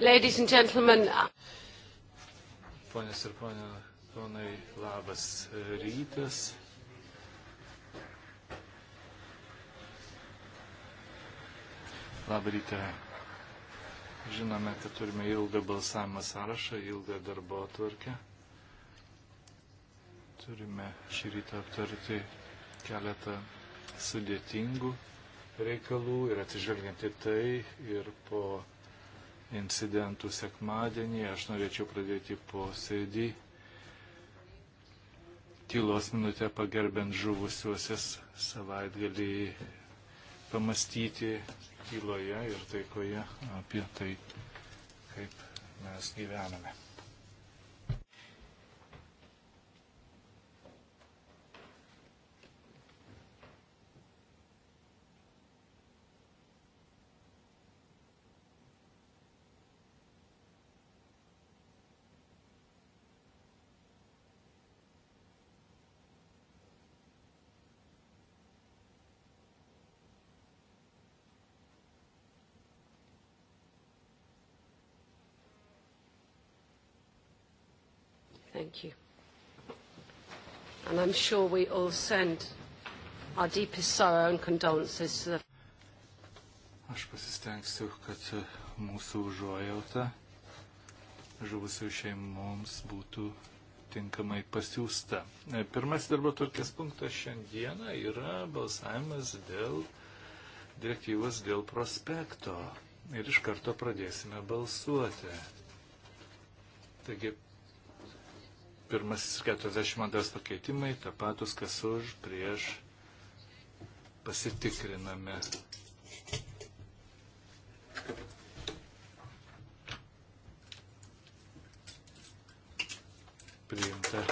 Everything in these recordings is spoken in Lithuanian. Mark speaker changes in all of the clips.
Speaker 1: Ladies and gentlemen.
Speaker 2: Ponės ir ponė, ponai, labas rytas. Labą rytą. Žinome, kad turime ilgą balsavimą sąrašą, ilgą darbo atvarkę. Turime šį rytą aptarti keletą sudėtingų reikalų ir atsižvelgiant į tai ir po incidentų sekmadienį. Aš norėčiau pradėti posėdį tylos minutę pagerbent žuvusiuosius savaitgalį pamastyti tyloje ir taikoje apie tai, kaip mes gyvename.
Speaker 1: Thank you. And I'm sure we all send our deepest sorrow and condolences to the...
Speaker 2: Aš pasistengsiu, kad mūsų užuojauta žuvusių šeimoms būtų tinkamai pasiūsta. Pirmasis darbo tvarkės punktas šiandieną yra balsavimas dėl direktyvos dėl prospekto. Ir iš karto pradėsime balsuoti. Taigi Pirmasis 42 pakeitimai, tapatus kas už, prieš, pasitikriname. Priimta.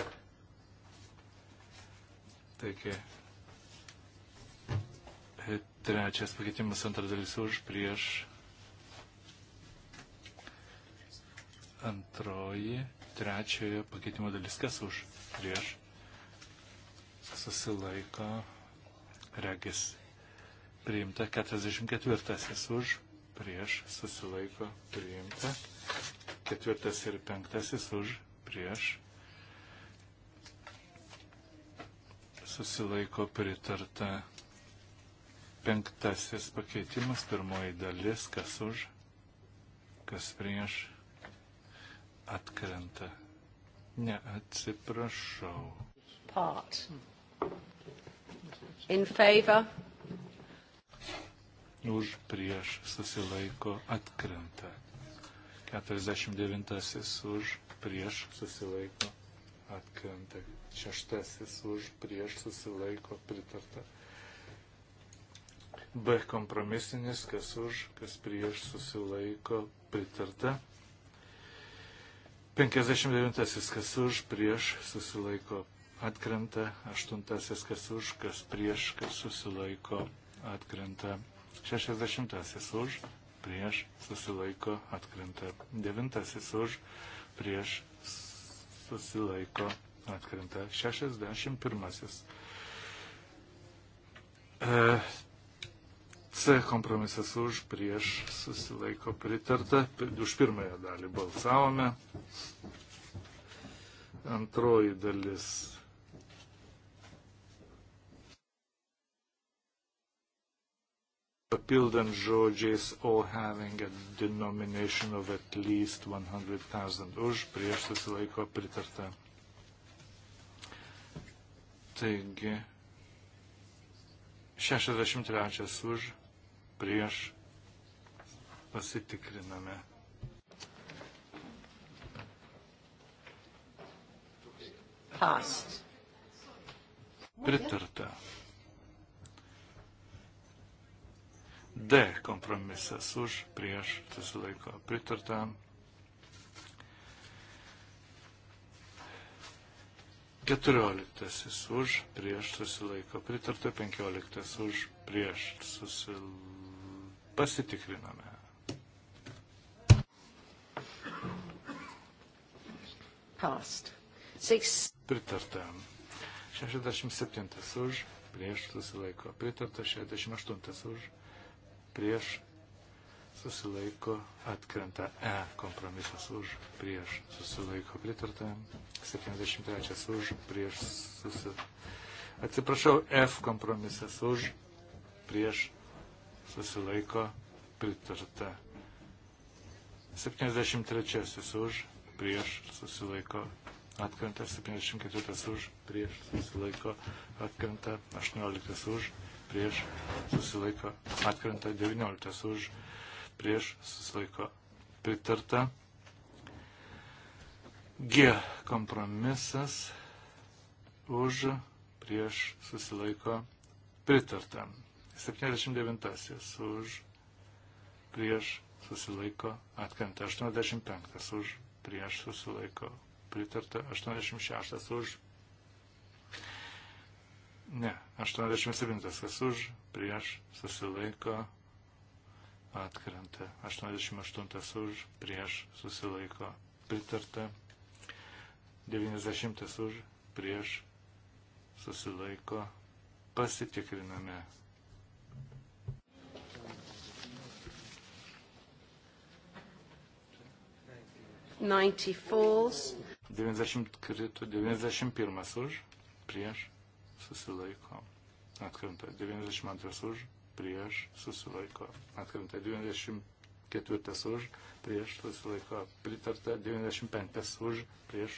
Speaker 2: Taigi, e, trečias pakeitimas, antra dalis už, prieš, antroji trečiojo pakeitimo dalis, kas už prieš susilaiko regis priimta, 44 už prieš susilaiko priimta, ketvirtas ir penktasis už prieš susilaiko pritarta penktasis pakeitimas, pirmoji dalis, kas už, kas prieš atkrenta. Ne, atsiprašau.
Speaker 1: Part.
Speaker 3: In favor.
Speaker 2: Už prieš susilaiko atkrenta. 49 už prieš susilaiko atkrenta. Šeštasis už prieš susilaiko pritarta. B kompromisinis, kas už, kas prieš susilaiko pritarta. 59 kas už, prieš susilaiko atkrenta, 8 kas už, kas prieš, kas susilaiko atkrenta, 60 už, prieš susilaiko atkrenta, 9 už, prieš susilaiko atkrenta, 61. E, C kompromisas už, prieš susilaiko pritarta. Už pirmąją dalį balsavome. Antroji dalis. Papildant žodžiais all having a denomination of at least 100,000 už, prieš susilaiko pritarta. Taigi, 63 už, prieš pasitikriname.
Speaker 3: Past.
Speaker 2: Pritarta. D kompromisas už, prieš, susilaiko pritarta. Keturioliktasis už, prieš, susilaiko pritarta. Penkioliktas už, prieš, susilaiko Pasitikriname.
Speaker 3: Past. Six.
Speaker 2: Pritarta. 67 už, prieš susilaiko. Pritarta 68 už, prieš susilaiko atkrenta E kompromisas už prieš susilaiko pritarta, 73 už prieš susilaiko. Atsiprašau, F kompromisas už prieš susilaiko pritarta. 73 už, prieš susilaiko atkrenta, 74 už, prieš susilaiko atkrenta, 18 už, prieš susilaiko atkrenta, 19 už, prieš susilaiko pritarta. G kompromisas už, prieš susilaiko pritarta. 79 už prieš susilaiko atkrenta 85 už prieš susilaiko pritarta 86 už ne 87 kas už prieš susilaiko atkrenta 88 už prieš susilaiko pritarta 90 už prieš susilaiko pasitikriname
Speaker 3: 90 falls.
Speaker 2: 90 krito, 91 už, prieš, susilaiko, atkrenta. 92 už, prieš, susilaiko, atkrenta. 94 už, prieš, susilaiko, pritarta. 95 už, prieš,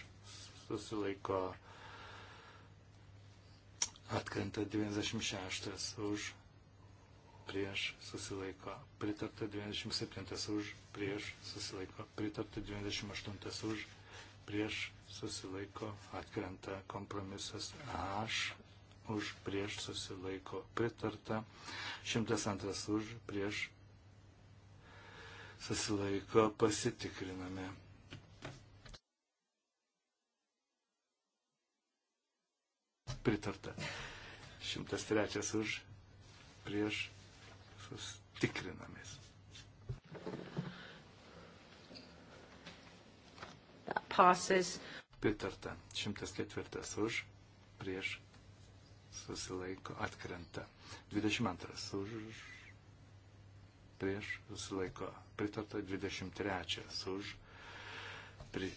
Speaker 2: susilaiko, atkrenta. 96 už, prieš susilaiko pritarta 27 už, prieš susilaiko pritarta 28 už, prieš susilaiko atkrenta kompromisas H, už, prieš susilaiko pritarta 102 už, prieš susilaiko pasitikriname. Pritarta. 103 už, prieš kompromisus tikrinamės. Pritarta. 104 už, prieš susilaiko atkrenta. 22 už, prieš susilaiko pritarta. 23 už, pri,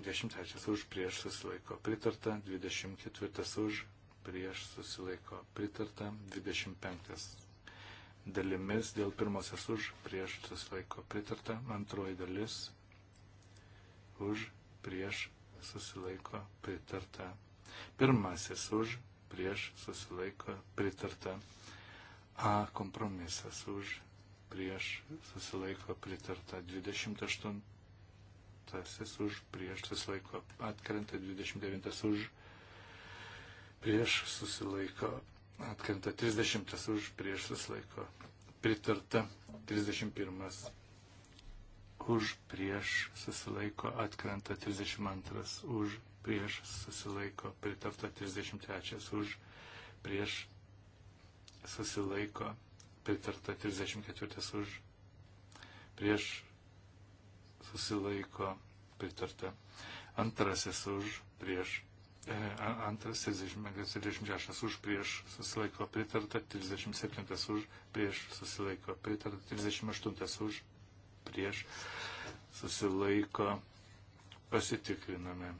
Speaker 2: 23 už, prieš susilaiko pritarta. 24 už, prieš susilaiko pritarta. 25 dalimis dėl pirmosios už, prieš susilaiko pritarta, antroji dalis už, prieš susilaiko pritarta, pirmasis už, prieš susilaiko pritarta, A kompromisas už, prieš susilaiko pritarta, 28 už, prieš susilaiko atkrenta, 29 už, prieš susilaiko Atkrenta 30 už prieš susilaiko. Pritarta 31 už prieš susilaiko. Atkrenta 32 už prieš susilaiko. Pritarta 33 už prieš susilaiko. Pritarta 34 už prieš susilaiko. Pritarta antrasis už prieš E, antras 36 už prieš susilaiko pritarta, 37 už prieš susilaiko pritarta, 38 už prieš susilaiko pasitikriname.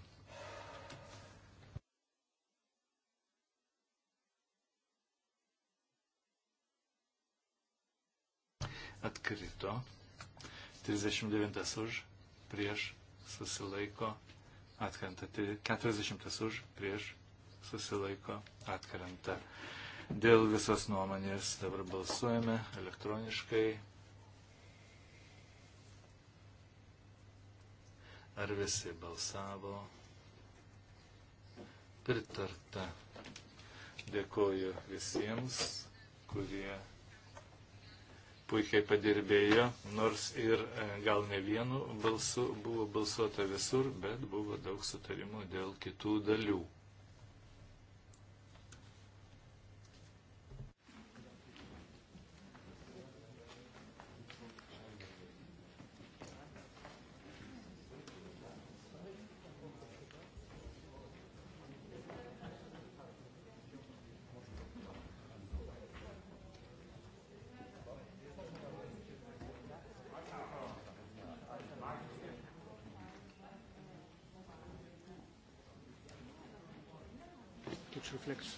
Speaker 2: Atkrito. 39 už prieš susilaiko pritarta atkrenta. 40 tai už, prieš susilaiko atkrenta. Dėl visos nuomonės dabar balsuojame elektroniškai. Ar visi balsavo? Pritarta. Dėkoju visiems, kurie puikiai padirbėjo, nors ir e, gal ne vienu balsu buvo balsuota visur, bet buvo daug sutarimų dėl kitų dalių.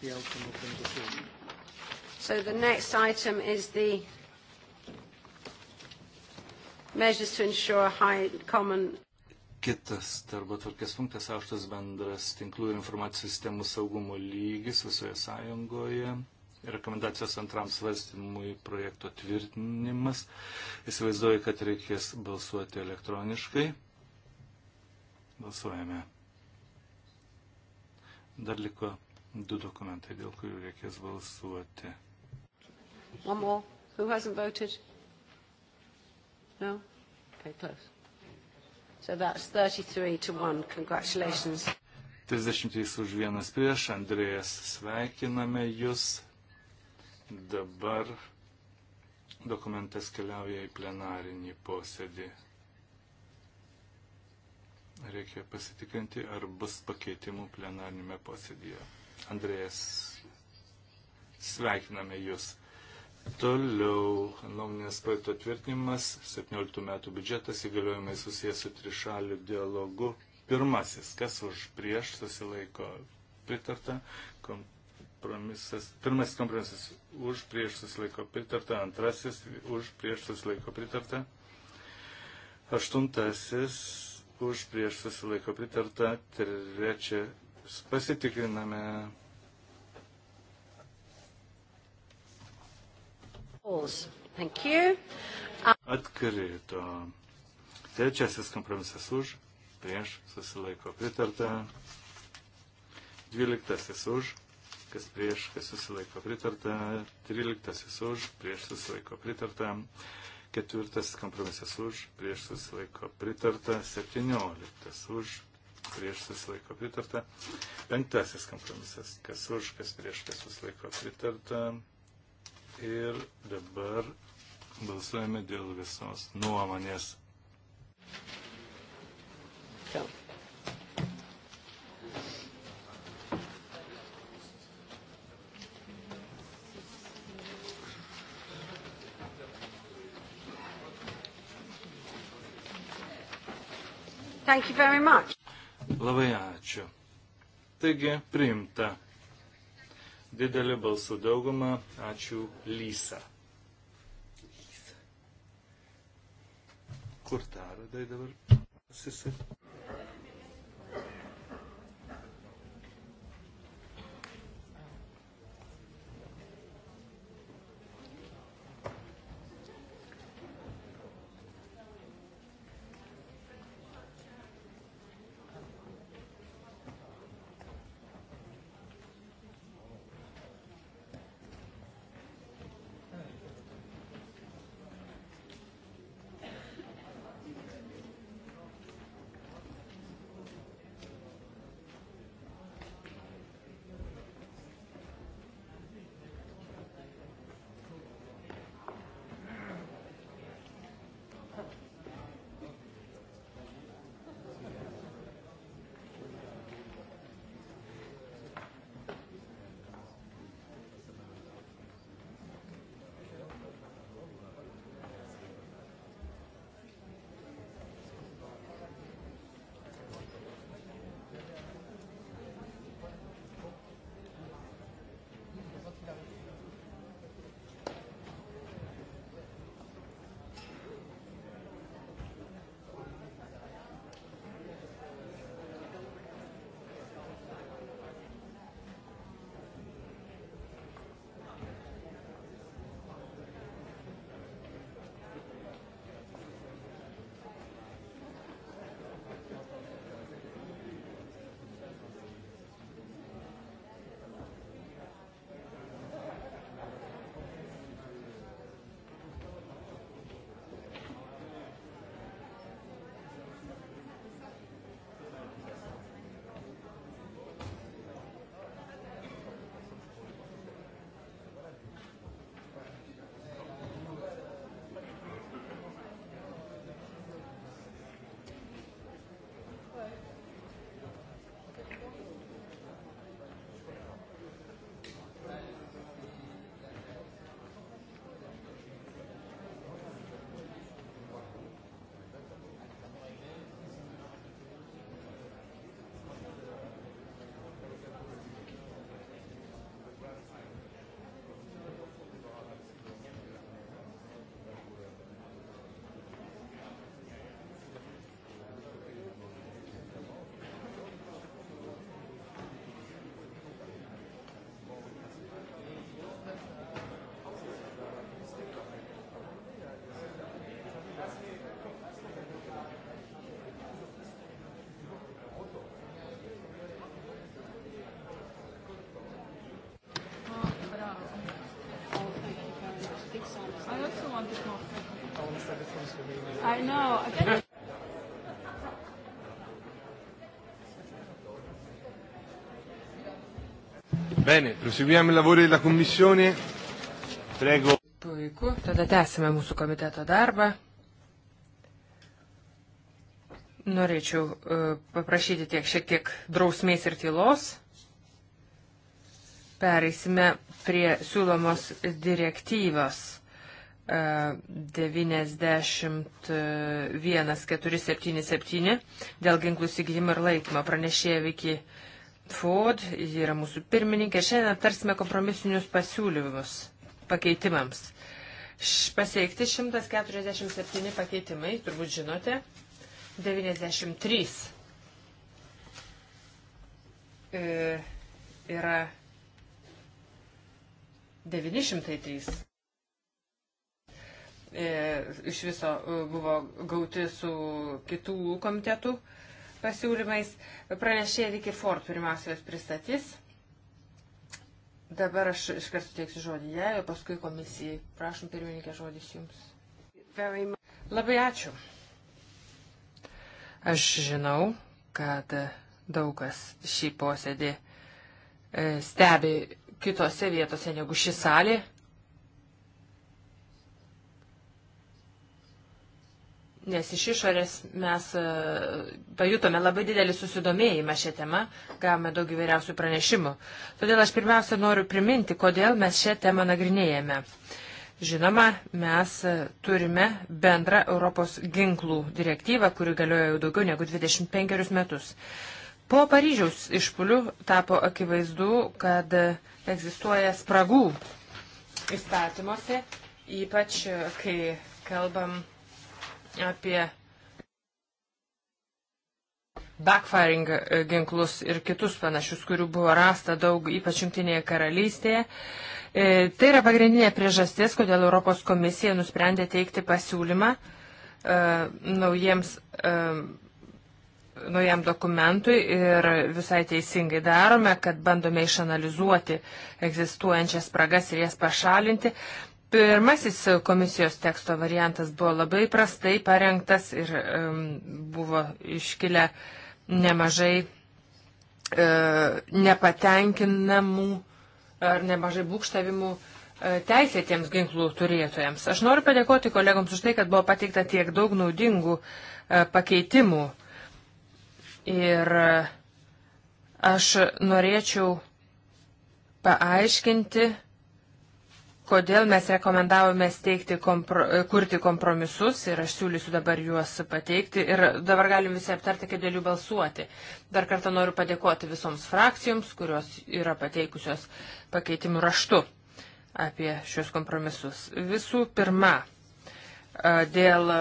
Speaker 1: the outcome of the
Speaker 2: negotiation.
Speaker 3: So the next item is the measures to ensure high common
Speaker 2: Kitas darbo tvarkės punktas - aštas bendras tinklų ir informacijų sistemų saugumo lygis visoje sąjungoje. Rekomendacijos antram svarstymui projekto tvirtinimas. Įsivaizduoju, kad reikės balsuoti elektroniškai. Balsuojame. Dar liko du dokumentai, dėl kurių reikės balsuoti.
Speaker 3: One more. Who hasn't voted? No? Okay, close. So that's 33 to 1. Congratulations.
Speaker 2: 33 už vienas prieš. Andrėjas, sveikiname jūs. Dabar dokumentas keliauja į plenarinį posėdį. Reikia pasitikrinti, ar bus pakeitimų plenarinėme posėdėje. Andrės, sveikiname Jūs. Toliau nuomonės projekto tvirtinimas, 17 metų biudžetas įgaliojimai susijęs su trišaliu dialogu. Pirmasis, kas už prieš susilaiko pritarta, kompromisas, pirmasis kompromisas už prieš susilaiko pritarta, antrasis už prieš susilaiko pritarta, aštuntasis už prieš susilaiko pritarta, trečia Pasitikriname. Atkrito. Trečiasis kompromisas už, prieš susilaiko pritarta. Dvyliktasis už, kas prieš, kas susilaiko pritarta. Tryliktasis už, prieš susilaiko pritarta. Ketvirtasis kompromisas už, prieš susilaiko pritarta. Septynioliktas už, prieš susilaiko pritarta. Penktasis kompromisas, kas už, kas prieš, kas susilaiko pritarta. Ir dabar balsuojame dėl visos nuomonės. Go.
Speaker 3: Thank you very much.
Speaker 2: Labai ačiū. Taigi, priimta. Didelė balsų dauguma. Ačiū, Lysa. Kur tarodai dabar? Sisai. Bene, proseguiamo i lavori della
Speaker 1: Commissione. Prego. Puiku, tada tęsime mūsų komiteto darbą. Norėčiau uh, paprašyti tiek šiek tiek drausmės ir tylos. Pereisime prie siūlomos direktyvos. 91.477 e, dėl ginklų įsigijimo ir laikymo pranešėja Viki Ford, ji yra mūsų pirmininkė. Šiandien aptarsime kompromisinius pasiūlymus pakeitimams. Pasiekti 147 pakeitimai, turbūt žinote, 93 e, yra 903. E, iš viso e, buvo gauti su kitų komitetų. E, pasiūlymais. Pranešė Viki Ford pirmiausia jos pristatys. Dabar aš iškart suteiksiu žodį jai, o paskui komisijai. Prašom, pirmininkė, žodis jums. Labai ačiū. Aš žinau, kad daug kas šį posėdį e, stebi kitose vietose negu ši salė, nes iš išorės mes e, pajutome labai didelį susidomėjimą šią temą, gavome daug įvairiausių pranešimų. Todėl aš pirmiausia noriu priminti, kodėl mes šią temą nagrinėjame. Žinoma, mes e, turime bendrą Europos ginklų direktyvą, kuri galioja jau daugiau negu 25 metus. Po Paryžiaus išpulių tapo akivaizdu, kad e, egzistuoja spragų įstatymuose, ypač kai kalbam apie backfiring e, ginklus ir kitus panašius, kurių buvo rasta daug, ypač Junktinėje karalystėje. E, tai yra pagrindinė priežastis, kodėl Europos komisija nusprendė teikti pasiūlymą e, naujiems, e, naujam dokumentui ir visai teisingai darome, kad bandome išanalizuoti egzistuojančias spragas ir jas pašalinti. Pirmasis komisijos teksto variantas buvo labai prastai parengtas ir um, buvo iškilę nemažai uh, nepatenkinamų ar nemažai būkštavimų uh, teisėtiems ginklų turėtojams. Aš noriu padėkoti kolegoms už tai, kad buvo pateikta tiek daug naudingų e, pakeitimų. Ir aš norėčiau paaiškinti, kodėl mes rekomendavome steigti, kompro, kurti kompromisus ir aš siūlysiu dabar juos pateikti ir dabar galim visi aptarti, kaip dėl jų balsuoti. Dar kartą noriu padėkoti visoms frakcijoms, kurios yra pateikusios pakeitimų raštu apie šios kompromisus. Visų pirma, dėl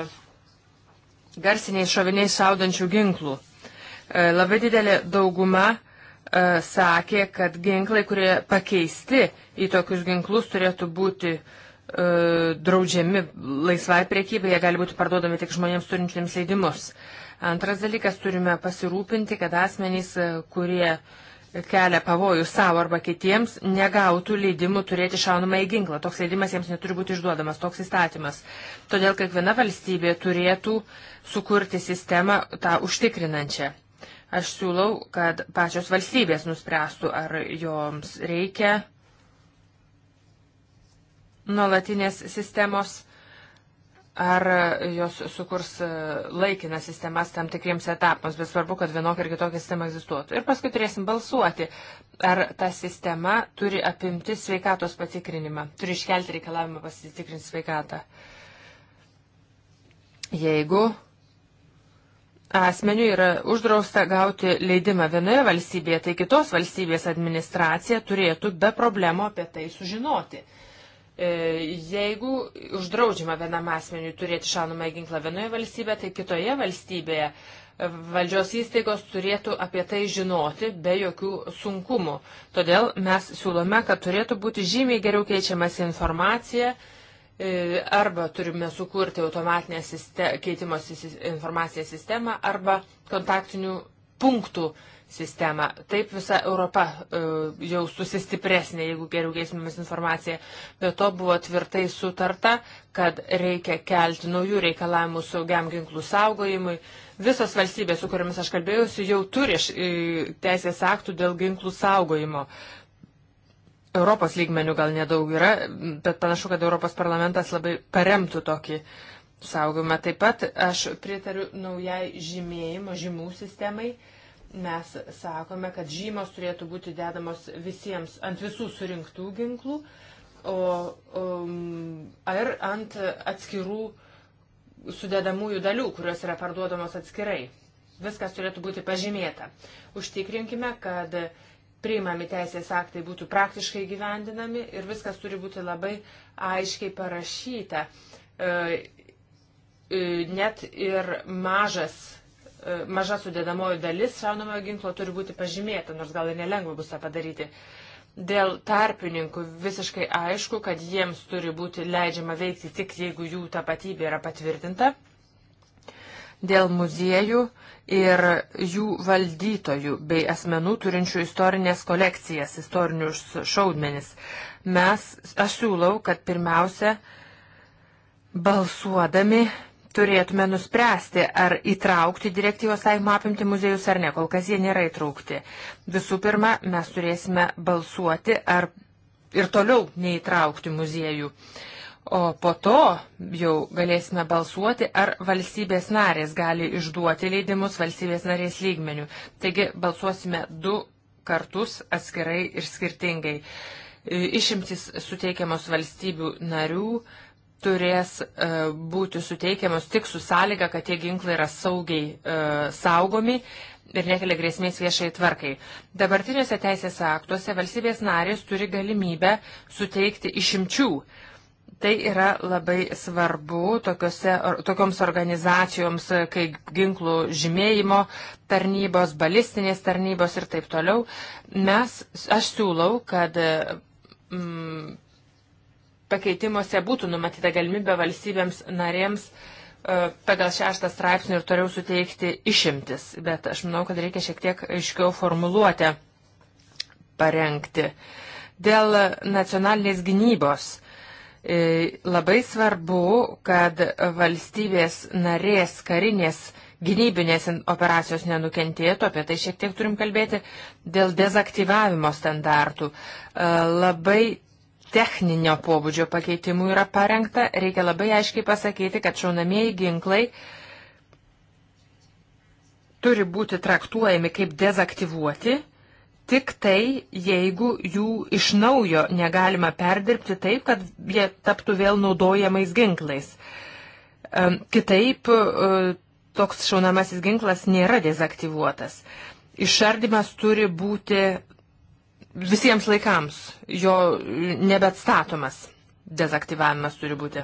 Speaker 1: garsiniais šoviniais saudančių ginklų. Labai didelė dauguma E, sakė, kad ginklai, kurie pakeisti į tokius ginklus, turėtų būti e, draudžiami laisvai priekybai, jie gali būti parduodami tik žmonėms turintiems leidimus. Antras dalykas, turime pasirūpinti, kad asmenys, e, kurie kelia pavojų savo arba kitiems, negautų leidimų turėti šaunamą į ginklą. Toks leidimas jiems neturi būti išduodamas, toks įstatymas. Todėl kiekviena valstybė turėtų sukurti sistemą tą užtikrinančią. Aš siūlau, kad pačios valstybės nuspręstų, ar joms reikia nuolatinės sistemos, ar jos sukurs laikinas sistemas tam tikriems etapams, bet svarbu, kad vienokia ir kitokia sistema egzistuotų. Ir paskui turėsim balsuoti, ar ta sistema turi apimti sveikatos patikrinimą, turi iškelti reikalavimą pasitikrinti sveikatą. Jeigu asmeniu yra uždrausta gauti leidimą vienoje valstybėje, tai kitos valstybės administracija turėtų be problemo apie tai sužinoti. E, jeigu uždraudžiama vienam asmeniu turėti šaunamąjį ginklą vienoje valstybėje, tai kitoje valstybėje valdžios įstaigos turėtų apie tai žinoti be jokių sunkumų. Todėl mes siūlome, kad turėtų būti žymiai geriau keičiamas informacija E, arba turime sukurti automatinę keitimo informaciją sistemą arba kontaktinių punktų sistemą. Taip visa Europa e, jau susistipresnė, jeigu geriau keisimėmis informaciją. Be to buvo tvirtai sutarta, kad reikia kelti naujų reikalavimų saugiam ginklų saugojimui. Visos valstybės, su kuriamis aš kalbėjausi, jau turi e, teisės aktų dėl ginklų saugojimo. Uh, Europos lygmenių gal nedaug yra, bet panašu, kad Europos parlamentas labai paremtų tokį saugojimą. Taip pat aš pritariu naujai žymėjimo žymų sistemai. Mes sakome, kad žymos turėtų būti dedamos visiems ant visų surinktų ginklų, o, o um, ir ant atskirų sudedamųjų dalių, kurios yra parduodamos atskirai. Viskas turėtų būti pažymėta. Užtikrinkime, kad uh, priimami teisės aktai būtų praktiškai gyvendinami ir viskas turi būti labai aiškiai parašyta. E, e, net ir mažas, e, maža sudėdamoji dalis šaunamojo ginklo turi būti pažymėta, nors gal ir nelengva bus tą padaryti. Dėl tarpininkų visiškai aišku, kad jiems turi būti leidžiama veikti tik jeigu jų tapatybė yra patvirtinta dėl muziejų ir jų valdytojų bei asmenų turinčių istorinės kolekcijas, istorinius šaudmenis. Mes, aš siūlau, kad pirmiausia, balsuodami turėtume nuspręsti, ar įtraukti direktyvos taikymą apimti muziejus ar ne. Kol kas jie nėra įtraukti. Visų pirma, mes turėsime balsuoti ar ir toliau neįtraukti muziejų. Uh, O po to jau galėsime balsuoti, ar valstybės narės gali išduoti leidimus valstybės narės lygmenių. Taigi balsuosime du kartus atskirai ir skirtingai. E, išimtis suteikiamos valstybių narių turės e, būti suteikiamos tik su sąlyga, kad tie ginklai yra saugiai e, saugomi ir nekelia grėsmės viešai tvarkai. Dabartiniuose teisės aktuose valstybės narės turi galimybę suteikti išimčių Tai yra labai svarbu tokiose, tokioms organizacijoms, e, kaip ginklų žymėjimo tarnybos, balistinės tarnybos ir taip toliau. Mes, aš siūlau, kad e, mm, pakeitimuose būtų numatyta galimybė valstybėms narėms e, pagal šeštą straipsnį ir toliau suteikti išimtis, bet aš manau, kad reikia šiek tiek aiškiau formuluotę parengti. Dėl nacionalinės gynybos E, labai svarbu, kad valstybės narės karinės gynybinės operacijos nenukentėtų, apie tai šiek tiek turim kalbėti, dėl dezaktyvavimo standartų. E, labai techninio pobūdžio pakeitimų yra parengta, reikia labai aiškiai pasakyti, kad šaunamieji ginklai turi būti traktuojami kaip dezaktyvuoti tik tai, jeigu jų iš naujo negalima perdirbti taip, kad jie taptų vėl naudojamais ginklais. Kitaip e, toks šaunamasis ginklas nėra dezaktyvuotas. Išardimas turi būti visiems laikams, jo nebetstatomas dezaktyvavimas turi būti.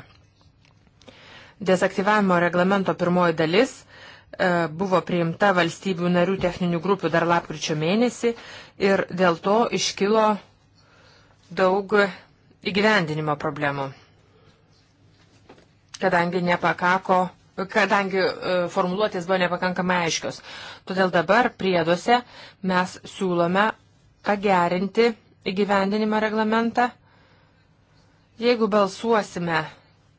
Speaker 1: Dezaktyvavimo reglamento pirmoji dalis e, buvo priimta valstybių narių techninių grupių dar lapkričio mėnesį ir dėl to iškilo daug įgyvendinimo problemų, kadangi nepakako kadangi e, formuluotės buvo nepakankamai aiškios. Todėl dabar prieduose mes siūlome pagerinti įgyvendinimo reglamentą. Jeigu balsuosime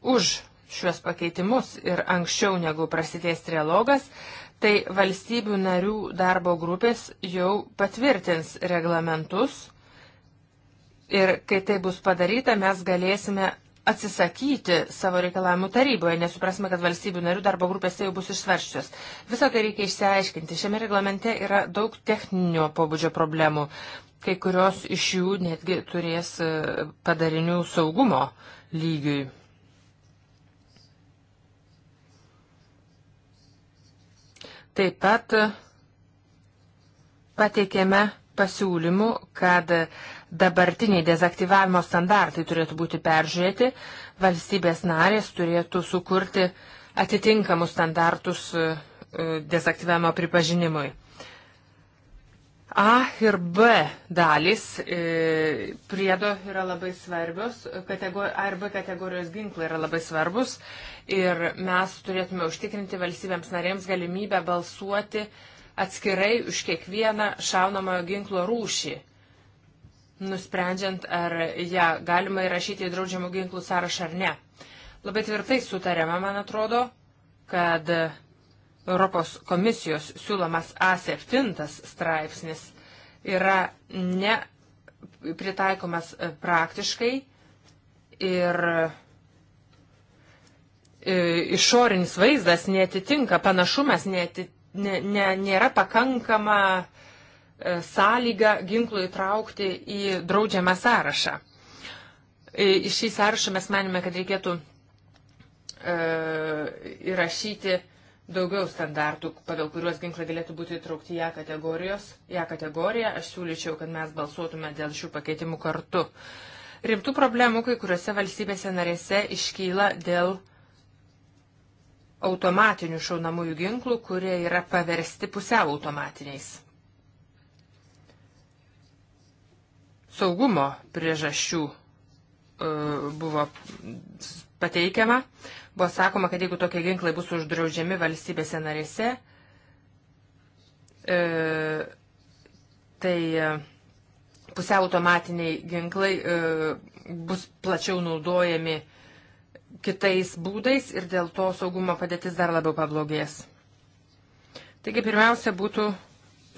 Speaker 1: už šiuos pakeitimus ir anksčiau negu prasidės trialogas, tai valstybių narių darbo grupės jau patvirtins reglamentus ir kai tai bus padaryta, mes galėsime atsisakyti savo reikalavimų taryboje, nesuprasime, kad valstybių narių darbo grupės tai jau bus išsvarščios. Visą tai reikia išsiaiškinti. Šiame reglamente yra daug techninio pobūdžio problemų. Kai kurios iš jų netgi turės e, padarinių saugumo lygiui. Taip pat pateikėme pasiūlymų, kad dabartiniai dezaktyvavimo standartai turėtų būti peržiūrėti, valstybės narės turėtų sukurti atitinkamus standartus e, dezaktyvavimo pripažinimui. A ir B dalys e, priedo yra labai svarbios, kategor, A ir B kategorijos ginklai yra labai svarbus ir mes turėtume užtikrinti valstybėms narėms galimybę balsuoti atskirai už kiekvieną šaunamojo ginklo rūšį, nusprendžiant, ar ją galima įrašyti į draudžiamų ginklų sąrašą ar ne. Labai tvirtai sutarėme, man atrodo, kad Europos komisijos siūlomas A7 straipsnis yra nepritaikomas e, praktiškai ir e, išorinis vaizdas netitinka, panašumas neti, ne, ne, nėra pakankama e, sąlyga ginklų įtraukti į draudžiamą sąrašą. Iš šį sąrašą mes manime, kad reikėtų e, įrašyti daugiau standartų, pagal kuriuos ginklai galėtų būti įtraukti į ją, ją kategoriją. Aš siūlyčiau, kad mes balsuotume dėl šių pakeitimų kartu. Rimtų problemų kai kuriuose valstybėse narėse iškyla dėl automatinių šaunamųjų ginklų, kurie yra paversti pusiau automatiniais. Saugumo priežasčių e, buvo pateikiama. Buvo sakoma, kad jeigu tokie ginklai bus uždraudžiami valstybėse narėse, e, tai e, pusiau automatiniai ginklai e, bus plačiau naudojami kitais būdais ir dėl to saugumo padėtis dar labiau pablogės. Taigi pirmiausia būtų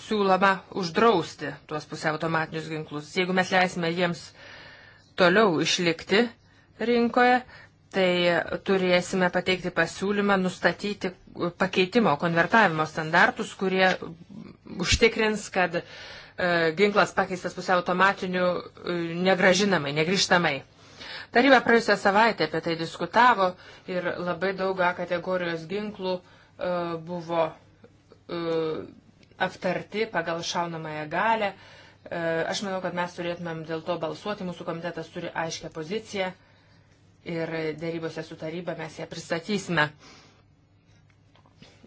Speaker 1: siūloma uždrausti tuos pusiau automatinius ginklus. Jeigu mes leisime jiems toliau išlikti rinkoje, tai turėsime pateikti pasiūlymą nustatyti pakeitimo konvertavimo standartus, kurie užtikrins, kad e, ginklas pakeistas pusiau automatiniu e, negražinamai, negrįžtamai. Taryba praėjusią savaitę apie tai diskutavo ir labai daug A kategorijos ginklų e, buvo aptarti pagal šaunamąją galę. Aš manau, kad mes turėtumėm dėl to balsuoti, mūsų komitetas turi aiškę poziciją ir dėrybose su taryba mes ją pristatysime.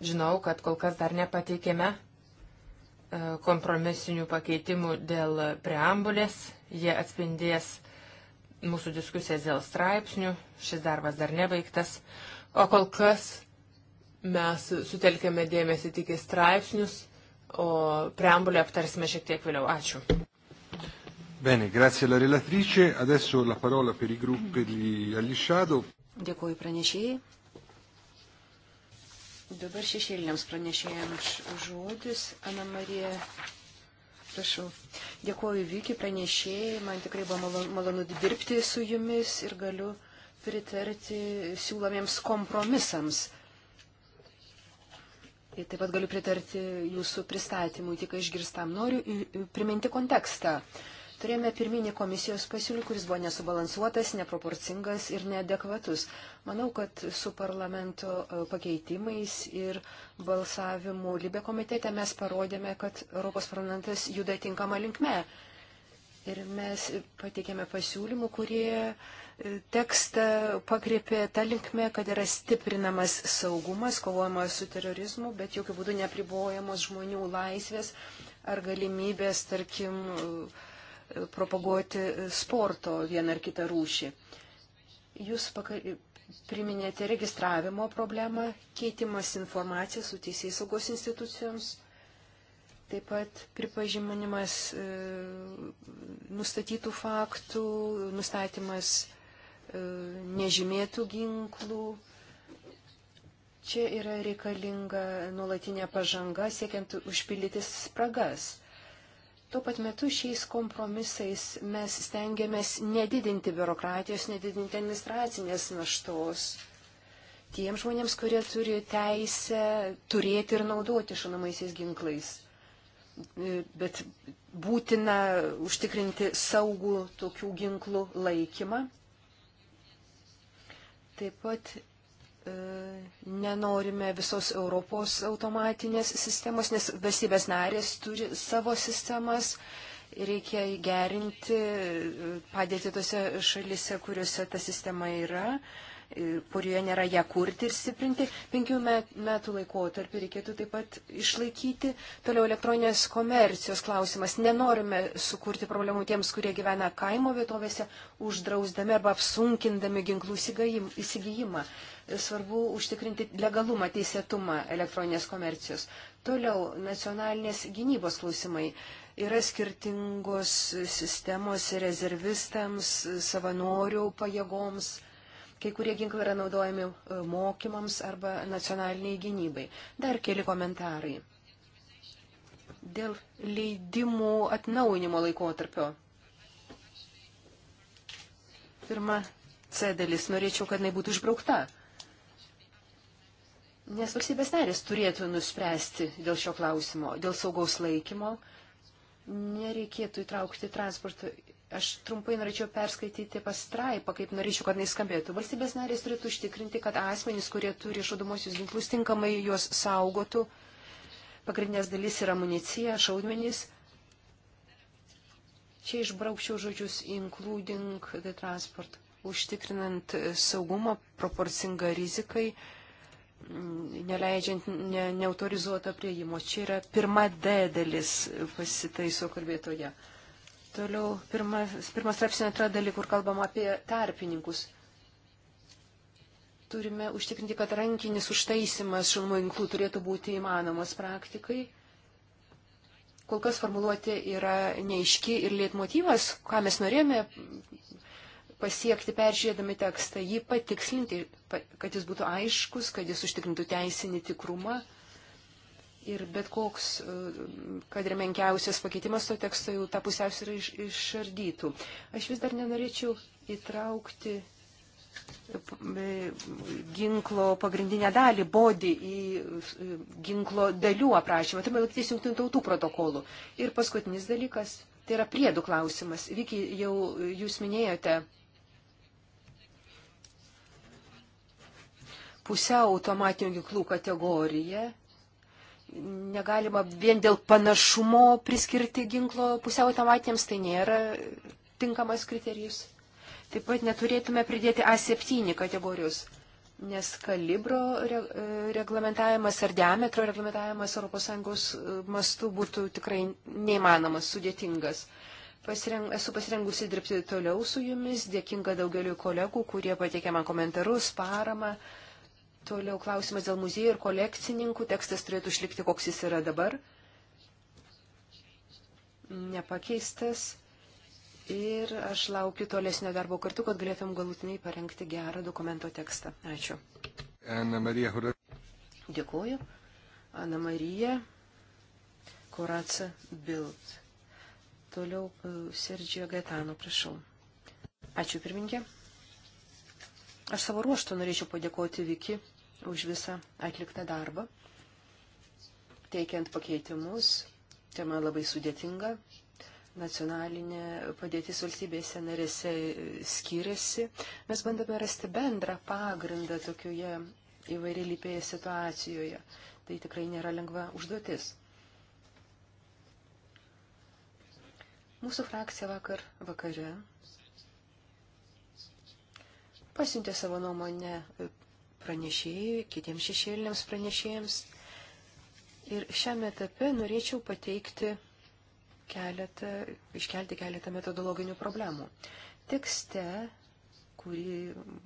Speaker 1: Žinau, kad kol kas dar nepateikėme e, kompromisinių pakeitimų dėl preambulės. Jie atspindės mūsų diskusijas dėl straipsnių. Šis darbas dar nebaigtas. O kol kas mes sutelkėme dėmesį tik į straipsnius, o preambulę aptarsime šiek tiek vėliau. Ačiū.
Speaker 2: Bene, grazie alla relatrice. Adesso la parola per i gruppi di agli shadow.
Speaker 1: Dėkuoju pranešėjai.
Speaker 3: Dabar šešėliniams pranešėjams žodis. Ana Marija, prašau. Dėkuoju Viki pranešėjai. Man tikrai buvo malonu dirbti su jumis ir galiu pritarti siūlomiems kompromisams. Ir taip pat galiu pritarti jūsų pristatymui, tik išgirstam. Noriu priminti kontekstą. Turėjome pirminį komisijos pasiūlymą, kuris buvo nesubalansuotas, neproporcingas ir neadekvatus. Manau, kad su parlamento e, pakeitimais ir balsavimu Libė komitete mes parodėme, kad Europos parlamentas juda tinkama linkme. Ir mes pateikėme pasiūlymų, kurie e, tekstą pakreipė tą linkmę, kad yra stiprinamas saugumas, kovojama su terorizmu, bet jokių būdų nepribojamos žmonių laisvės ar galimybės, tarkim, uh, propaguoti sporto vieną ar kitą rūšį. Jūs priminėte registravimo problemą, keitimas informacija su teisės saugos institucijoms, taip pat pripažymanimas e, nustatytų faktų, nustatymas e, nežymėtų ginklų, Čia yra reikalinga nuolatinė pažanga, siekiant užpildyti spragas. Tuo pat metu šiais kompromisais mes stengiamės nedidinti biurokratijos, nedidinti administracinės naštos tiem žmonėms, kurie turi teisę turėti ir naudoti šunamaisiais ginklais. Bet būtina užtikrinti saugų tokių ginklų laikymą. Taip pat E, nenorime visos Europos automatinės sistemos, nes valstybės narės turi savo sistemas. Reikia įgerinti padėti tose šalise, kuriuose ta sistema yra, e, kurioje nėra ją kurti ir stiprinti. Penkių metų laikotarpį reikėtų taip pat išlaikyti. Toliau elektroninės komercijos klausimas. Nenorime sukurti problemų tiems, kurie gyvena kaimo vietovėse, uždrausdami arba apsunkindami ginklų įsigijimą svarbu užtikrinti legalumą, teisėtumą elektroninės komercijos. Toliau, nacionalinės gynybos klausimai. Yra skirtingos sistemos rezervistams, savanorių pajėgoms. Kai kurie ginklai yra naudojami e, mokymams arba nacionaliniai gynybai. Dar keli komentarai. Dėl leidimų atnaujinimo laikotarpio. Pirma C dalis. Norėčiau, kad jinai būtų išbraukta. Nes valstybės narės turėtų nuspręsti dėl šio klausimo, dėl saugaus laikymo. Nereikėtų įtraukti transporto. Aš trumpai norėčiau perskaityti pastraipą, kaip norėčiau, kad neiskambėtų. Valstybės narės turėtų užtikrinti, kad asmenys, kurie turi šaudomosius ginklus, tinkamai juos saugotų. Pagrindinės dalis yra municija, šaudmenys. Čia išbraukčiau žodžius including the transport, užtikrinant saugumą proporcingą rizikai neleidžiant ne, neautorizuoto prieimo. Čia yra pirma D dalis pasitaiso kalbėtoje. Toliau pirmas, pirmas straipsnio antra dalis, kur kalbam apie tarpininkus. Turime užtikrinti, kad rankinis užtaisimas šilmo inklų turėtų būti įmanomas praktikai. Kol kas formuluoti yra neiški ir lietmotyvas, ką mes norėjome pasiekti peržiūrėdami tekstą, jį patikslinti, kad jis būtų aiškus, kad jis užtikrintų teisinį tikrumą. Ir bet koks, e, kad ir menkiausias pakeitimas to teksto jau tą pusiausvyrą iš, išardytų. Aš vis dar nenorėčiau įtraukti e, e, ginklo pagrindinę dalį, bodį į ginklo dalių aprašymą. Turime laikytis jungtinių tautų protokolų. Ir paskutinis dalykas, tai yra priedų klausimas. Vyki, jau jūs minėjote pusiau automatinių ginklų kategoriją. Negalima vien dėl panašumo priskirti ginklo pusiau automatiniams, tai nėra tinkamas kriterijus. Taip pat neturėtume pridėti A7 kategorijos, nes kalibro e, reglamentavimas ar diametro reglamentavimas ES e, mastu būtų tikrai neįmanomas, sudėtingas. Pasireng, esu pasirengusi dirbti toliau su jumis, dėkinga daugeliu kolegų, kurie pateikė man komentarus, paramą. Uh, Toliau klausimas dėl muziejų ir kolekcininkų. Tekstas turėtų išlikti, koks jis yra dabar. Nepakeistas. Ir aš laukiu tolesnio darbo kartu, kad galėtum galutinai parengti gerą dokumento tekstą. Ačiū.
Speaker 2: Ana Marija Hura.
Speaker 3: Dėkuoju. Ana Marija Koraca Bild. Toliau e, Sergio Gaetano, prašau. Ačiū pirmininkė. Aš savo ruoštų norėčiau padėkoti Viki už visą atliktą darbą, teikiant pakeitimus. Tema labai sudėtinga. Nacionalinė padėtis valstybėse narėse skiriasi. Mes bandome rasti bendrą pagrindą tokioje įvairialypėje situacijoje. Tai tikrai nėra lengva užduotis. Mūsų frakcija vakar vakare pasiuntė savo nuomonę pranešėjui, kitiems šešėliniams pranešėjams. Ir šiame etape norėčiau pateikti keletą, iškelti keletą metodologinių problemų. Tekste, kurį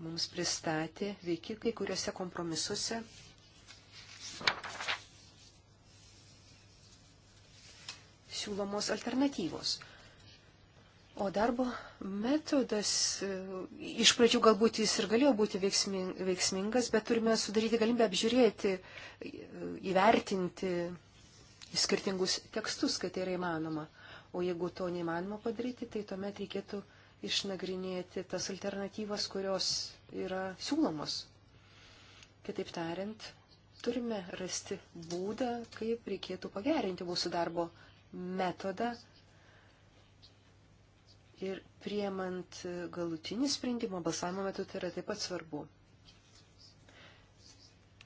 Speaker 3: mums pristatė veikikai kuriuose kompromisuose, siūlomos alternatyvos. O darbo metodas e, iš pradžių galbūt jis ir galėjo būti veiksmingas, bet turime sudaryti galimybę apžiūrėti, e, įvertinti skirtingus tekstus, kad tai yra įmanoma. O jeigu to neįmanoma padaryti, tai tuomet reikėtų išnagrinėti tas alternatyvas, kurios yra siūlomos. Kitaip tariant, turime rasti būdą, kaip reikėtų pagerinti mūsų darbo metodą Ir priemant galutinį sprendimą balsavimo metu tai yra taip pat svarbu.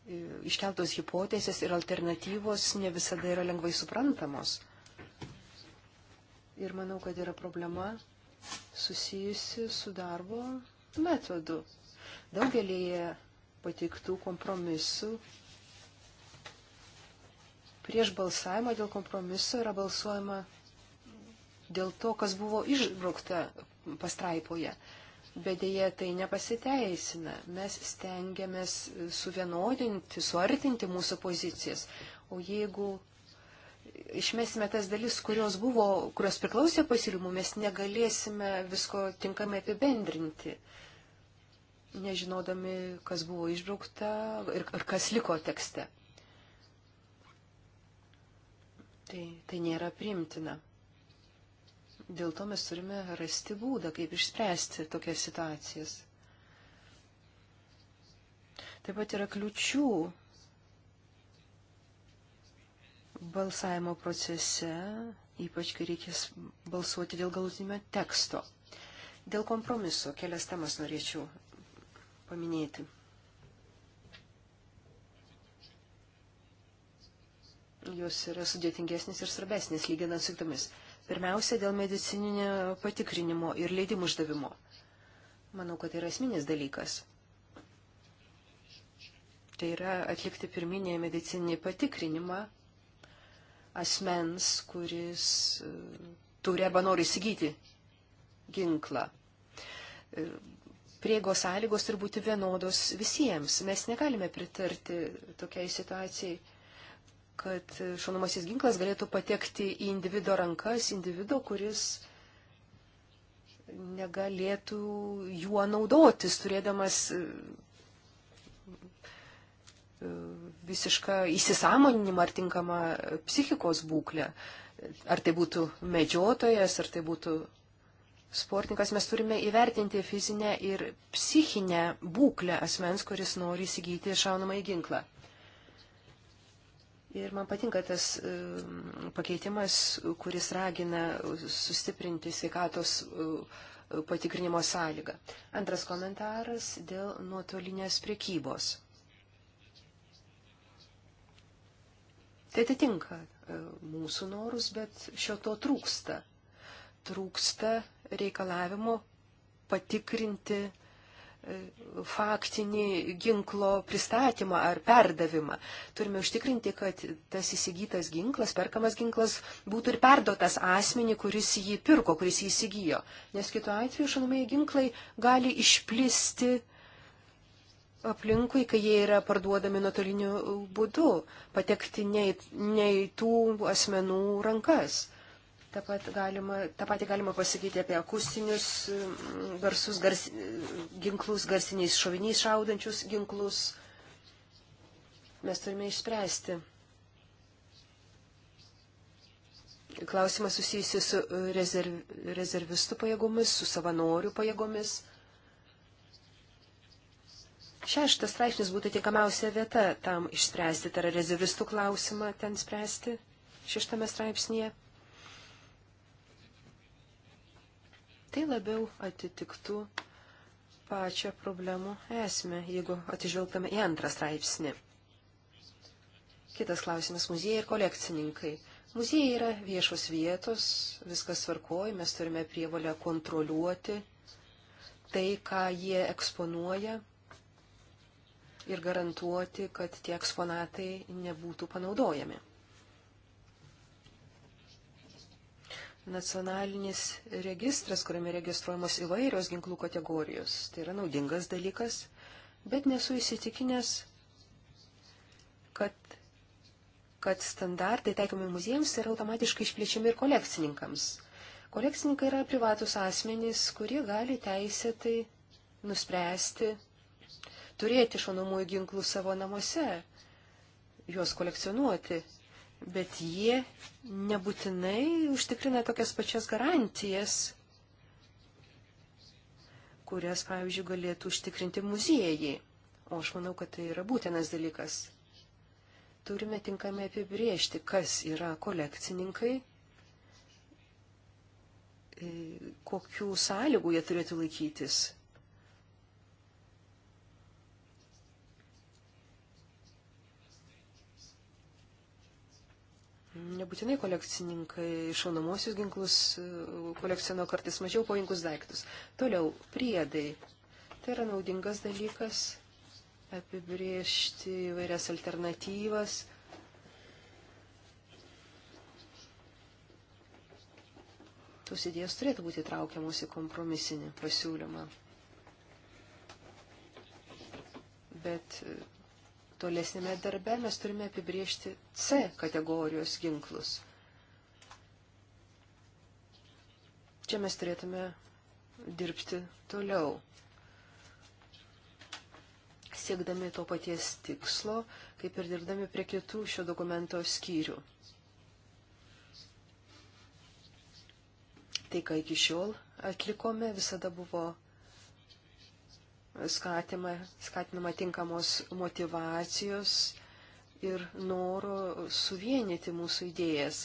Speaker 3: E, iškeltos hipotezės ir alternatyvos ne visada yra lengvai suprantamos. Ir manau, kad yra problema susijusi su darbo metodu. Daugelėje pateiktų kompromisų prieš balsavimą dėl kompromiso yra balsuojama dėl to, kas buvo išbraukta pastraipoje. Bet dėje tai nepasiteisina. Mes stengiamės suvienodinti, suartinti mūsų pozicijas. O jeigu išmesime tas dalis, kurios, buvo, kurios priklausė pasiūlymų, mes negalėsime visko tinkamai apibendrinti nežinodami, kas buvo išbraukta ir, ir kas liko tekste. Tai, tai nėra primtina. Dėl to mes turime rasti būdą, kaip išspręsti tokias situacijas. Taip pat yra kliučių balsavimo procese, ypač kai reikės balsuoti dėl galutinio teksto. Dėl kompromiso kelias temas norėčiau paminėti. Jos yra sudėtingesnis ir svarbesnis lyginant su kitomis. Pirmiausia, dėl medicininio patikrinimo ir leidimų išdavimo. Manau, kad tai yra esminis dalykas. Tai yra atlikti pirminį medicininį patikrinimą asmens, kuris e, turi arba nori įsigyti ginklą. E, Priego sąlygos turi būti vienodos visiems. Mes negalime pritarti tokiai situacijai kad šaunamasis ginklas galėtų patekti į individo rankas, individo, kuris negalėtų juo naudotis, turėdamas e, visišką įsisamoninimą ar tinkamą psichikos būklę. Ar tai būtų medžiotojas, ar tai būtų sportininkas, mes turime įvertinti fizinę ir psichinę būklę asmens, kuris nori įsigyti šaunamąjį ginklą. Ir man patinka tas pakeitimas, kuris ragina sustiprinti sveikatos e, patikrinimo sąlygą. Antras komentaras dėl nuotolinės priekybos. Tai atitinka e, mūsų norus, bet šio to trūksta. Trūksta reikalavimo patikrinti faktinį ginklo pristatymą ar perdavimą. Turime užtikrinti, kad tas įsigytas ginklas, perkamas ginklas būtų ir perdotas asmenį, kuris jį pirko, kuris jį įsigijo. Nes kitu atveju šaunamieji ginklai gali išplisti aplinkui, kai jie yra parduodami nuotoliniu būdu, patekti ne į tų asmenų rankas. Ta, pat galima, ta pati galima pasakyti apie akustinius mm, garsus, gars, ginklus, garsiniais šoviniais šaudančius ginklus. Mes turime išspręsti. Klausimas susijusi su rezerv, rezervistų pajėgomis, su savanorių pajėgomis. Šeštas straipsnis būtų tinkamiausia vieta tam išspręsti, tai yra rezervistų klausimą ten spręsti šeštame straipsnėje. Tai labiau atitiktų pačią problemų esmę, jeigu atižvelgtume į antrą straipsnį. Kitas klausimas - muziejai ir kolekcininkai. Muziejai yra viešos vietos, viskas svarkoja, mes turime prievalę kontroliuoti tai, ką jie eksponuoja ir garantuoti, kad tie eksponatai nebūtų panaudojami. nacionalinis registras, kuriame registruojamos įvairios ginklų kategorijos. Tai yra naudingas dalykas, bet nesu įsitikinęs, kad, kad standartai taikomi muziejams yra automatiškai išplėčiami ir kolekcininkams. Kolekcininkai yra privatus asmenys, kurie gali teisėtai nuspręsti turėti šaunamųjų ginklų savo namuose, juos kolekcionuoti bet jie nebūtinai užtikrina tokias pačias garantijas, kurias, pavyzdžiui, galėtų užtikrinti muziejai. O aš manau, kad tai yra būtinas dalykas. Turime tinkamai apibriežti, kas yra kolekcininkai, e, kokių sąlygų jie turėtų laikytis. Nebūtinai kolekcininkai šaunamosius ginklus e, kolekcionuoja kartais mažiau pavojingus daiktus. Toliau, priedai. Tai yra naudingas dalykas apibriežti įvairias alternatyvas. Tos idėjos turėtų būti traukiamos į kompromisinį pasiūlymą. Bet e, Tolesnėme darbe mes turime apibriežti C kategorijos ginklus. Čia mes turėtume dirbti toliau. Siekdami to paties tikslo, kaip ir dirbdami prie kitų šio dokumento skyrių. Tai, ką iki šiol atlikome, visada buvo skatima, skatinama tinkamos motivacijos ir noro suvienyti mūsų idėjas.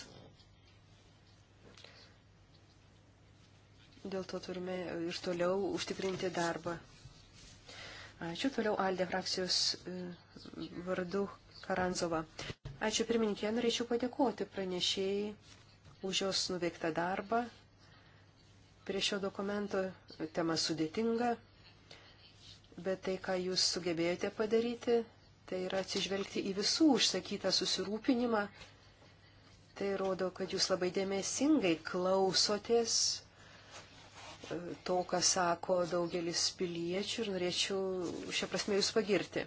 Speaker 3: Dėl to turime ir toliau užtikrinti darbą. Ačiū toliau Aldė frakcijos e, vardu Karanzova. Ačiū pirmininkė, norėčiau padėkoti pranešėjai už jos nuveiktą darbą. Prie šio dokumento tema sudėtinga, bet tai, ką jūs sugebėjote padaryti, tai yra atsižvelgti į visų užsakytą susirūpinimą. Tai rodo, kad jūs labai dėmesingai klausotės e, to, ką sako daugelis piliečių ir norėčiau šią prasme jūs pagirti.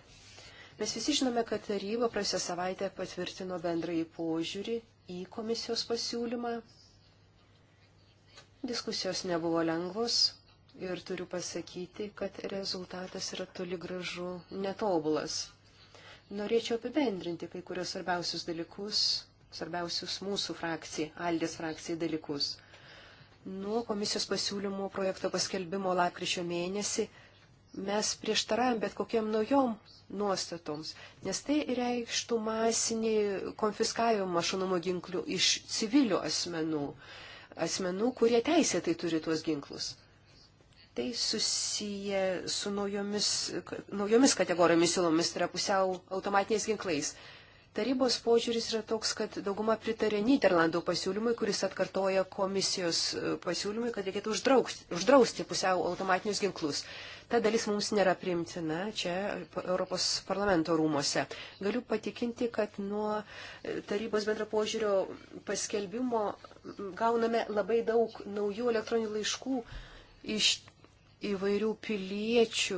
Speaker 3: Mes visi žinome, kad taryba praėjusią savaitę patvirtino bendrąjį požiūrį į komisijos pasiūlymą. Diskusijos nebuvo lengvos, ir turiu pasakyti, kad rezultatas yra toli gražu netobulas. Norėčiau apibendrinti kai kurios svarbiausius dalykus, svarbiausius mūsų frakcijai, Aldės frakcijai dalykus. Nuo komisijos pasiūlymų projekto paskelbimo lapkričio mėnesį mes prieštaravom bet kokiam naujom nuostatoms, nes tai reikštų masinį konfiskavimą šunamo ginklų iš civilių asmenų, asmenų, kurie teisėtai turi tuos ginklus. Tai susiję su naujomis, naujomis kategorijomis siūlomis, tai yra pusiau automatiniais ginklais. Tarybos požiūris yra toks, kad dauguma pritarė Niderlandų pasiūlymui, kuris atkartoja komisijos e, pasiūlymui, kad reikėtų uždrausti, uždrausti pusiau automatinius ginklus. Ta dalis mums nėra primtina čia Europos parlamento rūmose. Galiu patikinti, kad nuo e, tarybos bendro požiūrio paskelbimo gauname labai daug naujų elektroninių laiškų iš įvairių piliečių,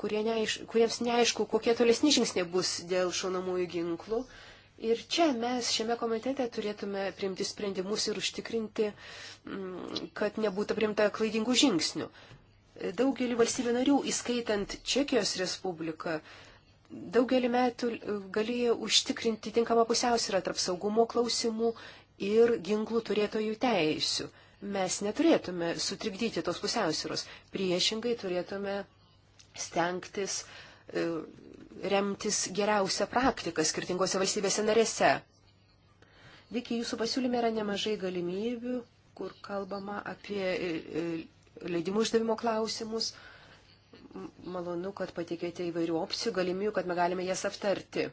Speaker 3: kurie neaiš, kuriems neaišku, kokie tolesni žingsniai bus dėl šaunamųjų ginklų. Ir čia mes šiame komitete turėtume priimti sprendimus ir užtikrinti, mm, kad nebūtų priimta klaidingų žingsnių. Daugelį valstybių narių, įskaitant Čekijos Respubliką, daugelį metų galėjo užtikrinti tinkamą pusiausvyrą tarp saugumo klausimų ir ginklų turėtojų teisių mes neturėtume sutrikdyti tos pusiausvyros. Priešingai turėtume stengtis e, remtis geriausią praktiką skirtingose valstybėse narėse. Vykiai, jūsų pasiūlyme yra nemažai galimybių, kur kalbama apie e, e, leidimų išdavimo klausimus. Malonu, kad patikėte įvairių opcijų, galimybių, kad mes galime jas aptarti.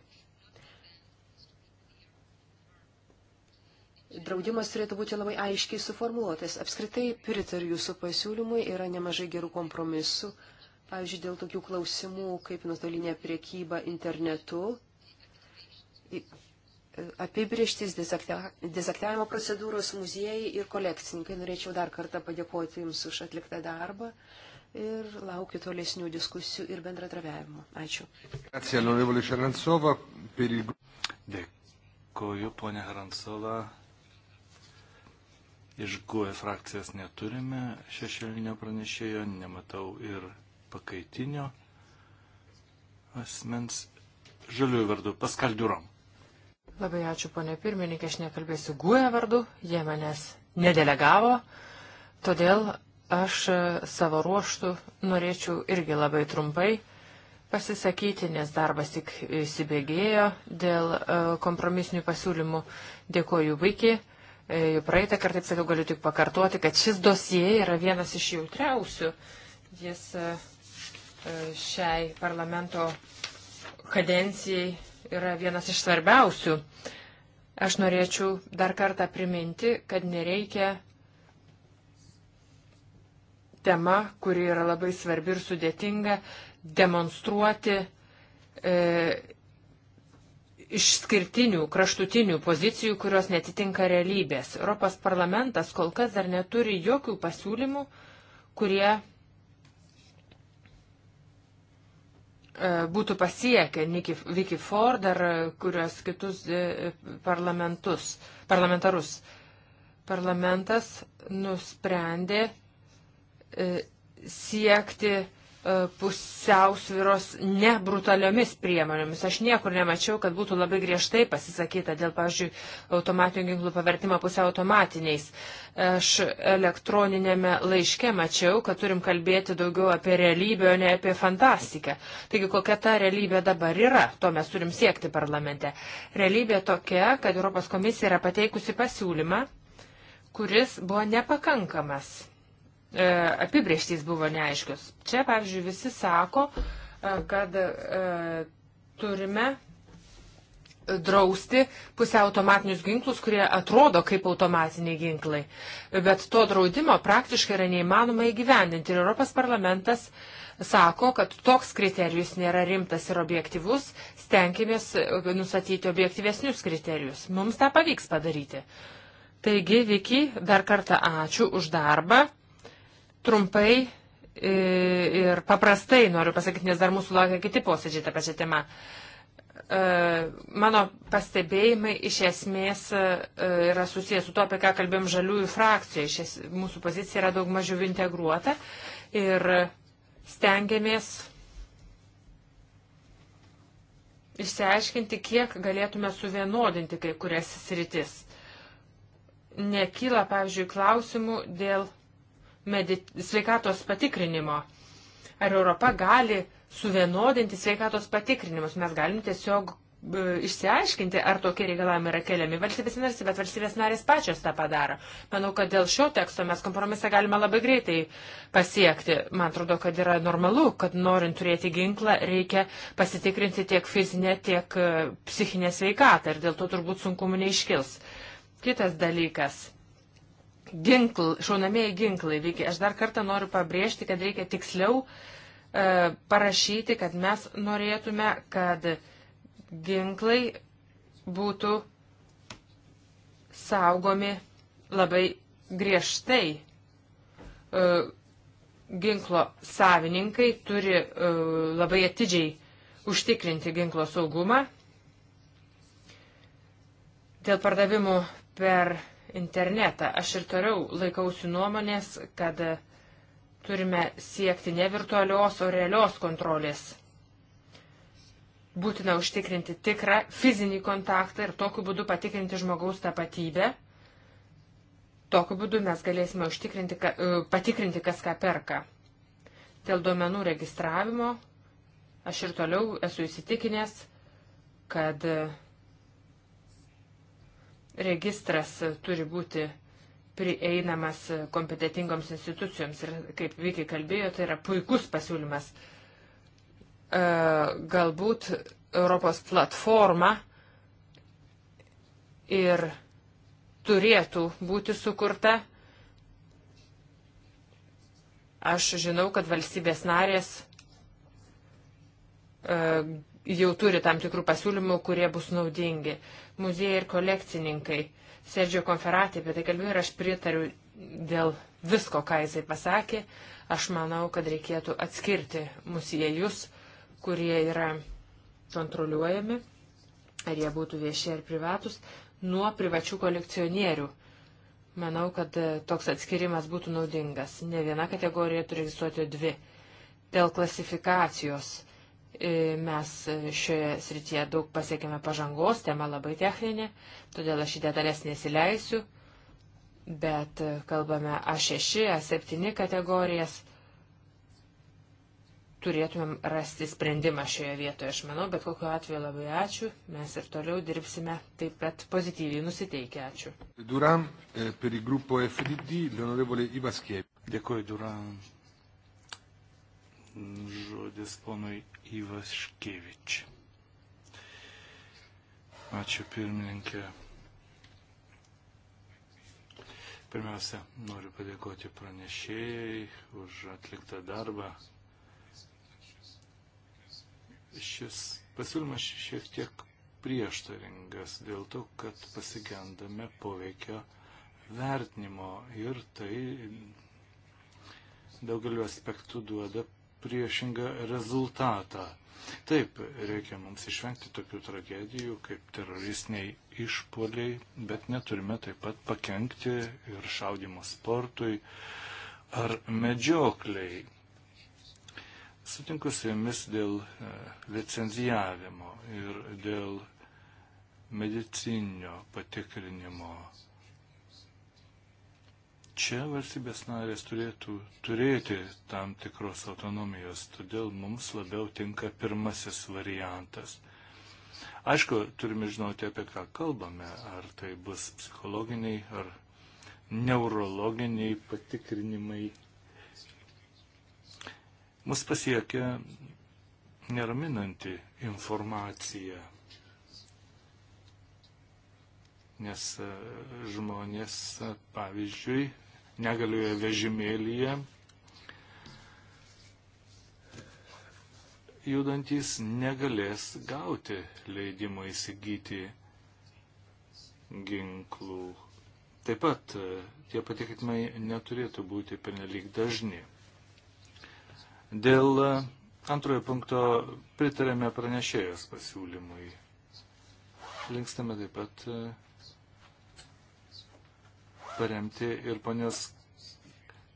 Speaker 3: draudimas turėtų būti labai aiškiai suformuoluotas. Apskritai pritariu jūsų pasiūlymui, yra nemažai gerų kompromisų. Pavyzdžiui, dėl tokių klausimų kaip nuotolinė priekyba internetu, apibrieštis, dezaktyvavimo procedūros, muziejai ir kolekcininkai. Norėčiau dar kartą padėkoti Jums už atliktą darbą ir laukiu tolesnių diskusijų ir bendradarbiavimo. Ačiū.
Speaker 2: Dėkuoju, ponė Harantsova. Iš GUE frakcijas neturime šešėlinio pranešėjo, nematau ir pakaitinio asmens žaliųjų vardu paskaldiurom.
Speaker 1: Labai ačiū, ponė pirmininkė, aš nekalbėsiu GUE vardu, jie manęs nedelegavo, todėl aš e, savo ruoštų norėčiau irgi labai trumpai pasisakyti, nes darbas tik įsibėgėjo dėl e, kompromisinių pasiūlymų. Dėkoju vaikiai E, praeitą kartą, kaip sakiau, galiu tik pakartoti, kad šis dosie yra vienas iš jautriausių. Jis e, e, šiai parlamento kadencijai yra vienas iš svarbiausių. Aš norėčiau dar kartą priminti, kad nereikia tema, kuri yra labai svarbi ir sudėtinga, demonstruoti e, išskirtinių, kraštutinių pozicijų, kurios netitinka realybės. Europos parlamentas kol kas dar neturi jokių pasiūlymų, kurie e, būtų pasiekę Vicky Ford ar kurios kitus e, parlamentus, parlamentarus. Parlamentas nusprendė e, siekti E, pusiausviros nebrutaliomis priemonėmis. Aš niekur nemačiau, kad būtų labai griežtai pasisakyta dėl, pavyzdžiui, automatinių ginklų pavertimo pusiau automatiniais. Aš elektroninėme laiške mačiau, kad turim kalbėti daugiau apie realybę, o ne apie fantastiką. Taigi, kokia ta realybė dabar yra, to mes turim siekti parlamente. Realybė tokia, kad Europos komisija yra pateikusi pasiūlymą, kuris buvo nepakankamas E, apibrieštys buvo neaiškios. Čia, pavyzdžiui, visi sako, e, kad e, turime drausti pusiau automatinius ginklus, kurie atrodo kaip automatiniai ginklai. Bet to draudimo praktiškai yra neįmanoma įgyvendinti. Ir Europos parlamentas sako, kad toks kriterijus nėra rimtas ir objektivus, stenkimės nusatyti objektyvesnius kriterijus. Mums tą pavyks padaryti. Taigi, Viki, dar kartą ačiū už darbą. Trumpai ir paprastai noriu pasakyti, nes dar mūsų laukia kiti posėdžiai tą pačią temą. E, mano pastebėjimai iš esmės e, yra susijęs su to, apie ką kalbėjom žaliųjų frakcijoje. Šis, mūsų pozicija yra daug mažiau integruota ir stengiamės išsiaiškinti, kiek galėtume suvienodinti kai kurias sritis. Nekyla, pavyzdžiui, klausimų dėl sveikatos patikrinimo. Ar Europa gali suvienodinti sveikatos patikrinimus? Mes galim tiesiog e, išsiaiškinti, ar tokie reikalavimai yra keliami valstybės narės, bet valstybės narės pačios tą padaro. Manau, kad dėl šio teksto mes kompromisą galime labai greitai pasiekti. Man atrodo, kad yra normalu, kad norint turėti ginklą, reikia pasitikrinti tiek fizinę, tiek e, psichinę sveikatą ir dėl to turbūt sunkumų neiškils. Kitas dalykas ginkl, šaunamieji ginklai veikia. Aš dar kartą noriu pabrėžti, kad reikia tiksliau e, parašyti, kad mes norėtume, kad ginklai būtų saugomi labai griežtai. E, ginklo savininkai turi e, labai atidžiai užtikrinti ginklo saugumą. Dėl pardavimų per internetą. Aš ir toliau laikausi nuomonės, kad turime siekti ne virtualios, o realios kontrolės. Būtina užtikrinti tikrą fizinį kontaktą ir tokiu būdu patikrinti žmogaus tapatybę. Tokiu būdu mes galėsime užtikrinti, ka, e, patikrinti, kas ką perka. Dėl duomenų registravimo aš ir toliau esu įsitikinęs, kad uh, registras turi būti prieinamas kompetitingoms institucijoms. Ir kaip Vykiai kalbėjo, tai yra puikus pasiūlymas. E, galbūt Europos platforma ir turėtų būti sukurta. Aš žinau, kad valstybės narės e, jau turi tam tikrų pasiūlymų, kurie bus naudingi. Uh, muziejai ir kolekcininkai. Sergio Konferatė apie tai kalbėjo ir aš pritariu dėl visko, ką jisai pasakė. Aš manau, kad reikėtų atskirti muziejus, kurie yra kontroliuojami, ar jie būtų vieši ar privatus, nuo privačių kolekcionierių. Manau, kad e, toks atskirimas būtų naudingas. Ne viena kategorija turi egzistuoti, o dvi. Dėl klasifikacijos E, mes šioje srityje daug pasiekėme pažangos, tema labai techninė, todėl aš į detalės nesileisiu, bet kalbame A6, A7 kategorijas. Turėtumėm rasti sprendimą šioje vietoje, aš manau, bet kokiu atveju labai ačiū, mes ir toliau dirbsime taip pat pozityviai nusiteikę, ačiū.
Speaker 2: Duran, e, per il gruppo FDD, l'onorevole Ivaskievi. Dėkuoju, Duran. Žodis ponui Ivaškevič. Ačiū pirmininkė. Pirmiausia, noriu padėkoti pranešėjai už atliktą darbą. Šis pasiūlymas šiek tiek prieštaringas dėl to, kad pasigendame poveikio vertinimo ir tai daugeliu aspektų duoda priešingą rezultatą. Taip, reikia mums išvengti tokių tragedijų kaip teroristiniai išpoliai, bet neturime taip pat pakengti ir šaudimo sportui ar medžiokliai. Sutinku su jumis dėl e, licenzijavimo ir dėl medicinio patikrinimo Čia valstybės narės turėtų turėti tam tikros autonomijos, todėl mums labiau tinka pirmasis variantas. Aišku, turime žinoti, apie ką kalbame, ar tai bus psichologiniai ar neurologiniai patikrinimai. Mus pasiekia neraminanti informacija, nes e, žmonės, pavyzdžiui, negalioje vežimėlyje judantis negalės gauti leidimo įsigyti ginklų. Taip pat e, tie patikrinimai neturėtų būti pernelyg dažni. Dėl e, antrojo punkto pritarėme pranešėjos pasiūlymui. Linkstame taip pat e, paremti ir ponios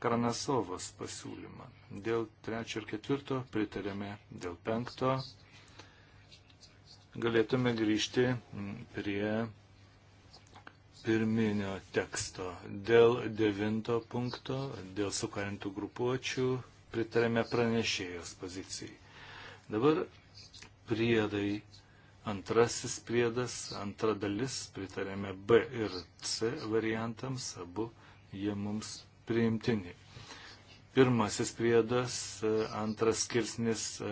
Speaker 2: Karnasovos pasiūlymą. Dėl trečio ir ketvirto pritarėme, dėl penkto galėtume grįžti prie pirminio teksto. Dėl devinto punkto, dėl sukarintų grupuočių pritarėme pranešėjos pozicijai. Dabar priedai Antrasis priedas, antra dalis, pritarėme B ir C variantams, abu jie mums priimtini. Pirmasis priedas, e, antras skirsnis e,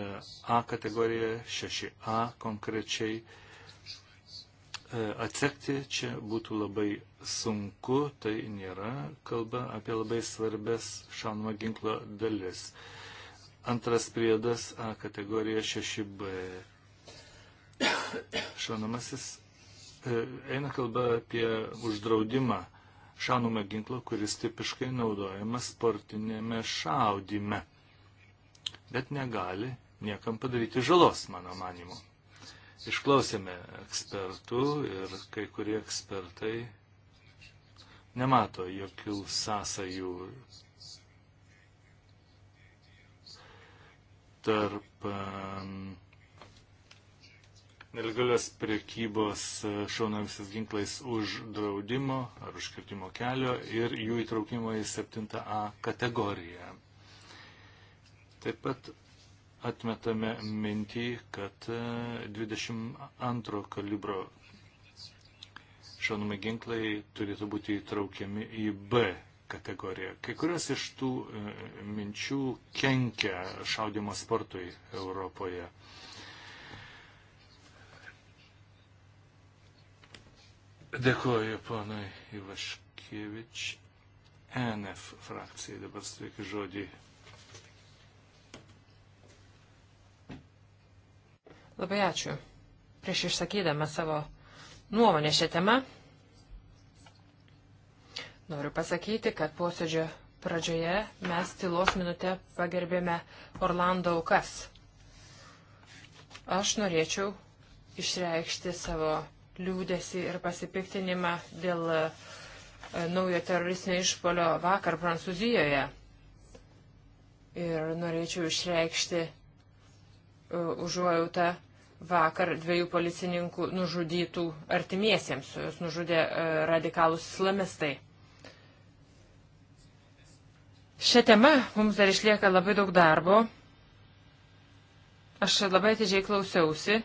Speaker 2: A kategorija, 6A konkrečiai. E, atsekti čia būtų labai sunku, tai nėra kalba apie labai svarbės šaunamo ginklo dalis. Antras priedas A kategorija 6B Šaunamasis e, eina kalba apie uždraudimą šaunamą ginklą, kuris tipiškai naudojamas sportinėme šaudime, bet negali niekam padaryti žalos, mano manimu. Išklausėme ekspertų ir kai kurie ekspertai nemato jokių sąsajų tarp um, nelegalios priekybos e, šaunamisiais ginklais uždraudimo ar užkirtimo kelio ir jų įtraukimo į 7A kategoriją. Taip pat atmetame mintį, kad 22 e, kalibro šaunami ginklai turėtų būti įtraukiami į B kategoriją. Kai kurios iš tų e, minčių kenkia šaudimo sportui Europoje. Dėkuoju ponui Ivaškievič. NF frakcijai dabar suteikiu žodį.
Speaker 1: Labai ačiū. Prieš išsakydama savo nuomonę šią temą, noriu pasakyti, kad posėdžio pradžioje mes tylos minutę pagerbėme Orlando aukas. Aš norėčiau išreikšti savo liūdėsi ir pasipiktinimą dėl e, naujo teroristinio išpolio vakar Prancūzijoje. Ir norėčiau išreikšti e, užuojautą vakar dviejų policininkų nužudytų artimiesiems. Jos nužudė e, radikalus islamistai. Šią temą mums dar išlieka labai daug darbo. Aš labai atidžiai klausiausi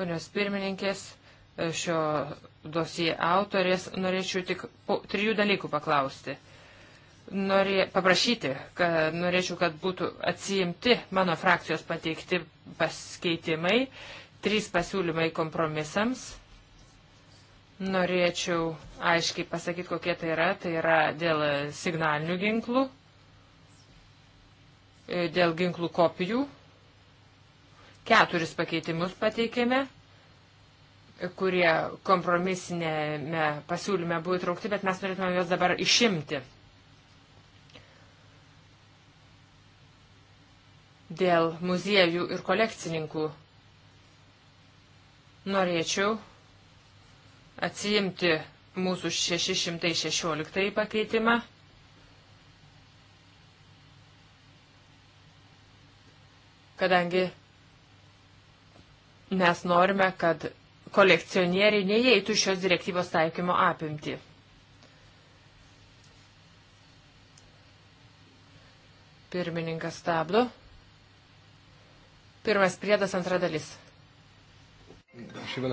Speaker 1: ponios pirmininkės, e, šio dosijai autorės, norėčiau tik trijų dalykų paklausti. Norė, paprašyti, kad norėčiau, kad būtų atsiimti mano frakcijos pateikti paskeitimai, trys pasiūlymai kompromisams. Norėčiau aiškiai pasakyti, kokie tai yra. Tai yra dėl signalinių ginklų, e, dėl ginklų kopijų Keturis pakeitimus pateikėme, kurie kompromisinėme pasiūlyme buvo įtraukti, bet mes norėtume juos dabar išimti. Dėl muziejų ir kolekcininkų norėčiau atsiimti mūsų 616 pakeitimą. kadangi Mes norime, kad kolekcionieriai neįeitų šios direktyvos taikymo apimti. Pirmininkas stabdo. Pirmas priedas, antra dalis. Eh,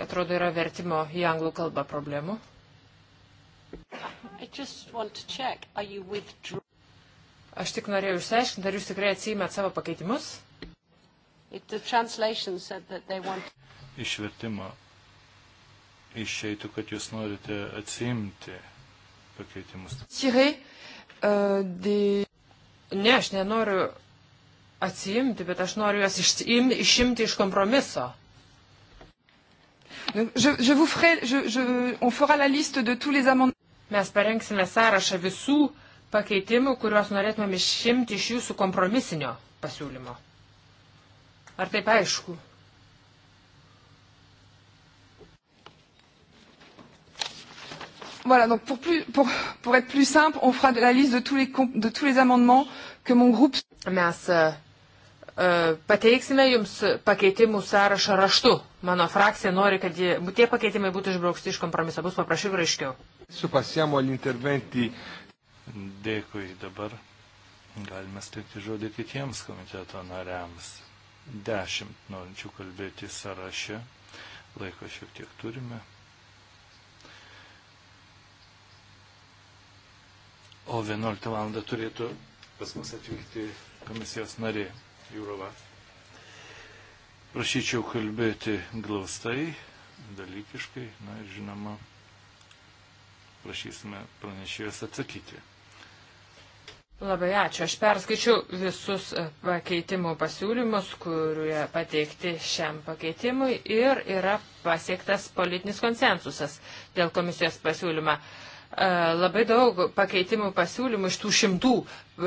Speaker 1: Atrodo, yra vertimo į anglų kalbą problemų. I just want to check, are you withdrawing? Aš tik norėjau išsiaiškinti, ar jūs tikrai atsiimėt savo pakeitimus?
Speaker 3: Want...
Speaker 2: Išvertimo išeitų, kad jūs norite atsiimti pakeitimus.
Speaker 1: Sirai, uh, e, de... Ne, aš nenoriu atsiimti, bet aš noriu juos išim, išimti iš kompromiso. Je, je vous ferai, je, je, on fera la liste de tous les amendements. Mes parengsime sąrašą visų uh, pakeitimų, kuriuos norėtumėm išimti iš jūsų kompromisinio pasiūlymo. Ar taip aišku? Voilà, donc pour, plus, pour, pour être plus simple, on fera de la liste de tous les, de tous les amendements que mon groupe. Mes uh, pateiksime jums pakeitimų sąrašą raštu. Mano frakcija nori, kad jie, tie pakeitimai būtų išbraukti iš kompromiso. Bus paprašyk raiškiau.
Speaker 2: Su pasiemo all'interventi Dėkui dabar. Galime steikti žodį kitiems komiteto nariams. Dešimt norinčių kalbėti sąraše. Laiko šiek tiek turime. O 11 val. turėtų pas mus atvykti komisijos narė Jūrova. Prašyčiau kalbėti glaustai, dalykiškai, na ir žinoma, prašysime pranešėjus atsakyti.
Speaker 1: Labai ačiū. Aš perskaičiu visus e, pakeitimų pasiūlymus, kurie pateikti šiam pakeitimui ir yra pasiektas politinis konsensusas dėl komisijos pasiūlymą e, labai daug pakeitimų pasiūlymų iš tų šimtų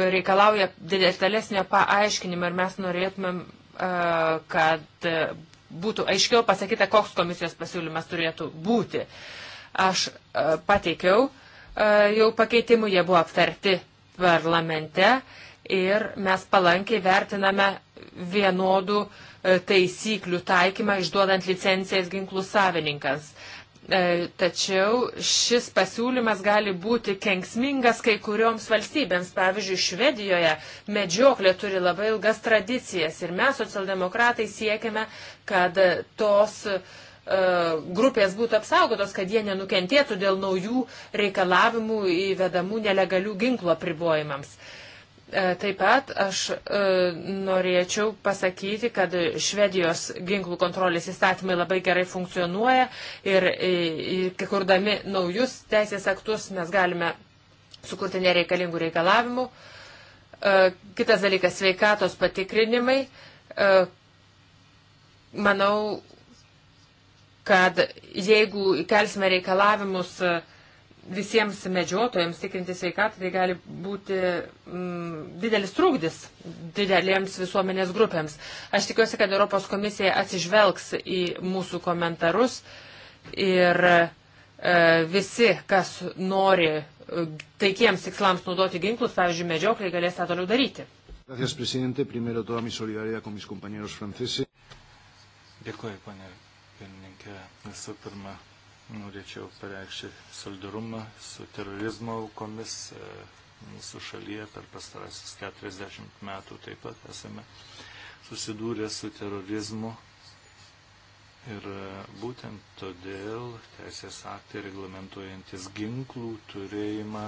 Speaker 1: reikalauja didelesnio paaiškinimo ir mes norėtumėm, e, kad būtų aiškiau pasakyta, koks komisijos pasiūlymas turėtų būti. Aš pateikiau jau pakeitimų, jie buvo aptarti parlamente ir mes palankiai vertiname vienodų e, taisyklių taikymą išduodant licencijas ginklų savininkams. E, tačiau šis pasiūlymas gali būti kenksmingas kai kurioms valstybėms. Pavyzdžiui, Švedijoje medžioklė turi labai ilgas tradicijas ir mes, socialdemokratai, siekiame, kad tos uh, E, grupės būtų apsaugotos, kad jie nenukentėtų dėl naujų reikalavimų įvedamų nelegalių ginklo pribojimams. E, taip pat aš e, norėčiau pasakyti, kad Švedijos ginklų kontrolės įstatymai labai gerai funkcionuoja ir, ir kurdami naujus teisės aktus mes galime sukurti nereikalingų reikalavimų. Kitas dalykas - sveikatos patikrinimai. Manau, kad jeigu kelsime reikalavimus e, visiems medžiotojams tikrinti sveikatą, tai gali būti mm, didelis trūkdis didelėms visuomenės grupėms. Aš tikiuosi, kad Europos komisija atsižvelgs į mūsų komentarus ir e, visi, kas nori e, taikiems tikslams naudoti ginklus, pavyzdžiui, medžiokliai, galės tą toliau daryti.
Speaker 2: Gracias, presidente. Primero toda mi solidaridad con mis compañeros franceses. Dėkuoju, panė pirmininkė. Visų pirma, norėčiau pareikšti solidarumą su terorizmo aukomis e, mūsų šalyje per pastarasis 40 metų taip pat esame susidūrę su terorizmu. Ir e, būtent todėl teisės aktai reglamentuojantis ginklų turėjimą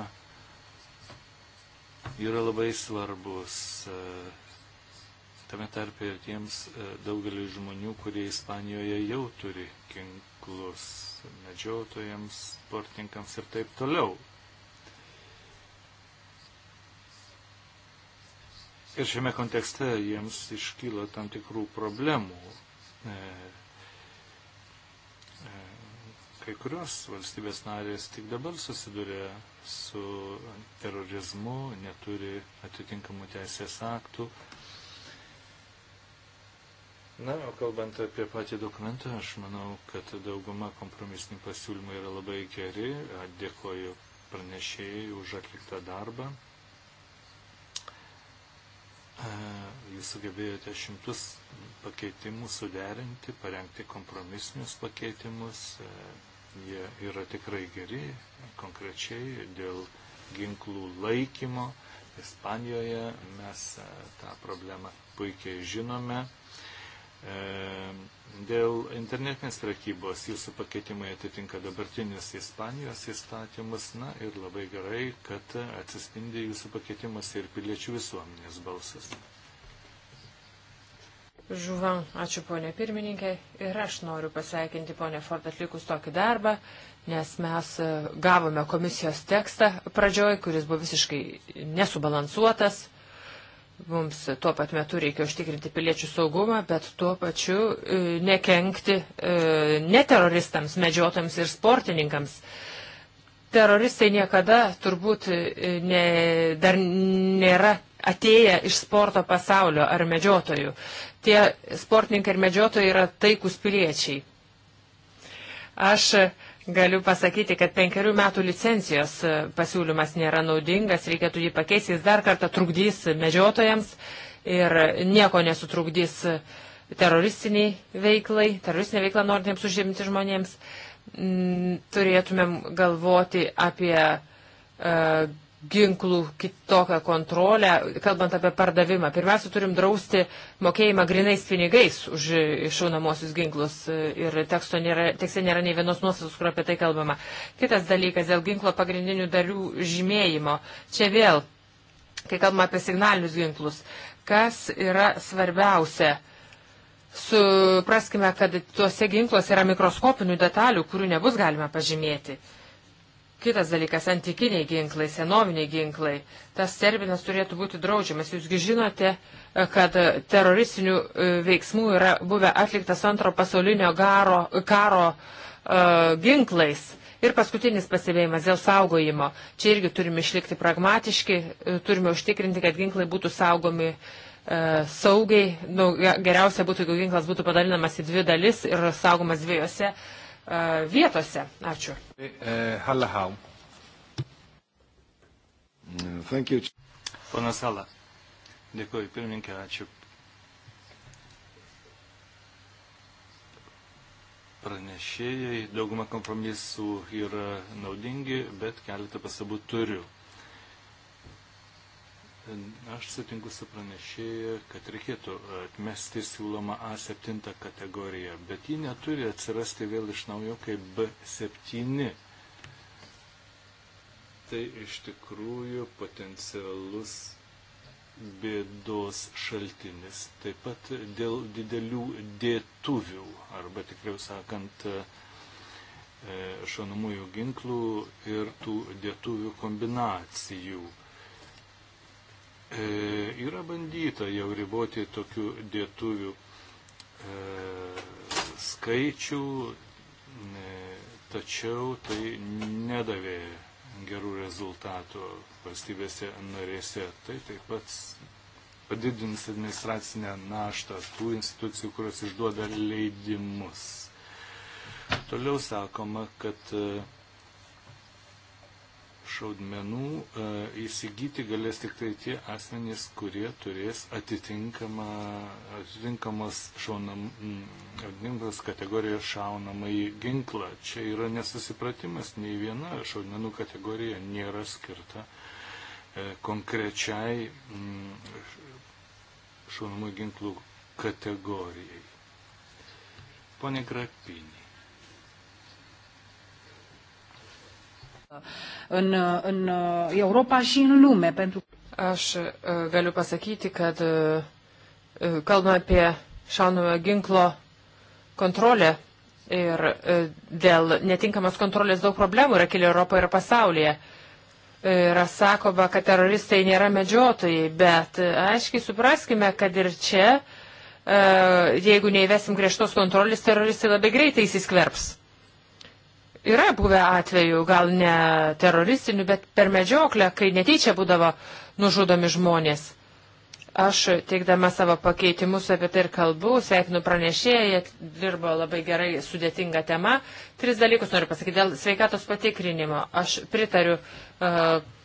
Speaker 2: yra labai svarbus. E, tame tarpe ir tiems e, daugelis žmonių, kurie Ispanijoje jau turi ginklus medžiotojams, sportininkams ir taip toliau. Ir šiame kontekste jiems iškyla tam tikrų problemų. E, e, kai kurios valstybės narės tik dabar susiduria su terorizmu, neturi atitinkamų teisės aktų, Na, o kalbant apie patį dokumentą, aš manau, kad dauguma kompromisinių pasiūlymų yra labai geri. Dėkoju pranešėjai už atliktą darbą. Jūs sugebėjote šimtus pakeitimų suderinti, parengti kompromisinius pakeitimus. Jie yra tikrai geri, konkrečiai dėl ginklų laikymo. Ispanijoje mes tą problemą puikiai žinome. Dėl internetinės prekybos jūsų pakeitimai atitinka dabartinius Ispanijos įstatymus, na ir labai gerai, kad atsispindi jūsų pakeitimas ir piliečių visuomenės balsas.
Speaker 1: Žuvan, ačiū ponė pirmininkė ir aš noriu pasveikinti ponę Ford atlikus tokį darbą, nes mes e, gavome komisijos tekstą pradžioj, kuris buvo visiškai nesubalansuotas Mums tuo pat metu reikia užtikrinti piliečių saugumą, bet tuo pačiu e, nekenkti e, neteroristams, medžiotojams ir sportininkams. Teroristai niekada turbūt e, ne, dar nėra atėję iš sporto pasaulio ar medžiotojų. Tie sportininkai ir medžiotojai yra taikus piliečiai. Aš Galiu pasakyti, kad penkerių metų licencijos e, pasiūlymas nėra naudingas, reikėtų jį pakeisti, jis dar kartą trukdys medžiotojams ir nieko nesutrukdys teroristiniai veiklai, teroristinė veikla norintiems užimti žmonėms. Mm, turėtumėm galvoti apie uh, ginklų kitokią kontrolę, kalbant apie pardavimą. Pirmiausia, turim drausti mokėjimą grinais pinigais už išaunamosius ginklus ir teksto nėra, tekste nėra nei vienos nuostatos, kur apie tai kalbama. Kitas dalykas dėl ginklo pagrindinių darių žymėjimo. Čia vėl, kai kalbama apie signalinius ginklus, kas yra svarbiausia? Supraskime, kad tuose ginkluose yra mikroskopinių detalių, kurių nebus galima pažymėti. Uh, Kitas dalykas - antikiniai ginklai, senoviniai ginklai. Tas terminas turėtų būti draudžiamas. Jūsgi žinote, e, kad teroristinių e, veiksmų yra buvę atliktas antro pasaulinio garo, karo uh, ginklais. Ir paskutinis pasibėjimas dėl saugojimo. Čia irgi turime išlikti pragmatiški, turime užtikrinti, kad ginklai būtų saugomi saugiai, nu, geriausia būtų, jeigu ginklas būtų padalinamas į dvi dalis ir saugomas dviejose vietose. Ačiū. E,
Speaker 2: e, Halahau. Ponas Hala. Dėkuoju, pirmininkė, ačiū. Pranešėjai, dauguma kompromisų yra naudingi, bet keletą pasabų turiu. Aš sutinku su pranešėja, kad reikėtų atmesti siūlomą A7 kategoriją, bet ji neturi atsirasti vėl iš naujo kaip B7. Tai iš tikrųjų potencialus bėdos šaltinis. Taip pat dėl didelių dėtuvių, arba tikriau sakant, e, šaunamųjų ginklų ir tų dėtuvių kombinacijų. E, yra bandyta jau riboti tokių dėtuvių e, skaičių, e, tačiau tai nedavė gerų rezultatų valstybėse narėse. Tai taip pat padidins administracinę naštą tų institucijų, kurios išduoda leidimus. Toliau sakoma, kad šaudmenų e, įsigyti galės tik tai tie asmenys, kurie turės atitinkamas šaunam, kategorijos šaunamąjį ginklą. Čia yra nesusipratimas, nei viena šaudmenų kategorija nėra skirta e, konkrečiai šaunamųjų ginklų kategorijai. Pone Grapinį.
Speaker 1: în, în Europa și în lume. Pentru... Aš uh, galiu pasakyti, kad uh, uh, kalbame apie šaunamojo ginklo kontrolę ir dėl netinkamos kontrolės daug problemų yra kilę Europoje ir pasaulyje. Yra sakoma, kad teroristai nėra medžiotojai, bet aiškiai supraskime, kad ir čia, jeigu neįvesim griežtos kontrolės, teroristai labai greitai įsiskverps. Yra buvę atvejų, gal ne teroristinių, bet per medžioklę, kai netyčia būdavo nužudomi žmonės. Aš teikdama savo pakeitimus apie tai ir kalbu, sveikinu pranešėją, dirbo labai gerai sudėtinga tema. Tris dalykus noriu pasakyti dėl sveikatos patikrinimo. Aš pritariu, e,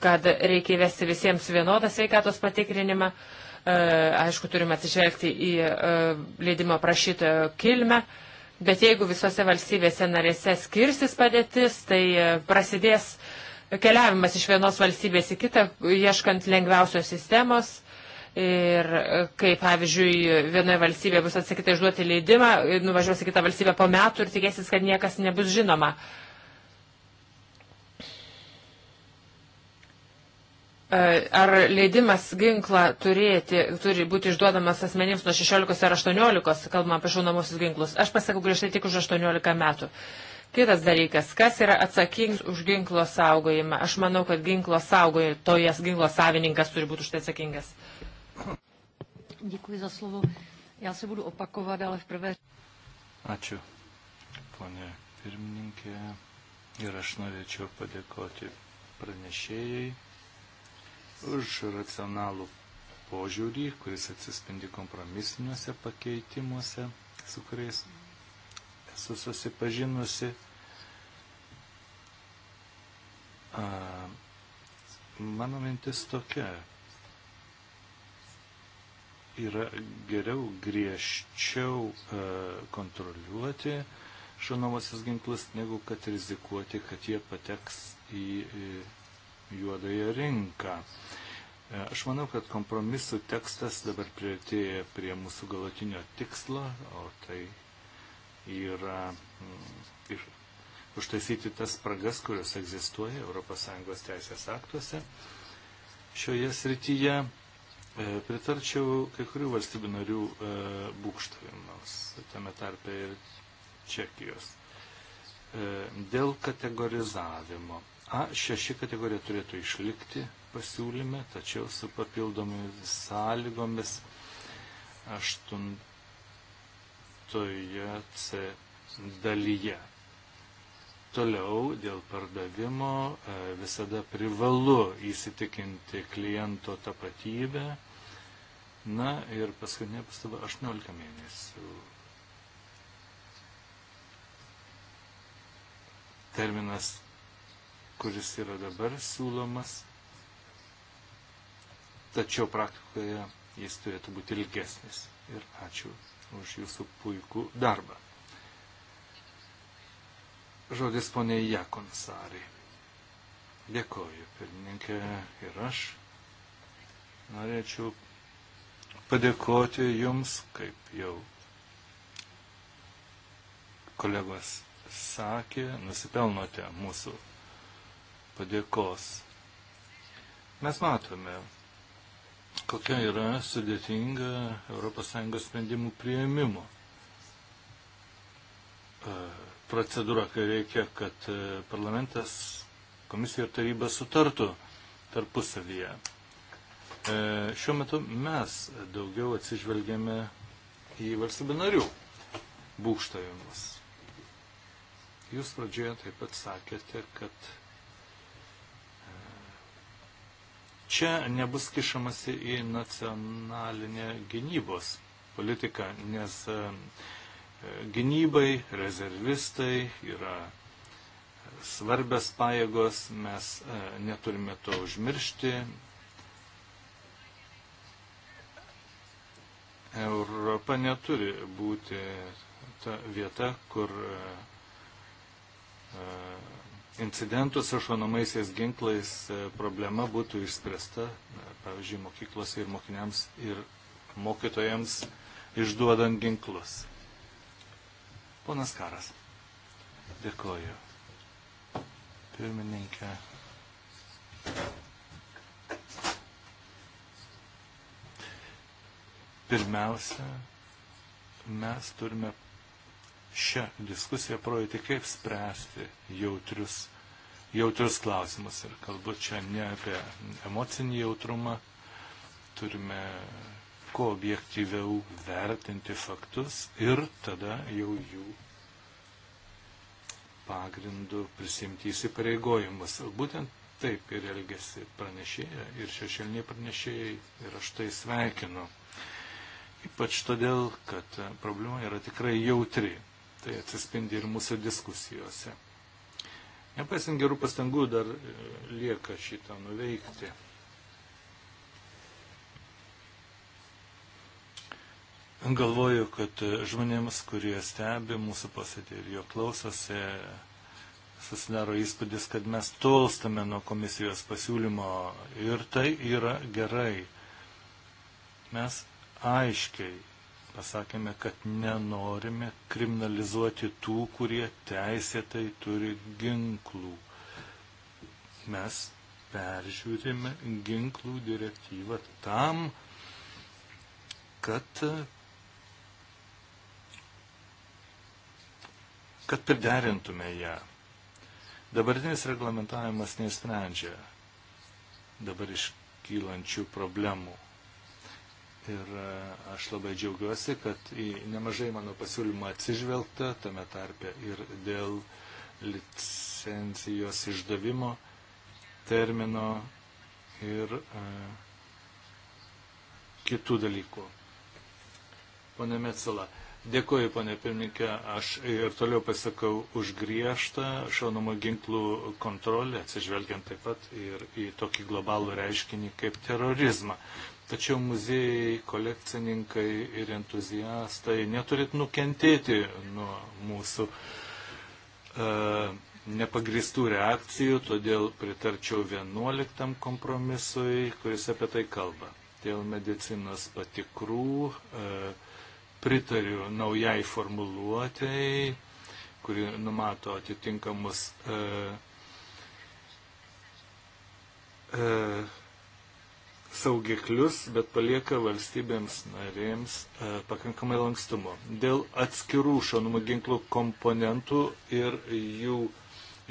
Speaker 1: kad reikia įvesti visiems vienodą sveikatos patikrinimą. E, aišku, turime atsižvelgti į e, leidimo prašytojo kilmę. Bet jeigu visose valstybėse narėse skirsis padėtis, tai e, prasidės keliavimas iš vienos valstybės į kitą, ieškant lengviausios sistemos. Ir e, kai, pavyzdžiui, vienoje valstybėje bus atsakyta išduoti leidimą, nuvažiuos į kitą valstybę po metų ir tikėsis, kad niekas nebus žinoma. Uh, E, ar leidimas ginklą turėti turi būti išduodamas asmenims nuo 16 ar 18, kalbama apie šaunamosius ginklus? Aš pasakau griežtai tik už 18 metų. Kitas dalykas, kas yra atsakingas už ginklo saugojimą? Aš manau, kad ginklo saugotojas, ginklo savininkas turi būti už tai atsakingas.
Speaker 3: Děkuji za slovo. Já se budu opakovat, ale v prvé...
Speaker 2: Ačiū, ponė pirmininkė. Ir aš norėčiau padėkoti pranešėjai už racionalų požiūrį, kuris atsispindi kompromisiniuose pakeitimuose, su kuriais esu susipažinusi. A, mano mintis tokia. Yra geriau griežčiau e, kontroliuoti šaunamasis ginklus, negu kad rizikuoti, kad jie pateks į, į juodąją rinką. E, aš manau, kad kompromisų tekstas dabar prieartėja prie mūsų galutinio tikslo, o tai yra mm, ir užtaisyti tas spragas, kurios egzistuoja ES teisės aktuose. Šioje srityje e, pritarčiau kai kurių valstybių narių e, būkštavimams, tame tarpe ir Čekijos, dėl kategorizavimo A6 kategorija turėtų išlikti pasiūlyme, tačiau su papildomis sąlygomis 8 C dalyje. Toliau dėl pardavimo e, visada privalu įsitikinti kliento tapatybę. Na ir paskutinė pastaba 18 mėnesių. Terminas kuris yra dabar siūlomas, tačiau praktikoje jis turėtų būti ilgesnis. Ir ačiū už jūsų puikų darbą. Žodis ponė Jakonsarė. Dėkoju, pirmininkė, ir aš norėčiau padėkoti Jums, kaip jau kolegos sakė, nusipelnote mūsų padėkos. Mes matome, kokia yra sudėtinga ES sprendimų prieimimo e, procedūra, kai reikia, kad e, parlamentas, komisija ir taryba sutartų tarpusavyje. E, šiuo metu mes daugiau atsižvelgėme į valstybę narių būkštavimus. Jūs pradžioje taip pat sakėte, kad Čia nebus kišamasi į nacionalinę gynybos politiką, nes e, e, gynybai, rezervistai yra svarbės pajėgos, mes e, neturime to užmiršti. Europa neturi būti ta vieta, kur incidentų su šonamaisiais ginklais e, problema būtų išspręsta, pavyzdžiui, mokyklose ir mokiniams ir mokytojams išduodant ginklus. Ponas Karas, dėkoju. Pirmininkė. Pirmiausia, mes turime šią diskusiją parodyti, kaip spręsti jautrius, jautrius klausimus. Ir kalbu čia ne apie emocinį jautrumą, turime kuo objektyviau vertinti faktus ir tada jau jų pagrindų prisimti įsipareigojimus. Būtent taip ir elgesi pranešėja ir šešėliniai pranešėjai ir aš tai sveikinu. Ypač todėl, kad problema yra tikrai jautri. Tai atsispindi ir mūsų diskusijose. Nepaisant gerų pastangų dar e, lieka šitą nuveikti. Galvoju, kad e, žmonėms, kurie stebi mūsų posėdį ir jo klausosi, susidaro įspūdis, kad mes tolstame nuo komisijos pasiūlymo ir tai yra gerai. Mes aiškiai pasakėme, kad nenorime kriminalizuoti tų, kurie teisėtai turi ginklų. Mes peržiūrime ginklų direktyvą tam, kad, kad priderintume ją. Dabartinis reglamentavimas nesprendžia dabar iškylančių problemų. Ir e, aš labai džiaugiuosi, kad į nemažai mano pasiūlymą atsižvelgta, tame tarpe ir dėl licencijos išdavimo termino ir e, kitų dalykų. Pone Metsala, dėkoju, pone pirmininkė, aš ir toliau pasakau už griežtą šaunamų ginklų kontrolę, atsižvelgiant taip pat ir į tokį globalų reiškinį kaip terorizmą. Tačiau muziejai, kolekcininkai ir entuziastai neturit nukentėti nuo mūsų e, nepagristų reakcijų, todėl pritarčiau 11 kompromisui, kuris apie tai kalba. Dėl medicinos patikrų e, pritariu naujai formuluotėjai, kuri numato atitinkamus e, e, saugiklius, bet palieka valstybėms narėms e, pakankamai lankstumo. Dėl atskirų šaunamų ginklų komponentų ir jų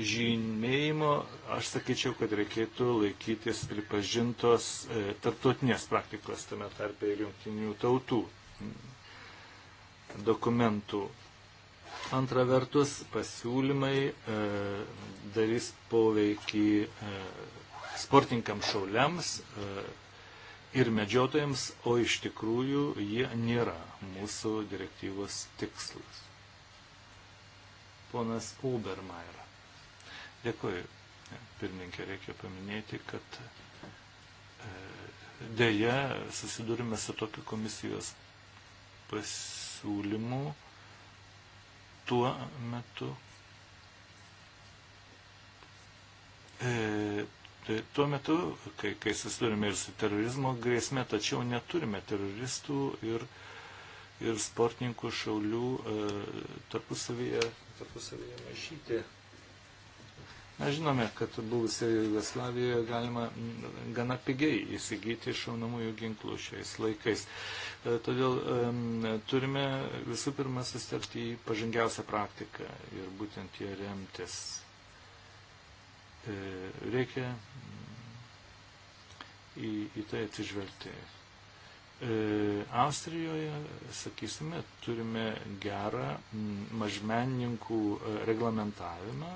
Speaker 2: žymėjimo, aš sakyčiau, kad reikėtų laikytis pripažintos e, tarptautinės praktikos, tame tarpe ir jungtinių tautų dokumentų. Antra vertus, pasiūlymai e, darys poveikį e, sportininkams šauliams, e, ir medžiotojams, o iš tikrųjų jie nėra mūsų direktyvos tikslas. Ponas Ubermaier. Dėkuoju, pirmininkė, reikia paminėti, kad e, dėja susidurime su tokiu komisijos pasiūlymu tuo metu, e, Tai tuo metu, kai, kai susidurime ir su terorizmo grėsme, tačiau neturime teroristų ir, ir sportininkų šaulių e, tarpusavyje, tarpusavyje maišyti. Mes žinome, kad buvusioje Jugoslavijoje galima gana pigiai įsigyti šaunamųjų ginklų šiais laikais. E, todėl turime visų pirma sustarti į pažangiausią praktiką ir būtent jie remtis. E, reikia mm, į, į tai atsižvelgti. E, Austrijoje, sakysime, turime gerą mm, mažmenininkų e, reglamentavimą,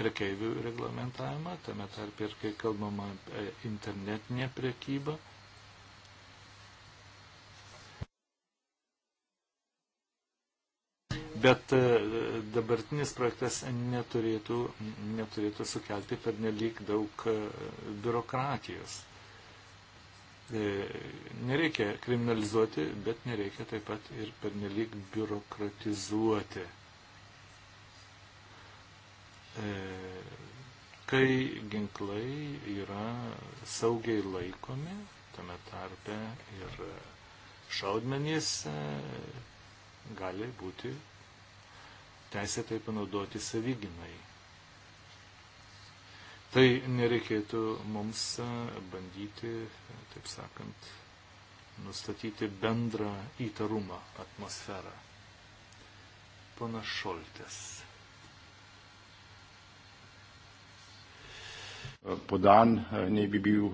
Speaker 2: prekeivių reglamentavimą, tame tarp ir kai kalbama internetinė prekyba. bet e, dabartinis projektas neturėtų, neturėtų sukelti per nelik daug e, biurokratijos. E, nereikia kriminalizuoti, bet nereikia taip pat ir per nelik biurokratizuoti. Kai ginklai yra saugiai laikomi, tame tarpe ir šaudmenys gali būti teisėtai panaudoti savigynai. Tai nereikėtų mums bandyti, taip sakant, nustatyti bendrą įtarumą atmosferą. Pana Šoltės. Podan, nebibijų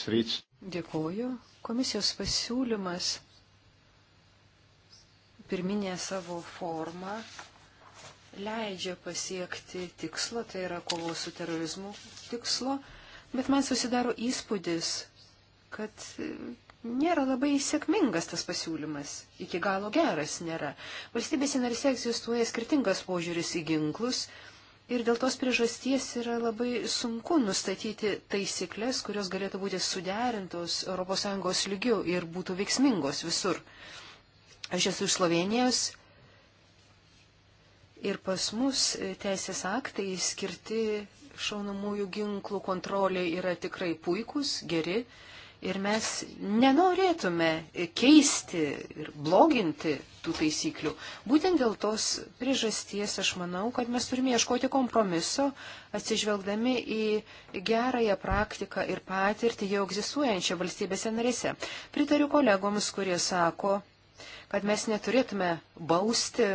Speaker 3: sričių. Dėkuoju. Komisijos pasiūlymas pirminė savo forma leidžia pasiekti tikslo, tai yra kovos su terorizmu tikslo, bet man susidaro įspūdis, kad nėra labai sėkmingas tas pasiūlymas, iki galo geras nėra. Valstybėse narise egzistuoja skirtingas požiūris į ginklus ir dėl tos priežasties yra labai sunku nustatyti taisyklės, kurios galėtų būti suderintos ES lygių ir būtų veiksmingos visur. Aš esu iš Slovenijos Ir pas mus e, teisės aktai skirti šaunamųjų ginklų kontrolė yra tikrai puikus, geri. Ir mes nenorėtume keisti ir bloginti tų taisyklių. Būtent dėl tos priežasties aš manau, kad mes turime ieškoti kompromiso, atsižvelgdami į gerąją praktiką ir patirtį jau egzistuojančią valstybėse narėse. Pritariu kolegoms, kurie sako, kad mes neturėtume bausti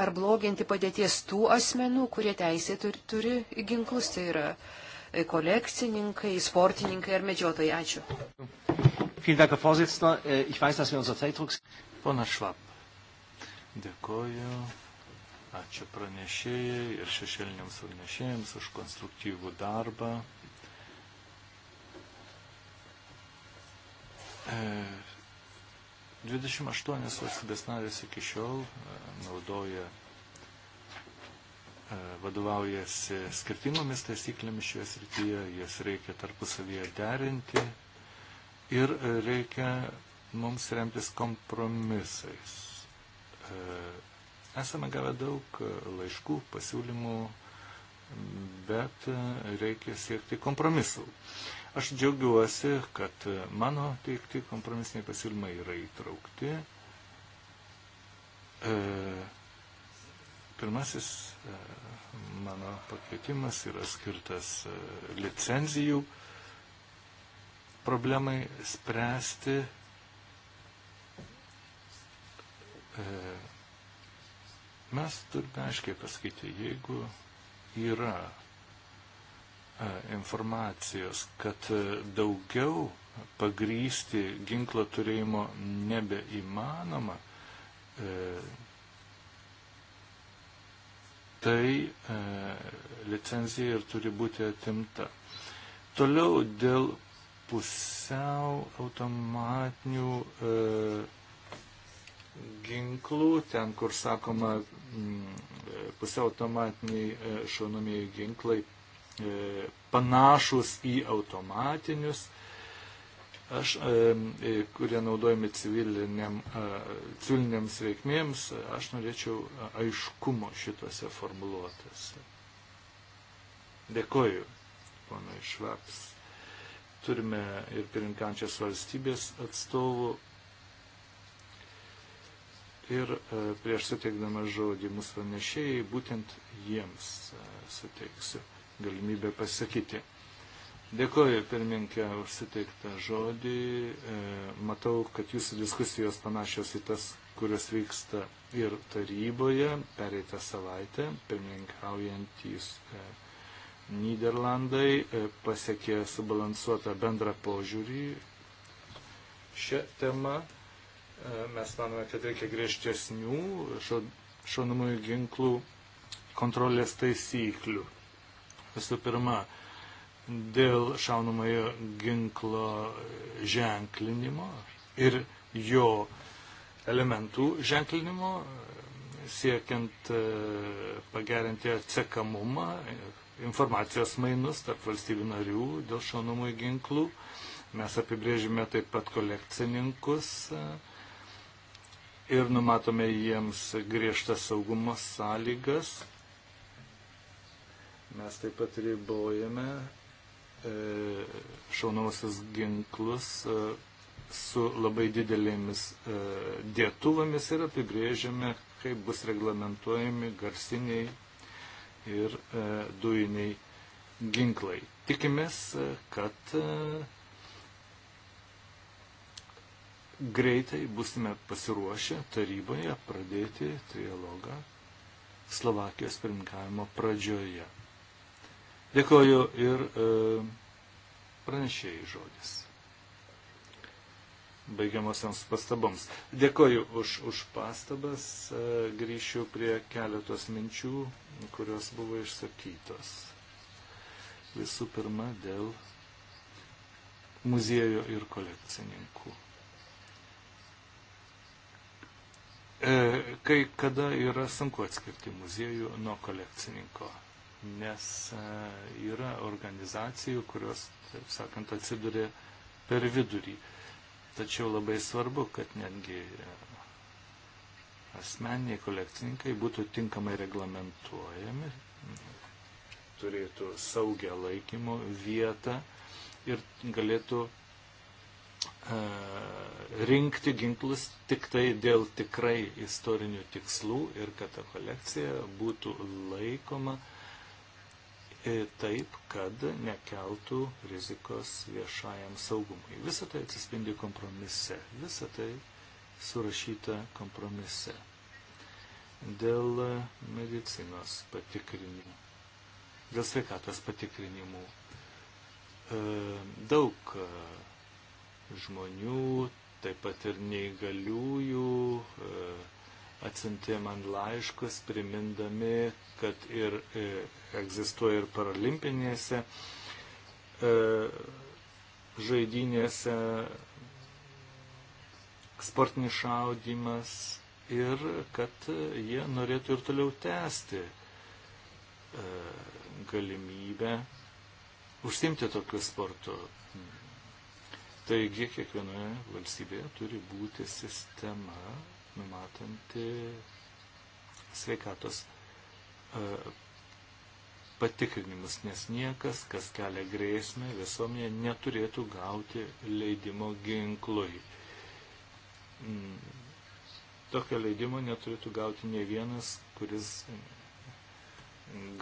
Speaker 3: ar bloginti padėties tų asmenų, kurie teisė turi, turi ginklus, tai yra kolekcininkai, sportininkai ar medžiotojai. Ačiū.
Speaker 2: Pana äh, Švab, dėkoju. Ačiū pranešėjai ir šešėliniams pranešėjams už konstruktyvų darbą. E, 28 valstybės narės iki šiol e, naudoja, e, vadovaujasi skirtingomis taisyklėmis šioje srityje, jas reikia tarpusavyje derinti ir reikia mums remtis kompromisais. E, esame gavę daug laiškų, pasiūlymų, bet reikia siekti kompromisų. Aš džiaugiuosi, kad mano teikti kompromisiniai pasiūlymai yra įtraukti. E, pirmasis e, mano pakvietimas yra skirtas e, licenzijų problemai spręsti. E, mes turime aiškiai pasakyti, jeigu yra informacijos, kad e, daugiau pagrysti ginklo turėjimo nebeįmanoma, e, tai e, licencija ir turi būti atimta. Toliau dėl pusiau automatinių ginklų, ten kur sakoma pusiau automatiniai šaunamieji ginklai E, panašus į automatinius, aš, e, e, kurie naudojami civiliniam, civiliniams reikmėms, aš norėčiau aiškumo šituose formuluotėse. Dėkoju, ponai Švaps. Turime ir pirinkančias valstybės atstovų. Ir prieš suteikdama žodį mūsų pranešėjai, būtent jiems suteiksiu galimybę pasakyti. Dėkoju, pirmininkė, už suteiktą žodį. E, matau, kad jūsų diskusijos panašios į tas, kurios vyksta ir taryboje pereitą savaitę, pirmininkaujantys e, Niderlandai e, pasiekė subalansuotą bendrą požiūrį šią temą. Mes manome, kad reikia griežtesnių šaunamųjų ginklų kontrolės taisyklių. Visų pirma, dėl šaunamojo ginklo ženklinimo ir jo elementų ženklinimo, siekiant e, pagerinti atsekamumą, informacijos mainus tarp valstybių narių dėl šaunamųjų ginklų. Mes apibrėžime taip pat kolekcininkus e, ir numatome jiems griežtas saugumo sąlygas. Mes taip pat ribojame e, šaunamosius ginklus e, su labai didelėmis e, dėtuvomis ir apibrėžiame, kaip bus reglamentuojami garsiniai ir dujiniai ginklai. Tikimės, kad greitai busime pasiruošę taryboje pradėti trialogą Slovakijos pirmininkavimo pradžioje. Dėkoju ir e, pranešėjai žodis. Baigiamosiams pastaboms. Dėkoju už, už pastabas. E, grįšiu prie keletos minčių, kurios buvo išsakytos. Visų pirma, dėl muziejų ir kolekcininkų. E, kai kada yra sunku atskirti muziejų nuo kolekcininko nes e, yra organizacijų, kurios, taip sakant, atsiduria per vidurį. Tačiau labai svarbu, kad netgi e, asmeniniai kolekcininkai būtų tinkamai reglamentuojami, turėtų saugią laikymo vietą ir galėtų e, rinkti ginklus tik tai dėl tikrai istorinių tikslų ir kad ta kolekcija būtų laikoma E, taip, kad nekeltų rizikos viešajam saugumui. Visą tai atsispindi kompromise, visą tai surašyta kompromise. Dėl medicinos patikrinimų, dėl sveikatos patikrinimų e, daug e, žmonių, taip pat ir neįgaliųjų, atsinti man laiškus, primindami, kad ir e, egzistuoja ir paralimpinėse e, žaidynėse sportinis šaudimas ir kad jie norėtų ir toliau tęsti e, galimybę užsimti tokiu sportu. Taigi kiekvienoje valstybėje turi būti sistema, numatanti sveikatos e, patikrinimus, nes niekas, kas kelia grėsmę visuomenė, neturėtų gauti leidimo ginklui. Mm. Tokio leidimo neturėtų gauti ne vienas, kuris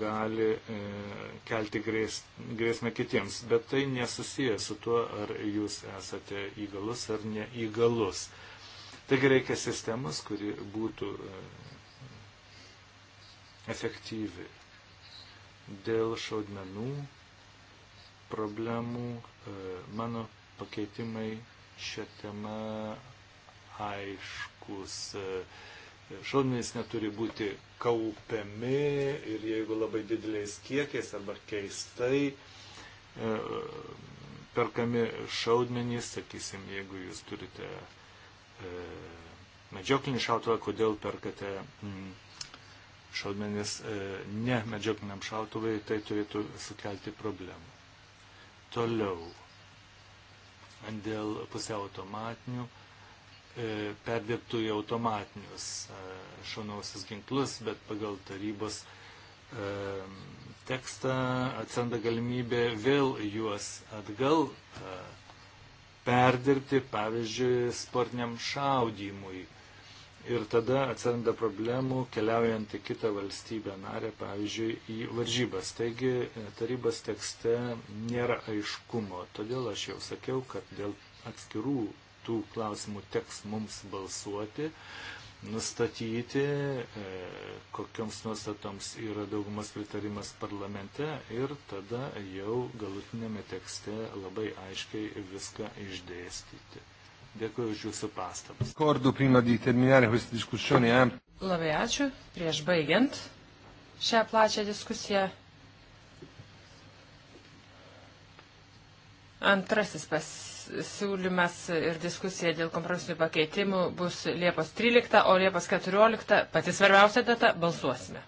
Speaker 2: gali e, kelti grės, grėsmę kitiems, bet tai nesusiję su tuo, ar jūs esate įgalus ar neįgalus. Taigi reikia sistemos, kuri būtų e, efektyvi dėl šaudmenų problemų. E, mano pakeitimai šią temą aiškus. E, šaudmenys neturi būti kaupiami ir jeigu labai dideliais kiekiais arba keistai perkami šaudmenys, sakysim, jeigu jūs turite E, medžioklinį šautuvą, kodėl perkate mm, šaudmenis e, ne medžiokliniam šautuvai, tai turėtų sukelti problemų. Toliau, dėl pusiau automatinių, e, perdirbtų į automatinius šaunausius ginklus, bet pagal tarybos tekstą atsiranda galimybė vėl juos atgal perdirbti, pavyzdžiui, sportiniam šaudymui. Ir tada atsiranda problemų keliaujant į kitą valstybę narę, pavyzdžiui, į varžybas. Taigi e, tarybos tekste nėra aiškumo. Todėl aš jau sakiau, kad dėl atskirų tų klausimų teks mums balsuoti nustatyti, e, kokioms nuostatoms yra daugumas pritarimas parlamente ir tada jau galutinėme tekste labai aiškiai viską išdėstyti. Dėkui už Jūsų pastabas.
Speaker 1: Kordu, prima di terminare
Speaker 2: questa discussione. Eh?
Speaker 1: Labai ačiū. Prieš baigiant šią plačią diskusiją. Antrasis pas siūlymas ir diskusija dėl kompromisinių pakeitimų bus Liepos 13, o Liepos 14, pati svarbiausia data, balsuosime.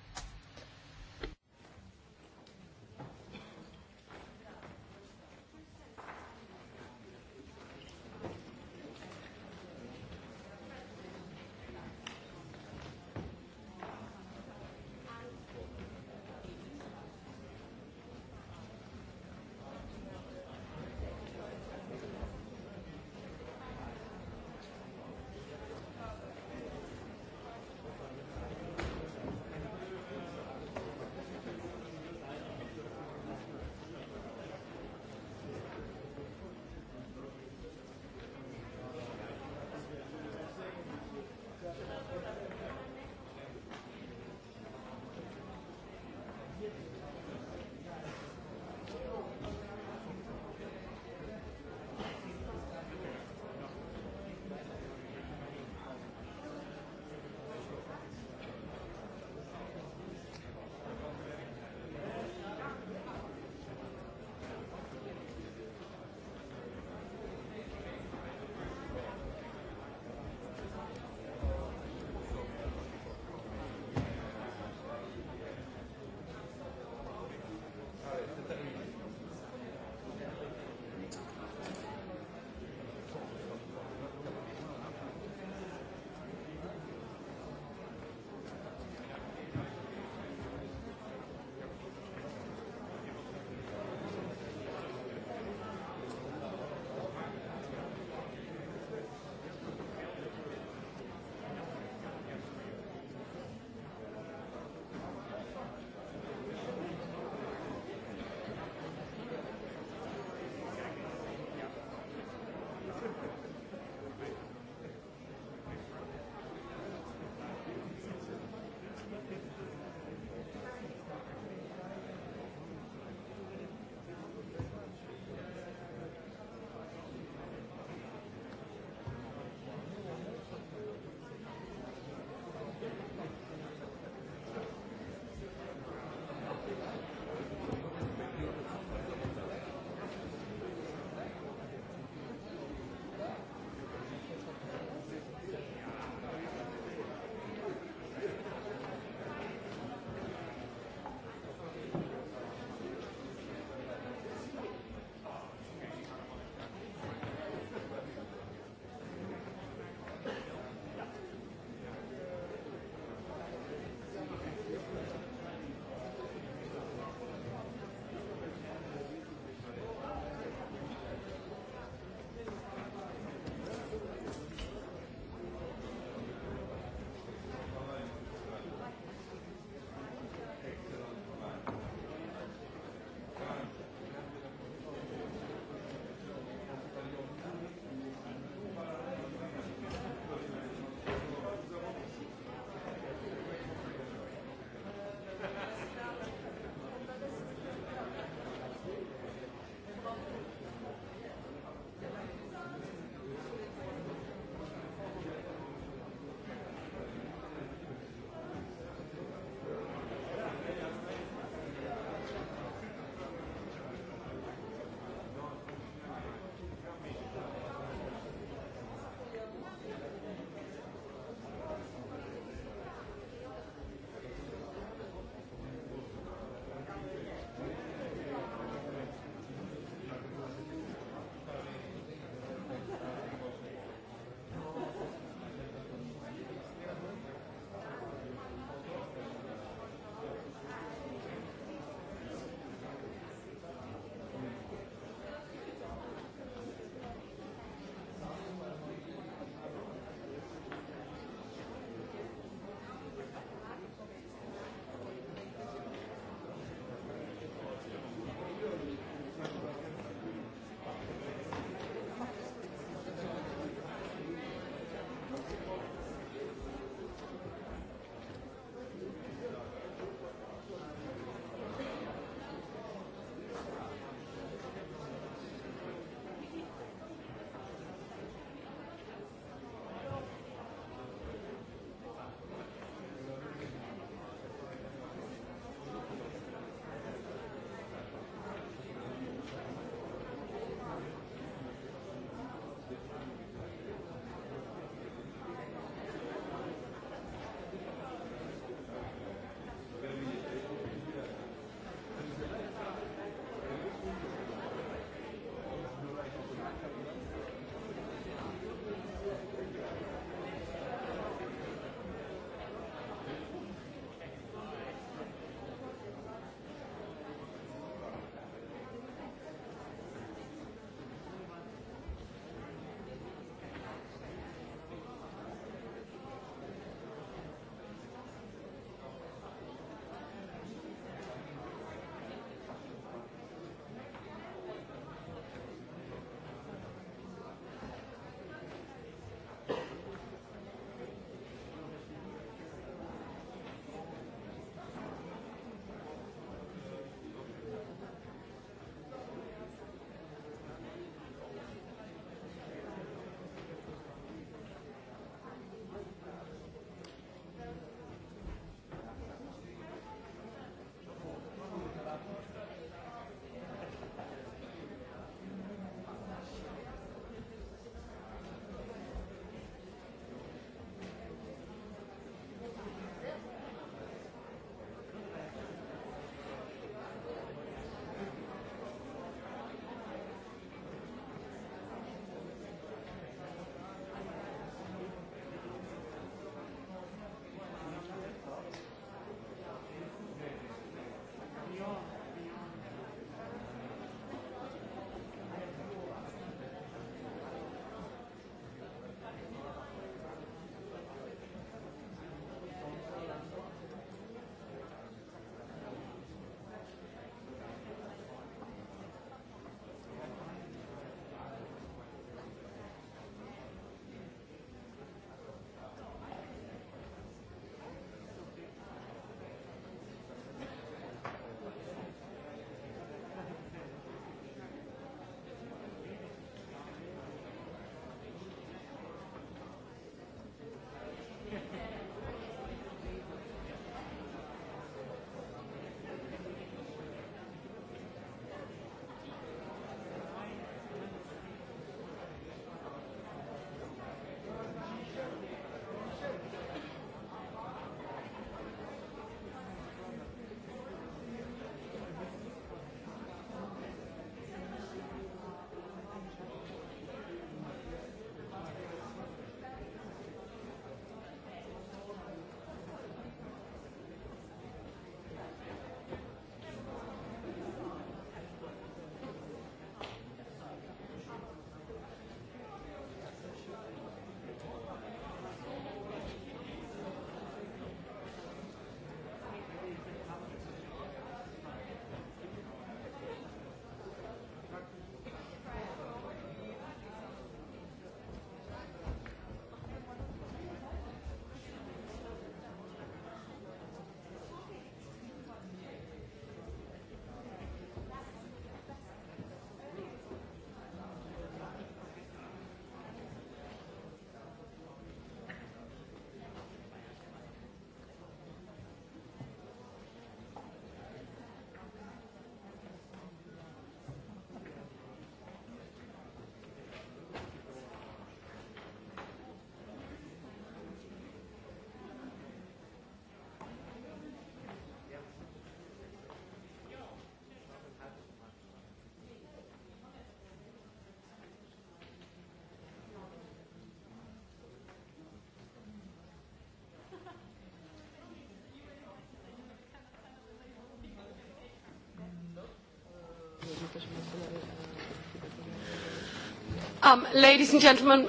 Speaker 1: Um, ladies and gentlemen,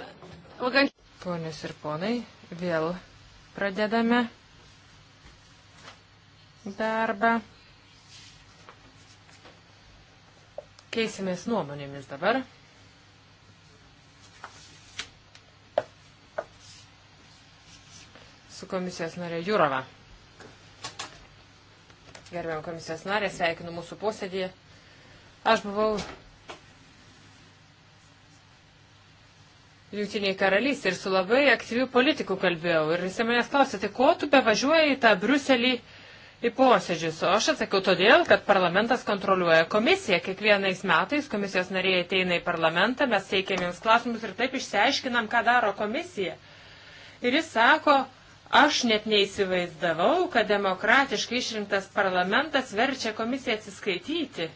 Speaker 1: we're going to... Ponios ir ponai, vėl pradedame darbą. Keisimės nuomonėmis dabar. Su komisijos narė Jurova. Gerbiam komisijos narė, sveikinu mūsų posėdėje. Aš buvau Junktiniai karalystė ir su labai aktyviu politiku kalbėjau. Ir jis manęs klausė, tai ko tu bevažiuoji į tą Bruselį į posėdžius? O aš atsakiau, todėl, kad parlamentas kontroliuoja komisiją. Kiekvienais metais komisijos nariai ateina į parlamentą, mes teikėm jiems klausimus ir taip išsiaiškinam, ką daro komisija. Ir jis sako, aš net neįsivaizdavau, kad demokratiškai išrinktas parlamentas verčia komisiją atsiskaityti.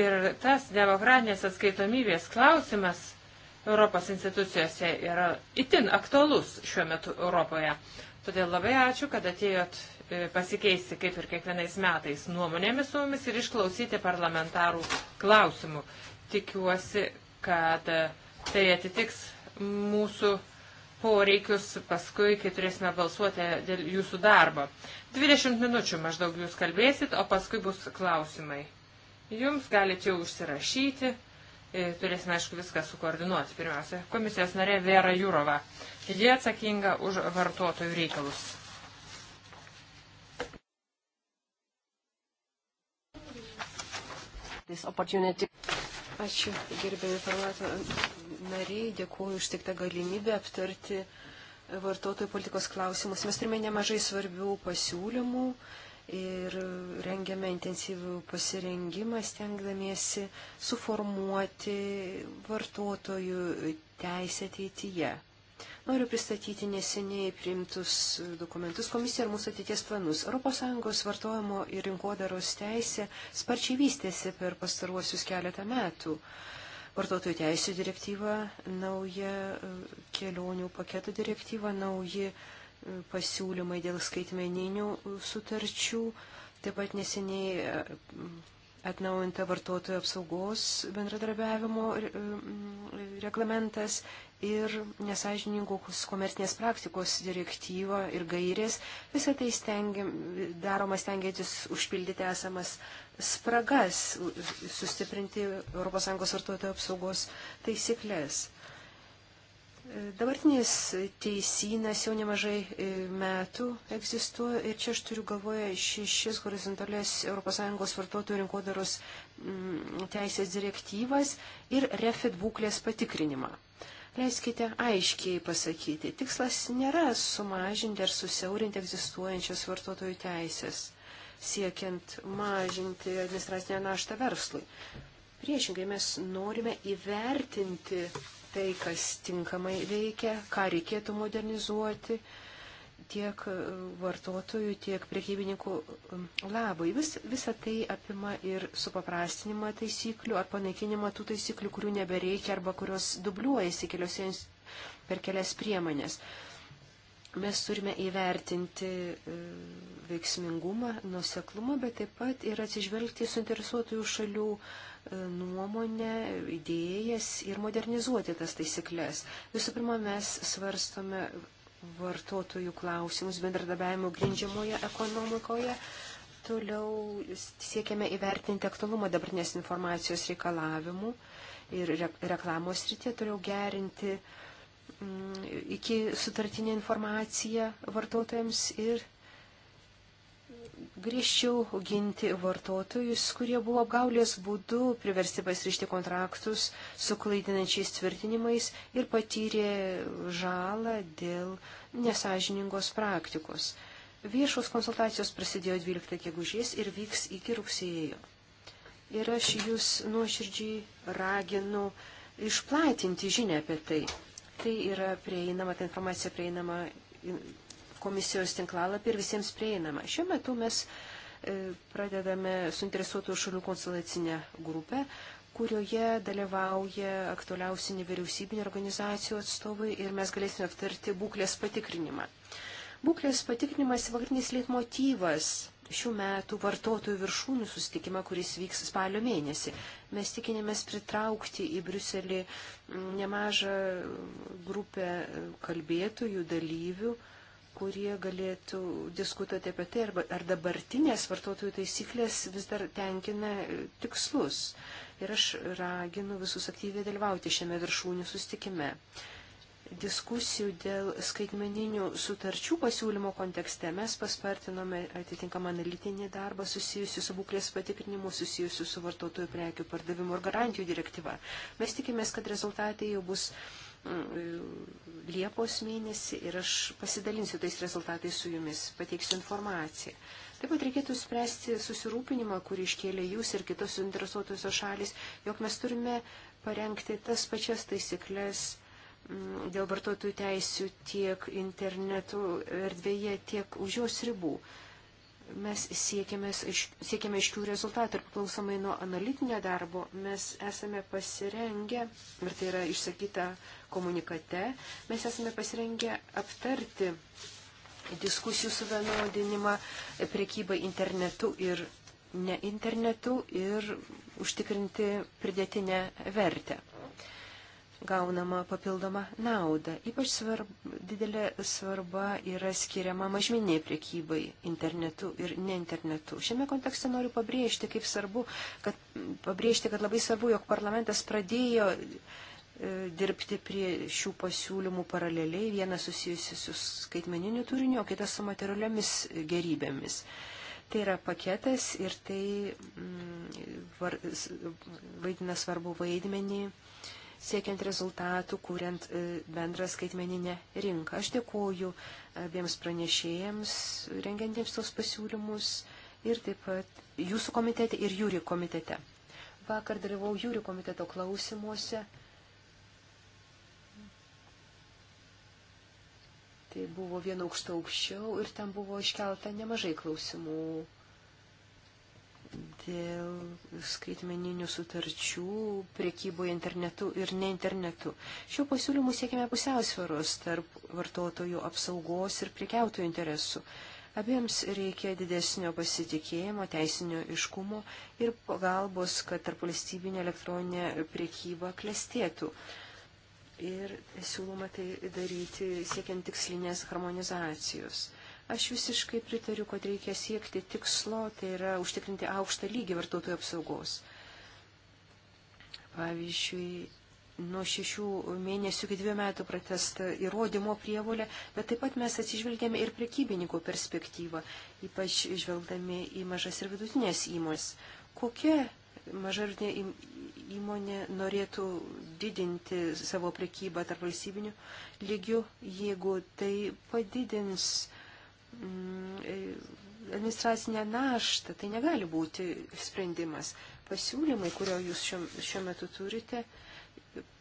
Speaker 1: Ir tas demokratinės atskaitomybės klausimas Europos institucijose yra itin aktualus šiuo metu Europoje. Todėl labai ačiū, kad atėjot e, pasikeisti, kaip ir kiekvienais metais, nuomonėmis su mumis ir išklausyti parlamentarų klausimų. Tikiuosi, kad e, tai atitiks mūsų poreikius paskui, kai turėsime balsuoti dėl jūsų darbo. 20 minučių maždaug jūs kalbėsit, o paskui bus klausimai. Jums galite jau užsirašyti. E, turėsime, aišku, viską sukoordinuoti. Pirmiausia, komisijos narė Vera Jurova. Ji atsakinga už vartotojų reikalus.
Speaker 3: Ačiū, gerbėjai parlato nariai, dėkuoju už tiktą galimybę aptarti vartotojų politikos klausimus. Mes turime nemažai svarbių pasiūlymų. Uh, ir rengiame intensyvų pasirengimą, stengdamiesi suformuoti vartotojų teisę ateityje. Noriu pristatyti neseniai priimtus dokumentus komisiją ir mūsų ateities planus. ES vartojimo ir rinkodaros teisė sparčiai vystėsi per pastaruosius keletą metų. Vartotojų teisų direktyva, nauja e, kelionių paketų direktyva, nauji pasiūlymai dėl skaitmeninių sutarčių, taip pat neseniai e, atnaujinta vartotojų apsaugos bendradarbiavimo e, mm, reglamentas ir nesažiningos komercinės praktikos direktyva ir gairės. Visą tai stengiam, daroma stengiantis užpildyti esamas spragas, sustiprinti ES vartotojų apsaugos taisyklės. Dabartinis teisynas jau nemažai e, metų egzistuoja ir čia aš turiu galvoje šešis horizontalės ES vartotojų rinkodaros mm, teisės direktyvas ir refit būklės patikrinimą. Leiskite aiškiai pasakyti, tikslas nėra sumažinti ar susiaurinti egzistuojančias vartotojų teisės, siekiant mažinti administracinę naštą verslui. Priešingai mes norime įvertinti tai, kas tinkamai veikia, ką reikėtų modernizuoti tiek e, vartotojų, tiek priekybininkų labai. Vis, visa tai apima ir supaprastinimą taisyklių ar panaikinimą tų taisyklių, kurių nebereikia arba kurios dubliuojasi keliose per kelias priemonės. Mes turime įvertinti e, veiksmingumą, nuseklumą, bet taip pat ir atsižvelgti suinteresuotųjų šalių nuomonę, idėjas ir modernizuoti tas taisyklės. Visų pirma, mes svarstome vartotojų klausimus bendradarbiavimo grindžiamoje ekonomikoje. Toliau siekiame įvertinti aktualumą dabartinės informacijos reikalavimų ir reklamos rytė, toliau gerinti mm, iki sutartinę informaciją vartotojams ir grįžčiau ginti vartotojus, kurie buvo apgaulės būdu priversti pasirišti kontraktus su klaidinančiais tvirtinimais ir patyrė žalą dėl nesažiningos praktikos. Viešos konsultacijos prasidėjo 12 gegužės ir vyks iki rugsėjo. Ir aš jūs nuoširdžiai raginu išplatinti žinę apie tai. Tai yra prieinama, ta informacija prieinama komisijos tinklalapį ir visiems prieinama. Šiuo metu mes e, pradedame suinteresuotų šalių konsultacinę grupę, kurioje dalyvauja aktualiausi nevyriausybinio organizacijų atstovai ir mes galėsime aptarti būklės patikrinimą. Būklės patikrinimas vagrinis leitmotyvas šių metų vartotojų viršūnių sustikimą, kuris vyks spalio mėnesį. Mes tikinėmės pritraukti į Briuselį nemažą grupę e, kalbėtojų, dalyvių, kurie galėtų diskutuoti apie tai, ar dabartinės vartotojų taisyklės vis dar tenkina e, tikslus. Ir aš raginu visus aktyviai dalyvauti šiame viršūnių sustikime. Diskusijų dėl skaitmeninių sutarčių pasiūlymo kontekste mes paspartinome atitinkamą analitinį darbą susijusiu su būklės patikrinimu, susijusiu su vartotojų prekių pardavimu ir garantijų direktyva. Mes tikimės, kad rezultatai jau bus uh, Liepos mėnesį ir aš pasidalinsiu tais rezultatais su jumis, pateiksiu informaciją. Taip pat reikėtų spręsti susirūpinimą, kurį iškėlė jūs ir kitos suinteresuotusios šalis, jog mes turime parengti tas pačias taisyklės mm, dėl vartotojų teisių tiek internetų erdvėje, tiek už jos ribų mes siekiame, siekiame iškių rezultatų ir priklausomai nuo analitinio darbo mes esame pasirengę, ir tai yra išsakyta komunikate mes esame pasirengę aptarti diskusijų suvienodinimą, priekybą internetu ir ne internetu ir užtikrinti pridėtinę vertę gaunama papildoma nauda. Ypač svarb, didelė svarba yra skiriama mažminiai priekybai internetu ir ne internetu. Šiame kontekste noriu pabrėžti, kaip svarbu, kad, pabrėžti, kad labai svarbu, jog parlamentas pradėjo uh, E, dirbti prie šių pasiūlymų paraleliai, vienas susijusi su skaitmeniniu turiniu, o kitas su materialiomis gerybėmis. Tai yra paketas ir tai mm, var, vaidina svarbu vaidmenį siekiant rezultatų, kuriant e, bendrą skaitmeninę rinką. Aš dėkoju abiems pranešėjams, rengiantiems tos pasiūlymus ir taip pat jūsų komitete ir jūri komitete. Vakar dalyvau jūri komiteto klausimuose Tai buvo viena aukšta aukščiau ir ten buvo iškelta nemažai klausimų dėl skaitmeninių sutarčių priekyboje internetu ir ne internetu. Šiuo pasiūlymu siekime pusiausvėros tarp vartotojų apsaugos ir prekiautojų interesų. Abiems reikia didesnio pasitikėjimo, teisinio iškumo ir pagalbos, kad tarp valstybinė elektroninė priekyba klestėtų ir siūloma tai daryti siekiant tikslinės harmonizacijos. Aš visiškai pritariu, kad reikia siekti tikslo, tai yra užtikrinti aukštą lygį vartotojų apsaugos. Pavyzdžiui, nuo šešių mėnesių iki dviejų metų pratesta įrodymo prievolė, bet taip pat mes atsižvelgėme ir prekybininkų perspektyvą, ypač žvelgdami į mažas ir vidutinės įmonės. Kokia mažarnė įmonė norėtų didinti savo prekybą tarp valstybinių lygių, jeigu tai padidins mm, e, administracinę naštą, tai negali būti sprendimas. Pasiūlymai, kurio jūs šiuo, šiuo metu turite,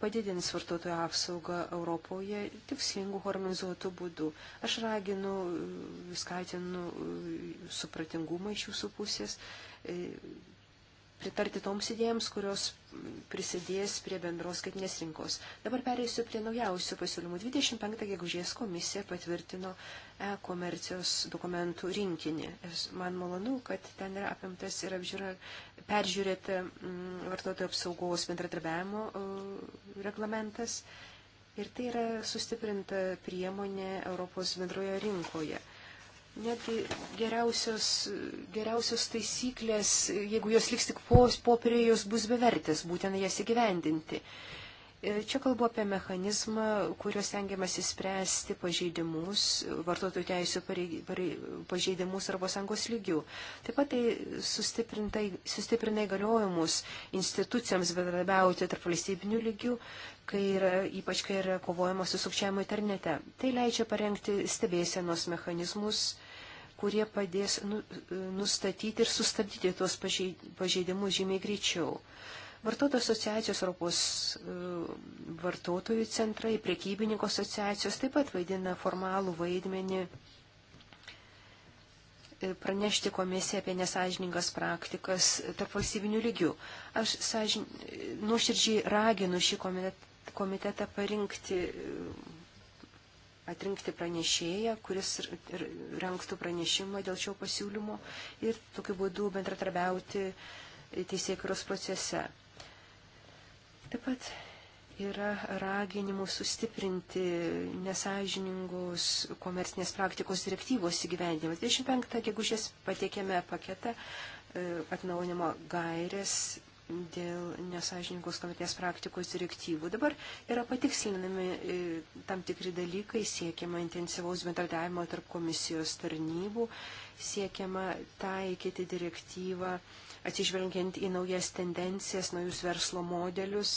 Speaker 3: padidins vartotojų apsaugą Europoje tikslingų, harmonizuotų būdų. Aš raginu, skatinu e, supratingumą iš jūsų pusės e, pritarti toms idėjams, kurios prisidės prie bendros skaitinės rinkos. Dabar pereisiu prie naujausių pasiūlymų. 25 gegužės komisija patvirtino e-komercijos dokumentų rinkinį. Man malonu, kad ten yra apimtas ir apžiūra, peržiūrėta mm, vartotojų apsaugos bendradarbiavimo e, reglamentas. Ir tai yra sustiprinta priemonė Europos bendroje rinkoje. Netgi geriausios, geriausios taisyklės, jeigu jos liks tik popieriai, jos bus bevertės, būtent jas įgyvendinti. E, čia kalbu apie mechanizmą, kuriuos tengiamas įspręsti pažeidimus, vartotojų teisų pažeidimus arba sangos lygių. Taip pat tai sustiprina įgaliojimus institucijams bendradarbiauti tarp valstybinių lygių, kai yra, ypač kai yra kovojama su sukčiavimu internete. Tai leidžia parengti stebėsienos mechanizmus kurie padės nu, nustatyti ir sustabdyti tuos pažeidimus žymiai greičiau. Vartotojų asociacijos Europos e, vartotojų centrai, prekybininkų asociacijos taip pat vaidina formalų vaidmenį e, pranešti komisiją apie nesažiningas praktikas tarp valstybinių lygių. Aš sąžin... nuoširdžiai raginu šį komitetą parinkti e, atrinkti pranešėją, kuris renktų pranešimą dėl šio pasiūlymo ir tokiu būdu bendratarbiauti teisėkuros procese. Taip pat yra raginimų sustiprinti nesažiningos komercinės praktikos direktyvos įgyvendimą. 25 gegužės patiekėme paketą e, atnaunimo gairės dėl nesažininkos komitės praktikos direktyvų. Dabar yra patikslinami e, tam tikri dalykai, siekiama intensyvaus bendradavimo tarp komisijos tarnybų, siekiama taikyti direktyvą atsižvelgiant į naujas tendencijas, naujus verslo modelius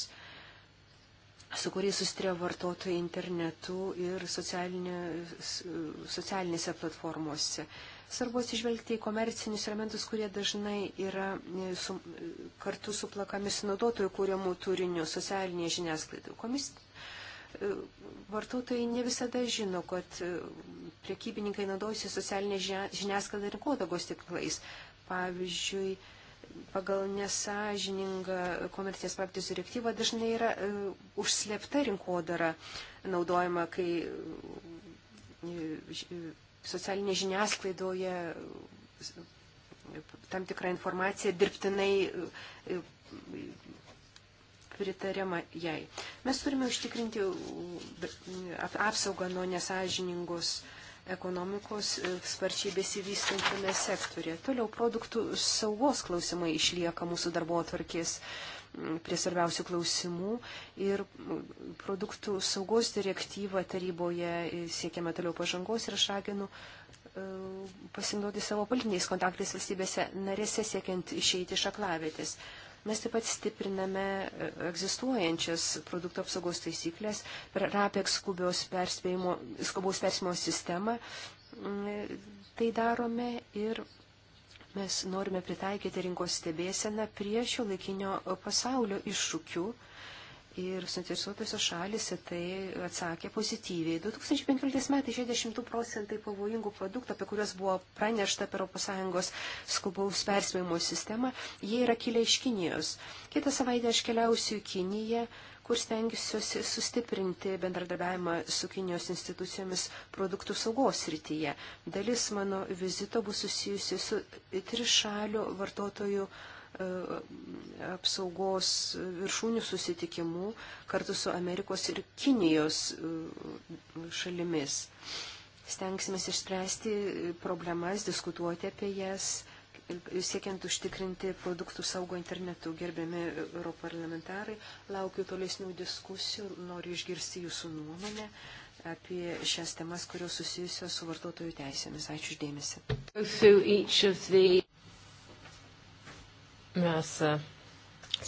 Speaker 3: su kuriais susitrė vartotojai internetu ir socialinėse platformose. Svarbu atsižvelgti į komercinius elementus, kurie dažnai yra e, su, e, kartu suplakami su naudotojų kūriamų turiniu socialinėje žiniasklaidoje. Komis... E, vartotojai ne visada žino, kad priekybininkai naudojasi socialinė žiniasklaida ir kodagos tiklais. Pavyzdžiui, pagal nesažiningą komercinės praktikos direktyvą dažnai yra užslėpta rinkodara naudojama, kai socialinė žiniasklaidoje tam tikrą informaciją dirbtinai e, pritariama jai. Mes turime užtikrinti e, apsaugą nuo nesažiningos ekonomikos e, sparčiai besivystančiame sektorė. Toliau produktų saugos klausimai išlieka mūsų darbo atvarkės prie svarbiausių klausimų ir produktų saugos direktyvą taryboje siekiame toliau pažangos ir aš raginu e, pasinaudoti savo politiniais kontaktais valstybėse narėse siekiant išeiti iš aklavėtės. Mes taip pat stipriname e, egzistuojančias produktų apsaugos taisyklės per RAPEX skubios perspėjimo, skubaus perspėjimo sistemą. Mm, tai darome ir Mes norime pritaikyti rinkos stebėseną prie šio laikinio pasaulio iššūkių. Ir suinteresuotosios šalis tai atsakė pozityviai. 2015 metais 60 procentai pavojingų produktų, apie kuriuos buvo pranešta per ES skubaus perspėjimo sistemą, jie yra kilę iš Kinijos. Kitą savaitę aš keliausiu į Kiniją kur stengiuosi sustiprinti bendradarbiavimą su Kinijos institucijomis produktų saugos rytyje. Dalis mano vizito bus susijusi su trišaliu vartotojų e, apsaugos viršūnių susitikimu kartu su Amerikos ir Kinijos e, šalimis. Stengsime išspręsti problemas, diskutuoti apie jas siekiant užtikrinti produktų saugo internetu. Gerbiami europarlamentarai, laukiu tolesnių diskusijų, noriu išgirsti jūsų nuomonę apie šias temas, kurios susijusios su vartotojų
Speaker 1: teisėmis. Ačiū uždėmesi. Mes e,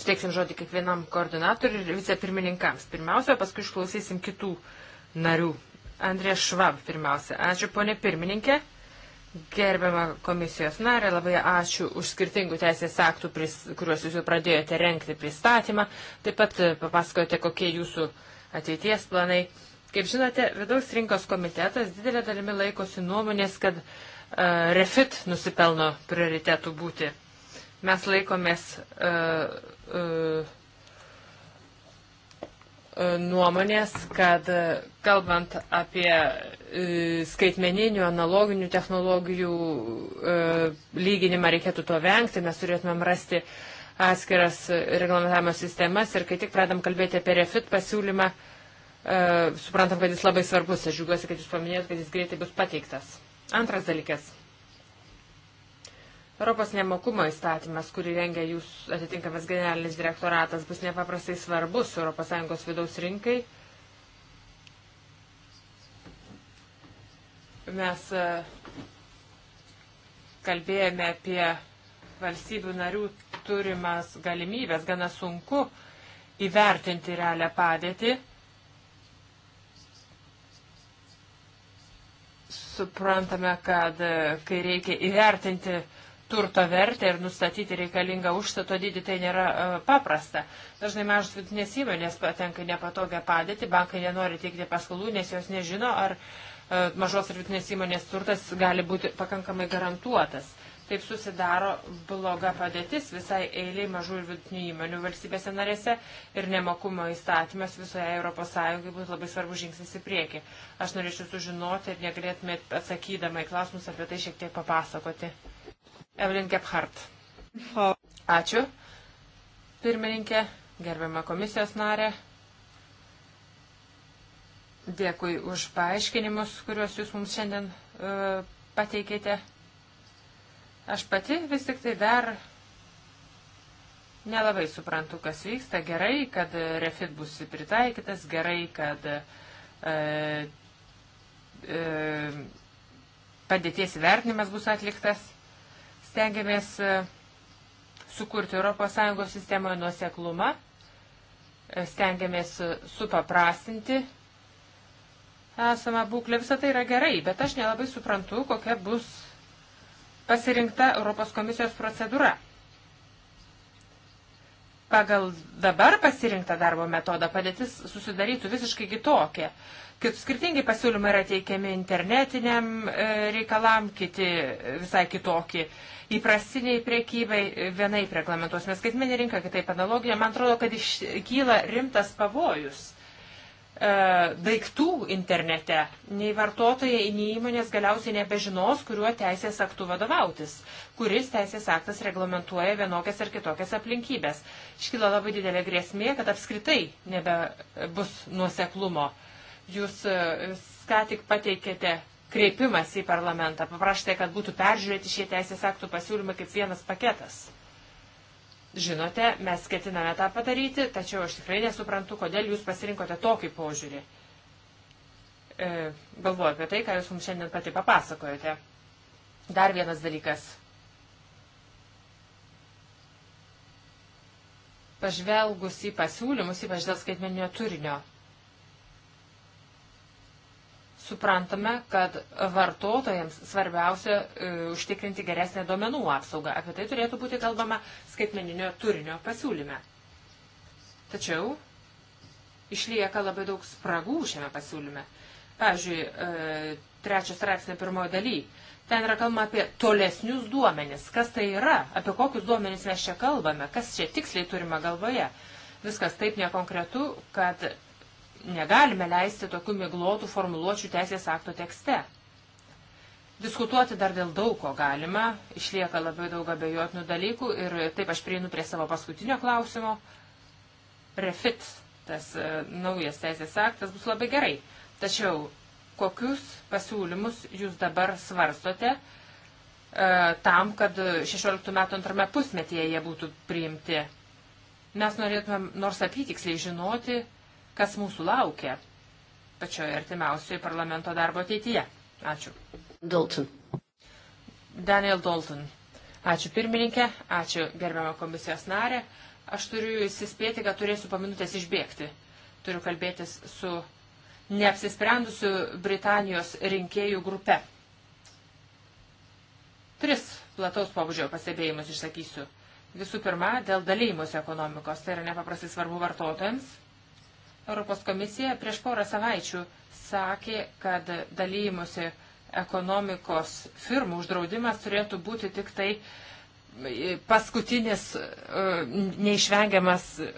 Speaker 1: steiksim žodį kiekvienam koordinatoriui ir vicepirmininkams. Pirmiausia, paskui išklausysim kitų narių. Andrė Švab pirmiausia. Ačiū, ponė pirmininkė. Gerbiama komisijos narė, labai ačiū už skirtingų teisės aktų, kuriuos jūs jau pradėjote renkti pristatymą. Taip pat e, papasakojote, kokie jūsų ateities planai. Kaip žinote, vidaus rinkos komitetas didelė dalimi laikosi nuomonės, kad uh, refit nusipelno prioritetų būti. Mes laikomės uh, uh, E, nuomonės, kad e, kalbant apie e, skaitmeninių, analoginių technologijų lyginimą reikėtų to vengti, mes turėtumėm rasti atskiras reglamentavimo sistemas ir kai tik pradam kalbėti apie refit pasiūlymą, suprantam, kad jis labai svarbus. Aš žiūriuosi, kad jūs paminėjot, kad jis greitai bus pateiktas. Antras dalykas. Europos nemokumo įstatymas, kurį rengia jūs atitinkamas generalinis direktoratas, bus nepaprastai svarbus ES vidaus rinkai. Mes e, kalbėjome apie valstybių narių turimas galimybės, gana sunku įvertinti realią padėtį. Suprantame, kad e, kai reikia įvertinti turto vertę ir nustatyti reikalingą užstato dydį, tai nėra e, paprasta. Dažnai mažos vidutinės įmonės patenka nepatogią padėtį, bankai nenori teikti paskolų, nes jos nežino, ar e, mažos ir vidutinės įmonės turtas gali būti pakankamai garantuotas. Taip susidaro bloga padėtis visai eiliai mažų ir vidutinių įmonių valstybėse narėse ir nemokumo įstatymas visoje ES bus labai svarbus žingsnis į priekį. Aš norėčiau sužinoti ir negalėtumėt atsakydama į klausimus apie tai šiek tiek papasakoti. Evelyn Gephardt. Ačiū. Pirmininkė, gerbiama komisijos narė. Dėkui už paaiškinimus, kuriuos jūs mums šiandien e, pateikėte. Aš pati vis tik tai dar nelabai suprantu, kas vyksta. Gerai, kad refit bus pritaikytas, gerai, kad e, e, padėties vertinimas bus atliktas. Stengiamės e, sukurti ES sistemoje nuoseklumą, e, stengiamės e, supaprastinti esamą būklę. Visą tai yra gerai, bet aš nelabai suprantu, kokia bus pasirinkta Europos komisijos procedūra pagal dabar pasirinktą darbo metodą padėtis susidarytų visiškai kitokia. Kit skirtingi pasiūlymai yra teikiami internetiniam e, reikalam, kiti e, visai kitokie. Įprastiniai priekybai e, vienaip reglamentuosime skaitmenį rinką, kitaip analogiją. Man atrodo, kad iškyla rimtas pavojus E, daiktų internete, nei vartotojai, nei įmonės galiausiai nebežinos, kuriuo teisės aktu vadovautis, kuris teisės aktas reglamentuoja vienokias ar kitokias aplinkybės. Iškyla labai didelė grėsmė, kad apskritai nebebus nuoseklumo. Jūs e, ką tik pateikėte kreipimas į parlamentą, paprašėte, kad būtų peržiūrėti šie teisės aktų pasiūlymai kaip vienas paketas. Žinote, mes ketiname tą padaryti, tačiau aš tikrai nesuprantu, kodėl jūs pasirinkote tokį požiūrį. E, galvoju apie tai, ką jūs mums šiandien pati papasakojote. Dar vienas dalykas. Pažvelgus į pasiūlymus, ypač dėl skaitmeninio turinio, suprantame, kad vartotojams svarbiausia e, užtikrinti geresnę duomenų apsaugą. Apie tai turėtų būti kalbama skaitmeninio turinio pasiūlyme. Tačiau išlieka labai daug spragų šiame pasiūlyme. Pavyzdžiui, e, trečias straipsnio pirmojo daly. Ten yra kalbama apie tolesnius duomenis. Kas tai yra? Apie kokius duomenis mes čia kalbame? Kas čia tiksliai turime galvoje? Viskas taip nekonkretu, kad negalime leisti tokių miglotų formuluočių teisės akto tekste. Diskutuoti dar dėl daug ko galima, išlieka labai daug abejotinų dalykų ir taip aš prieinu prie savo paskutinio klausimo. Refit, tas e, naujas teisės aktas, bus labai gerai. Tačiau kokius pasiūlymus jūs dabar svarstote e, tam, kad 16 metų antrame pusmetyje jie būtų priimti? Mes norėtume nors apytiksliai žinoti, kas mūsų laukia pačioje artimiausioje parlamento darbo ateityje. Ačiū. Dalton. Daniel Dalton. Ačiū pirmininkė, ačiū gerbiamą komisijos narę. Aš turiu įsispėti, kad turėsiu paminutės išbėgti. Turiu kalbėtis su neapsisprendusių Britanijos rinkėjų grupe. Tris plataus pabudžio pastebėjimus išsakysiu. Visų pirma, dėl dalymosi ekonomikos. Tai yra nepaprastai svarbu vartotojams Europos komisija prieš porą savaičių sakė, kad dalymusi ekonomikos firmų uždraudimas turėtų būti tik tai e, paskutinis e, neišvengiamas e,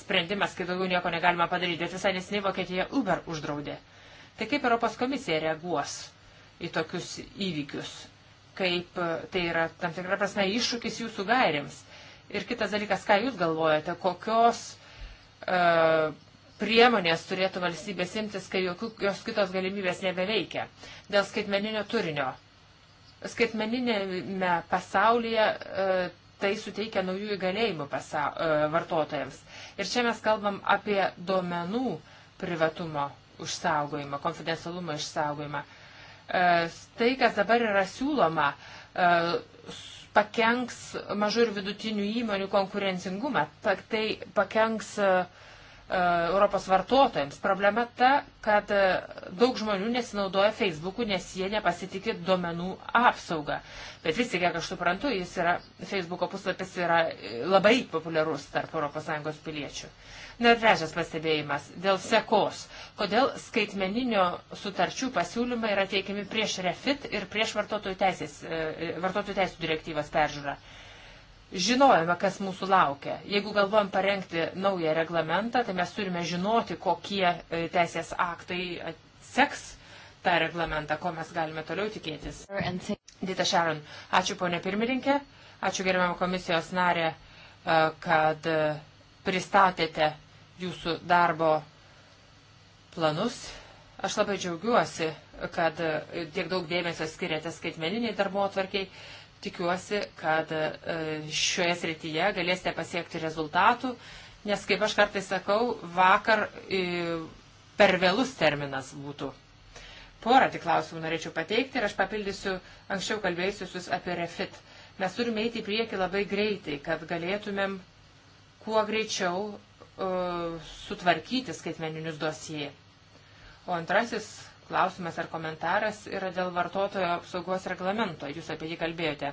Speaker 1: sprendimas, kai daugiau nieko negalima padaryti. Visai nesiniai Vokietija Uber uždraudė. Tai kaip Europos komisija reaguos į tokius įvykius? Kaip tai yra tam tikra prasme iššūkis jūsų gairėms? Ir kitas dalykas, ką jūs galvojate, kokios uh, priemonės turėtų valstybės imtis, kai jokios kitos galimybės nebeveikia. Dėl skaitmeninio turinio. Skaitmeninėme pasaulyje e, tai suteikia naujų įgalėjimų pasa, e, vartotojams. Ir čia mes kalbam apie duomenų privatumo užsaugojimą, konfidencialumo išsaugojimą. E, tai, kas dabar yra siūloma, e, pakenks mažų ir vidutinių įmonių konkurencingumą, tai pakenks uh, E, Europos vartotojams. Problema ta, kad e, daug žmonių nesinaudoja Facebook'u, nes jie nepasitikė duomenų apsaugą. Bet vis tik, kiek aš suprantu, jis yra, Facebook'o puslapis yra e, labai populiarus tarp ES piliečių. Na ir trečias pastebėjimas dėl sekos. Kodėl skaitmeninio sutarčių pasiūlymai yra teikiami prieš refit ir prieš vartotojų, teisės, vartotojų teisų direktyvas peržiūrą? žinojome, kas mūsų laukia. Jeigu galvojam parengti naują reglamentą, tai mes turime žinoti, kokie e, teisės aktai seks tą reglamentą, ko mes galime toliau tikėtis. Dita Šaron, ačiū ponė pirmininkė, ačiū gerbiamą komisijos narę, e, kad e, pristatėte jūsų darbo planus. Aš labai džiaugiuosi, kad tiek daug dėmesio skiriate skaitmeniniai darbo atvarkiai Tikiuosi, kad e, šioje srityje galėsite pasiekti rezultatų, nes, kaip aš kartais sakau, vakar e, per vėlus terminas būtų. Porą tik klausimų norėčiau pateikti ir aš papildysiu anksčiau kalbėjusius apie refit. Mes turime eiti į priekį labai greitai, kad galėtumėm kuo greičiau uh, sutvarkyti skaitmeninius dosijai. O antrasis Klausimas ar komentaras yra dėl vartotojo apsaugos reglamento. Jūs apie jį kalbėjote.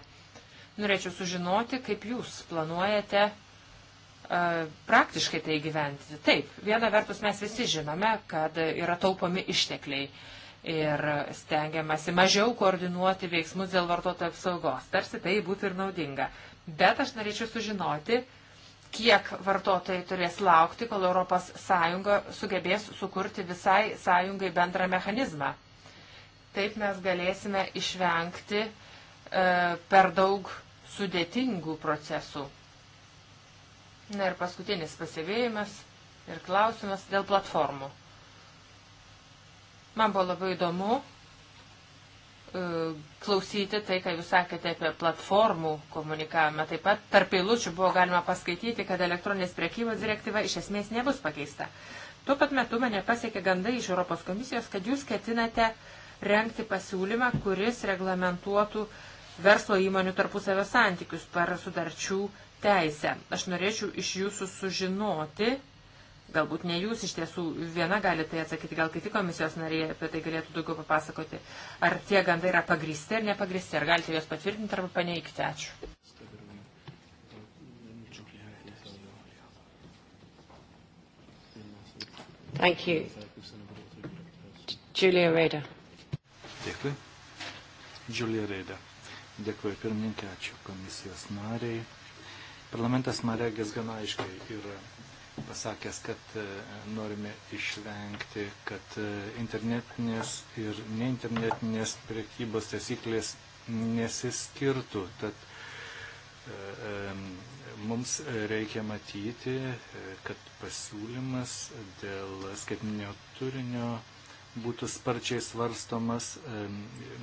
Speaker 1: Norėčiau sužinoti, kaip jūs planuojate e, praktiškai tai gyventi. Taip, viena vertus mes visi žinome, kad yra taupomi ištekliai ir stengiamasi mažiau koordinuoti veiksmus dėl vartotojų apsaugos. Tarsi tai būtų ir naudinga. Bet aš norėčiau sužinoti, kiek vartotojai turės laukti, kol ES sugebės sukurti visai sąjungai bendrą mechanizmą. Taip mes galėsime išvengti e, per daug sudėtingų procesų. Na ir paskutinis pasivėjimas ir klausimas dėl platformų. Man buvo labai įdomu E, klausyti tai, ką jūs sakėte apie platformų komunikavimą. Taip pat tarp eilučių buvo galima paskaityti, kad elektroninės priekybos direktyva iš esmės nebus pakeista. Tuo pat metu mane pasiekė gandai iš Europos komisijos, kad jūs ketinate renkti pasiūlymą, kuris reglamentuotų verslo įmonių tarpusavio santykius per sudarčių teisę. Aš norėčiau iš jūsų sužinoti, Galbūt ne jūs iš tiesų viena gali tai atsakyti, gal kiti komisijos nariai apie tai galėtų daugiau papasakoti. Ar tie gandai yra pagristi ar nepagristi, ar galite juos patvirtinti arba paneigti. Ačiū. Thank you. Julia Reda.
Speaker 2: Dėkui. Julia Reda. Dėkui pirmininkė, ačiū komisijos nariai. Parlamentas Maregės gana aiškiai yra pasakęs, kad e, norime išvengti, kad e, internetinės ir neinternetinės priekybos taisyklės nesiskirtų. Tad e, mums reikia matyti, kad pasiūlymas dėl skaitminio turinio būtų sparčiai svarstomas.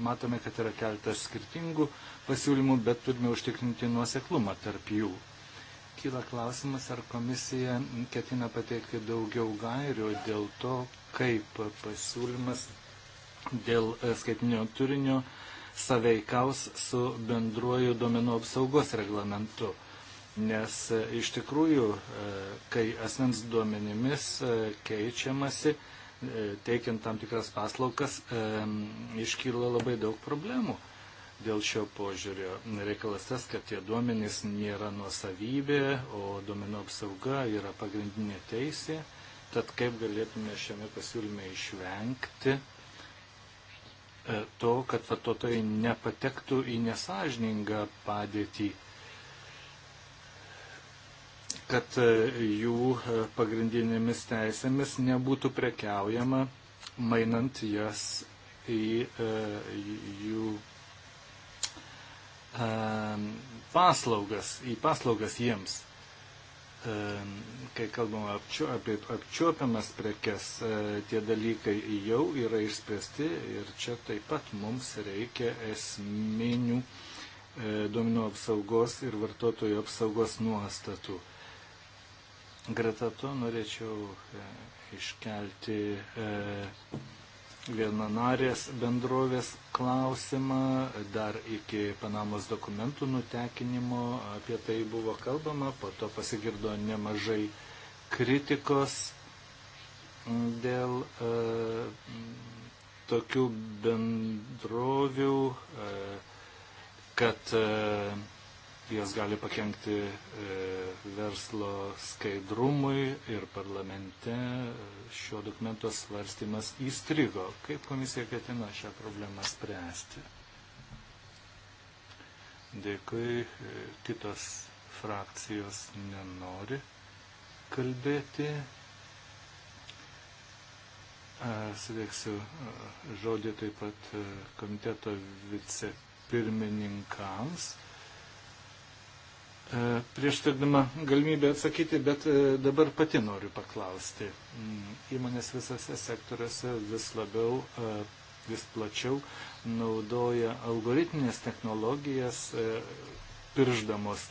Speaker 2: Matome, kad yra keltas skirtingų pasiūlymų, bet turime užtikrinti nuoseklumą tarp jų kyla klausimas, ar komisija ketina pateikti daugiau gairių dėl to, kaip pasiūlymas dėl e, skaitinio turinio saveikaus su bendruoju duomenų apsaugos reglamentu. Nes e, iš tikrųjų, e, kai asmens duomenimis keičiamasi, teikiant tam tikras paslaukas, iškyla labai daug problemų dėl šio požiūrio. Reikalas tas, kad tie duomenys nėra nuosavybė, o duomenų apsauga yra pagrindinė teisė. Tad kaip galėtume šiame pasiūlyme išvengti e, to, kad vartotojai nepatektų į nesažningą padėtį, kad e, jų e, pagrindinėmis teisėmis nebūtų prekiaujama, mainant jas į jų Ehm, paslaugas, į paslaugas jiems. Ehm, kai kalbame apie apčiuopiamas prekes, e, tie dalykai jau yra išspręsti ir čia taip pat mums reikia esminių e, duomenų apsaugos ir vartotojų apsaugos nuostatų. Greta to norėčiau e, iškelti vienanarės bendrovės klausimą dar iki Panamos dokumentų nutekinimo. Apie tai buvo kalbama, po to pasigirdo nemažai kritikos dėl e, tokių bendrovių, e, kad e, jos gali pakengti e, verslo skaidrumui ir parlamente e, šio dokumento svarstymas įstrigo. Kaip komisija ketina šią problemą spręsti? Dėkui, e, kitos frakcijos nenori kalbėti. Sveiksiu žodį taip pat komiteto vicepirmininkams. E, prieš turdama galimybę atsakyti, bet e, dabar pati noriu paklausti. Mm, įmonės visose sektoriuose vis labiau, e, vis plačiau naudoja algoritminės technologijas pirždamos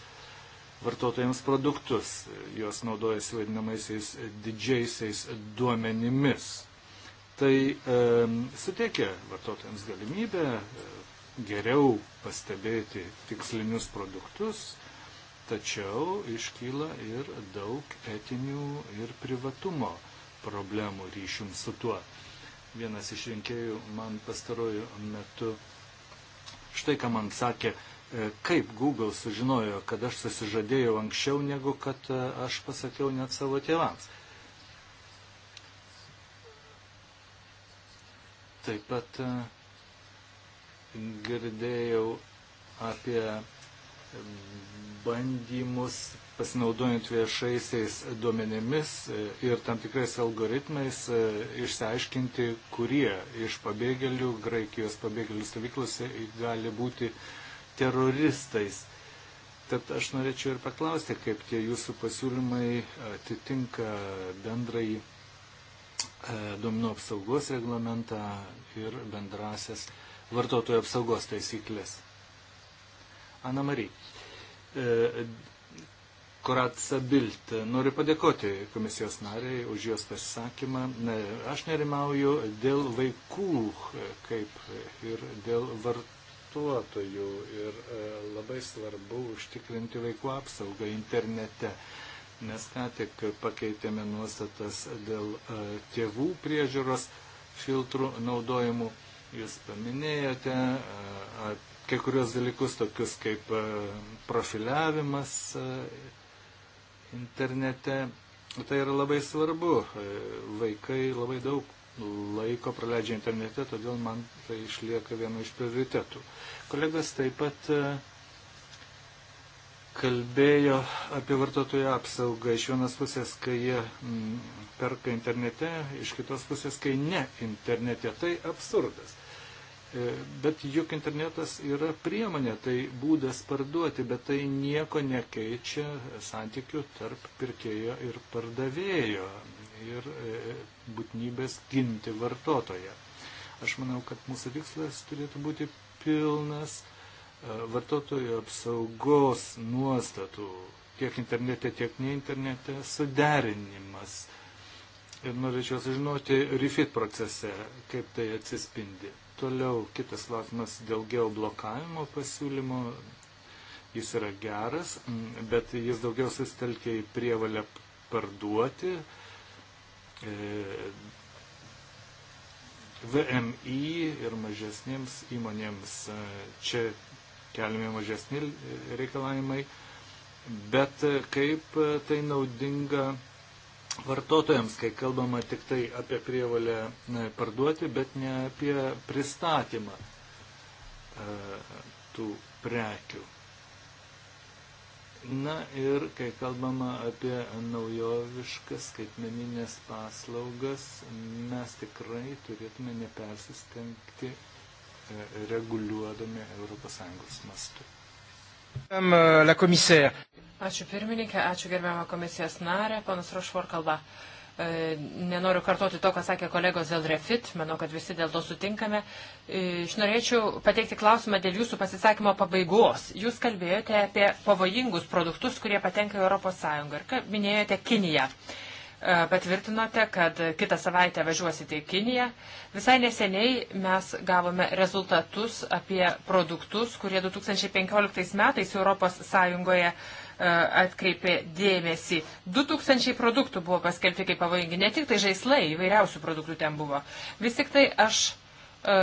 Speaker 2: vartotojams produktus. Jos naudojasi vadinamaisiais didžiaisiais duomenimis. Tai e, suteikia vartotojams galimybę geriau pastebėti tikslinius produktus, tačiau iškyla ir daug etinių ir privatumo problemų ryšium su tuo. Vienas iš rinkėjų man pastaruoju metu štai ką man sakė, e, kaip Google sužinojo, kad aš susižadėjau anksčiau, negu kad e, aš pasakiau net savo tėvams. Taip pat e, girdėjau apie bandymus pasinaudojant viešaisiais duomenimis e, ir tam tikrais algoritmais e, išsiaiškinti, kurie iš pabėgėlių, Graikijos pabėgėlių stovyklose gali būti teroristais. Tad aš norėčiau ir paklausti, kaip tie jūsų pasiūlymai atitinka bendrai e, duomenų apsaugos reglamentą ir bendrasias vartotojų apsaugos taisyklės. Ana Marija. E, Koratsa Bilt. Noriu padėkoti komisijos nariai už jos pasisakymą. E, aš nerimauju dėl vaikų, e, kaip ir dėl vartotojų. Ir labai svarbu užtikrinti vaikų apsaugą internete. Mes ką tik pakeitėme nuostatas dėl tėvų priežiūros filtrų naudojimų. Jūs paminėjote apie kai kurios dalykus, tokius kaip e, profiliavimas e, internete. Tai yra labai svarbu. E, vaikai labai daug laiko praleidžia internete, todėl man tai išlieka vienu iš prioritetų. Kolegas taip pat kalbėjo apie vartotojų apsaugą iš vienos pusės, kai jie perka internete, iš kitos pusės, kai ne internete. Tai absurdas. E, bet juk internetas yra priemonė, tai būdas parduoti, bet tai nieko nekeičia santykių tarp pirkėjo ir pardavėjo ir e, būtinybės ginti vartotoją. Aš manau, kad mūsų tikslas turėtų būti pilnas e, vartotojo apsaugos nuostatų tiek internete, tiek ne internete suderinimas. Ir norėčiau sužinoti refit procese, kaip tai atsispindi. Toliau kitas klausimas dėl geoblokavimo pasiūlymo. Jis yra geras, mm, bet jis daugiau sustelkia į prievalę parduoti. E, VMI ir mažesniems įmonėms e, čia keliami mažesni reikalavimai, bet kaip e, tai naudinga vartotojams, kai kalbama tik tai apie prievalę e, parduoti, bet ne apie pristatymą e, tų prekių. Na ir kai kalbama apie naujoviškas skaitmeninės paslaugas, mes tikrai turėtume nepersistengti e, reguliuodami ES mastu.
Speaker 1: Euh, ačiū pirmininkė, ačiū gerbiamą komisijos narę, panas Rošvor kalba. E, nenoriu kartoti to, ką sakė kolegos dėl refit, manau, kad visi dėl to sutinkame. E, aš norėčiau pateikti klausimą dėl jūsų pasisakymo pabaigos. Jūs kalbėjote apie pavojingus produktus, kurie patenka į ES ir minėjote Kiniją. E, patvirtinote, kad kitą savaitę važiuosite į Kiniją. Visai neseniai mes gavome rezultatus apie produktus, kurie 2015 metais ES e, atkreipė dėmesį. 2000 produktų buvo paskelbti kaip pavojingi, ne tik tai žaislai, įvairiausių produktų ten buvo. Vis tik tai aš e,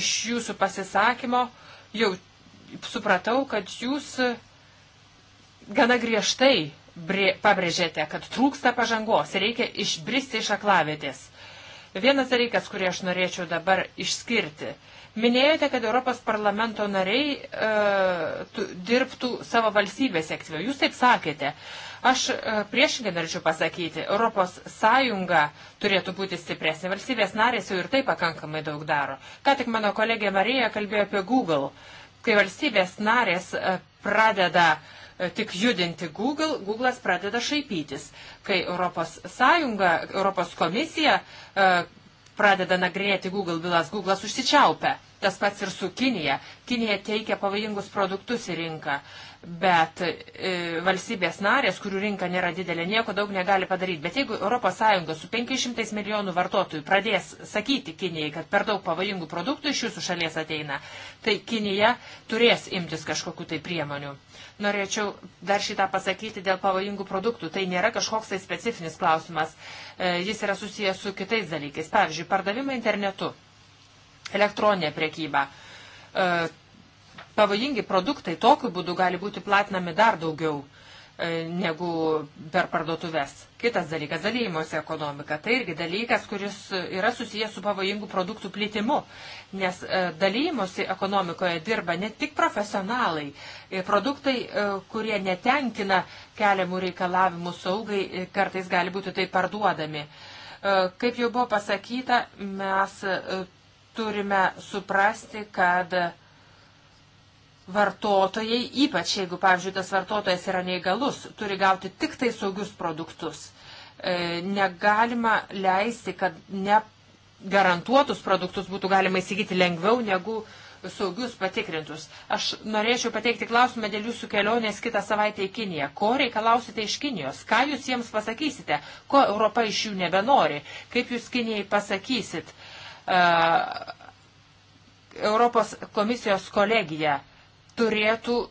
Speaker 1: iš jūsų pasisakymo jau supratau, kad jūs e, gana griežtai pabrėžėte, kad trūksta pažangos, reikia išbristi iš aklavėtės. Vienas dalykas, kurį aš norėčiau dabar išskirti. Minėjote, kad Europos parlamento nariai e, dirbtų savo valstybėse aktyviau. Jūs taip sakėte. Aš e, priešingai norėčiau pasakyti, Europos Sąjunga turėtų būti stipresnė. Valstybės narės jau ir tai pakankamai daug daro. Ką tik mano kolegė Marija kalbėjo apie Google. Kai valstybės narės e, pradeda e, E, tik judinti Google, Google'as pradeda šaipytis. Kai Europos Sąjunga, Europos komisija e, pradeda nagrėti Google bylas, Google'as užsičiaupia. Tas pats ir su Kinija. Kinija teikia pavojingus produktus į rinką, bet e, valstybės narės, kurių rinka nėra didelė, nieko daug negali padaryti. Bet jeigu ES su 500 milijonų vartotojų pradės sakyti Kinijai, kad per daug pavojingų produktų iš jūsų šalies ateina, tai Kinija turės imtis kažkokiu tai priemonių. Norėčiau dar šitą pasakyti dėl pavojingų produktų. Tai nėra kažkoks tai specifinis klausimas. E, jis yra susijęs su kitais dalykais. Pavyzdžiui, pardavimai internetu elektroninė priekyba. E, pavojingi produktai tokiu būdu gali būti platinami dar daugiau e, negu per parduotuvės. Kitas dalykas - dalymosi ekonomika. Tai irgi dalykas, kuris yra susijęs su pavojingų produktų plėtimu, nes e, dalymosi ekonomikoje dirba ne tik profesionalai, produktai, kurie netenkina keliamų reikalavimų saugai, kartais gali būti tai parduodami. Kaip jau buvo pasakyta, mes turime suprasti, kad vartotojai, ypač jeigu, pavyzdžiui, tas vartotojas yra neįgalus, turi gauti tik tai saugius produktus. E, negalima leisti, kad ne garantuotus produktus būtų galima įsigyti lengviau negu saugius patikrintus. Aš norėčiau pateikti klausimą dėl jūsų kelionės kitą savaitę į Kiniją. Ko reikalausite iš Kinijos? Ką jūs jiems pasakysite? Ko Europa iš jų nebenori? Kaip jūs Kinijai pasakysit? E, Europos komisijos kolegija turėtų e,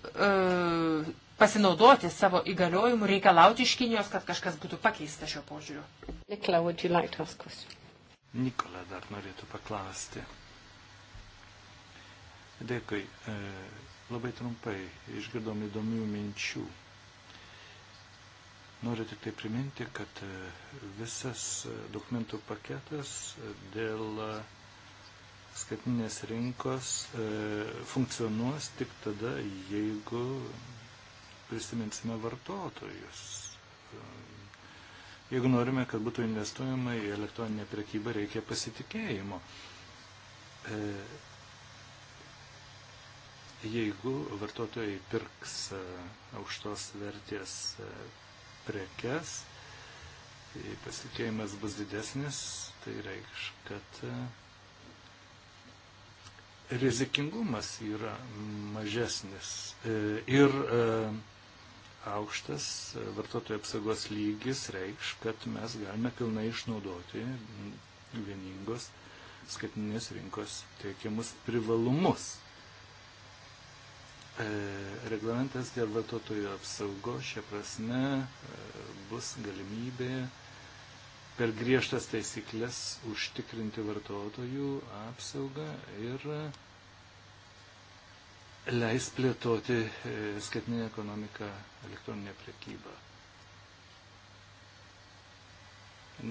Speaker 1: pasinaudoti savo įgaliojimu, reikalauti iš Kinijos, kad kažkas būtų pakeista šio požiūriu.
Speaker 3: Nikola, would you like to ask question?
Speaker 2: Nikola dar norėtų paklausti. Dėkui. E, labai trumpai išgirdom įdomių minčių Noriu tik tai priminti, kad e, visas e, dokumentų paketas e, dėl skaitinės rinkos funkcionuos tik tada, jeigu prisiminsime vartotojus. Jeigu norime, kad būtų investuojama į elektroninę prekybą, reikia pasitikėjimo jeigu vartotojai pirks aukštos vertės prekes, jei tai pasitikėjimas bus didesnis, tai reikš, kad e, rizikingumas yra mažesnis e, ir e, aukštas vartotojų apsaugos lygis reikš, kad mes galime pilnai išnaudoti vieningos skaitinės rinkos teikiamus privalumus. E, reglamentas dėl vartotojų apsaugos šia prasme e, bus galimybė per griežtas taisyklės užtikrinti vartotojų apsaugą ir e, leis plėtoti skaitinę ekonomiką, elektroninę prekybą.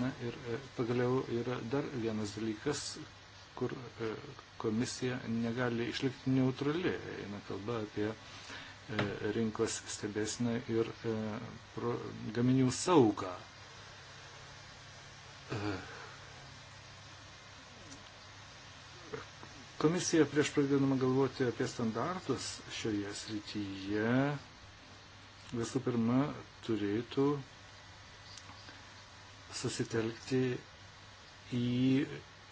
Speaker 2: Na ir pagaliau yra dar vienas dalykas, kur e, komisija negali išlikti neutrali. Eina kalba apie e, rinkos stebėsiną ir e, gaminių saugą. Komisija prieš pradėdama galvoti apie standartus šioje srityje visų pirma turėtų susitelkti į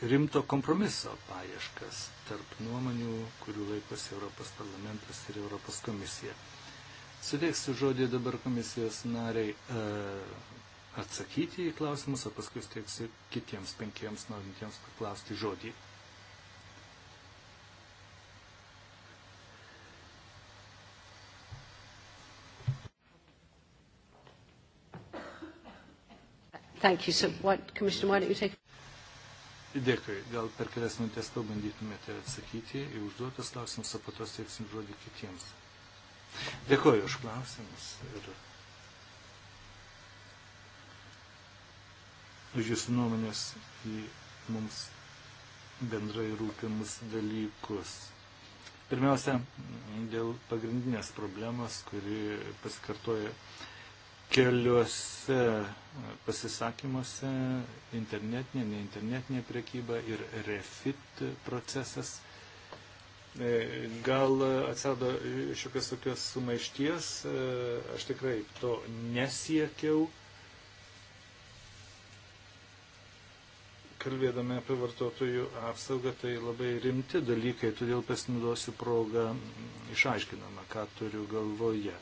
Speaker 2: rimto kompromiso paieškas tarp nuomonių, kurių laikosi Europos parlamentas ir Europos komisija. Suteiksiu žodį dabar komisijos nariai e, atsakyti į klausimus, o paskui suteiksiu kitiems penkiems norintiems paklausti žodį.
Speaker 3: Thank you. So, what, Commissioner, why don't you take
Speaker 2: Dėkui. Gal per kelias minutės pabandytumėte atsakyti į užduotus klausimus, o po to steiksim žodį kitiems. Dėkuoju už klausimus ir už jūsų nuomonės į mums bendrai rūpimus dalykus. Pirmiausia, dėl pagrindinės problemos, kuri pasikartoja keliuose pasisakymuose internetinė, neinternetinė prekyba ir refit procesas. E, gal atsirado šiokios tokios sumaišties, e, aš tikrai to nesiekiau. Kalbėdami apie vartotojų apsaugą, tai labai rimti dalykai, todėl pasinaudosiu progą išaiškinamą, ką turiu galvoje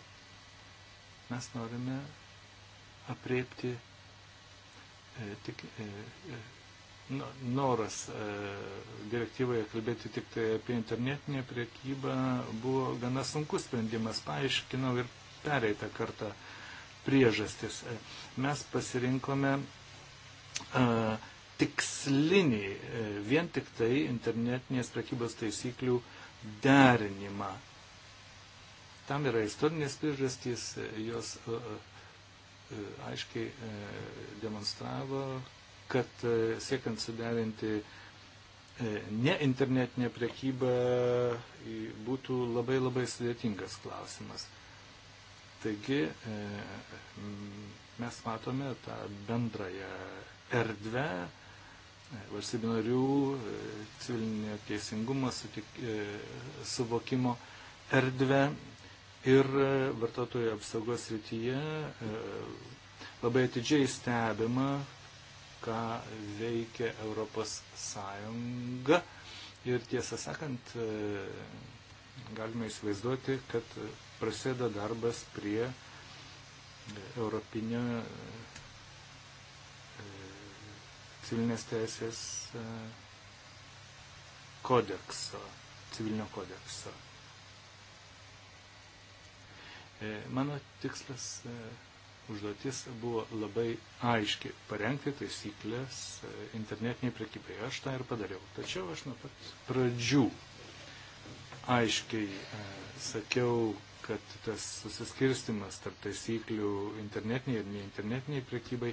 Speaker 2: mes norime apriepti e, tik e, e, noras e, direktyvoje kalbėti tik tai apie internetinę priekybą buvo gana sunkus sprendimas, paaiškinau ir pereitą kartą priežastis. E, mes pasirinkome e, tikslinį, e, vien tik tai internetinės priekybos taisyklių derinimą. Tam yra istorinės priežastys, jos e, e, e, aiškiai demonstravo, kad siekiant suderinti ne internetinė prekyba būtų labai labai sudėtingas klausimas. Taigi mes matome tą bendrąją erdvę valstybių narių civilinio teisingumo suvokimo erdvę ir e, vartotojų apsaugos rytyje e, labai atidžiai stebima, ką veikia Europos Sąjunga. Ir tiesą sakant, e, galime įsivaizduoti, kad prasideda darbas prie Europinio civilinės teisės kodekso, civilinio kodekso. E, mano tikslas e, užduotis buvo labai aiški - parengti taisyklės e, internetiniai prekybai. Aš tą ir padariau. Tačiau aš nuo pat pradžių aiškiai sakiau, kad tas susiskirstimas tarp taisyklių internetiniai ir neinternetiniai prekybai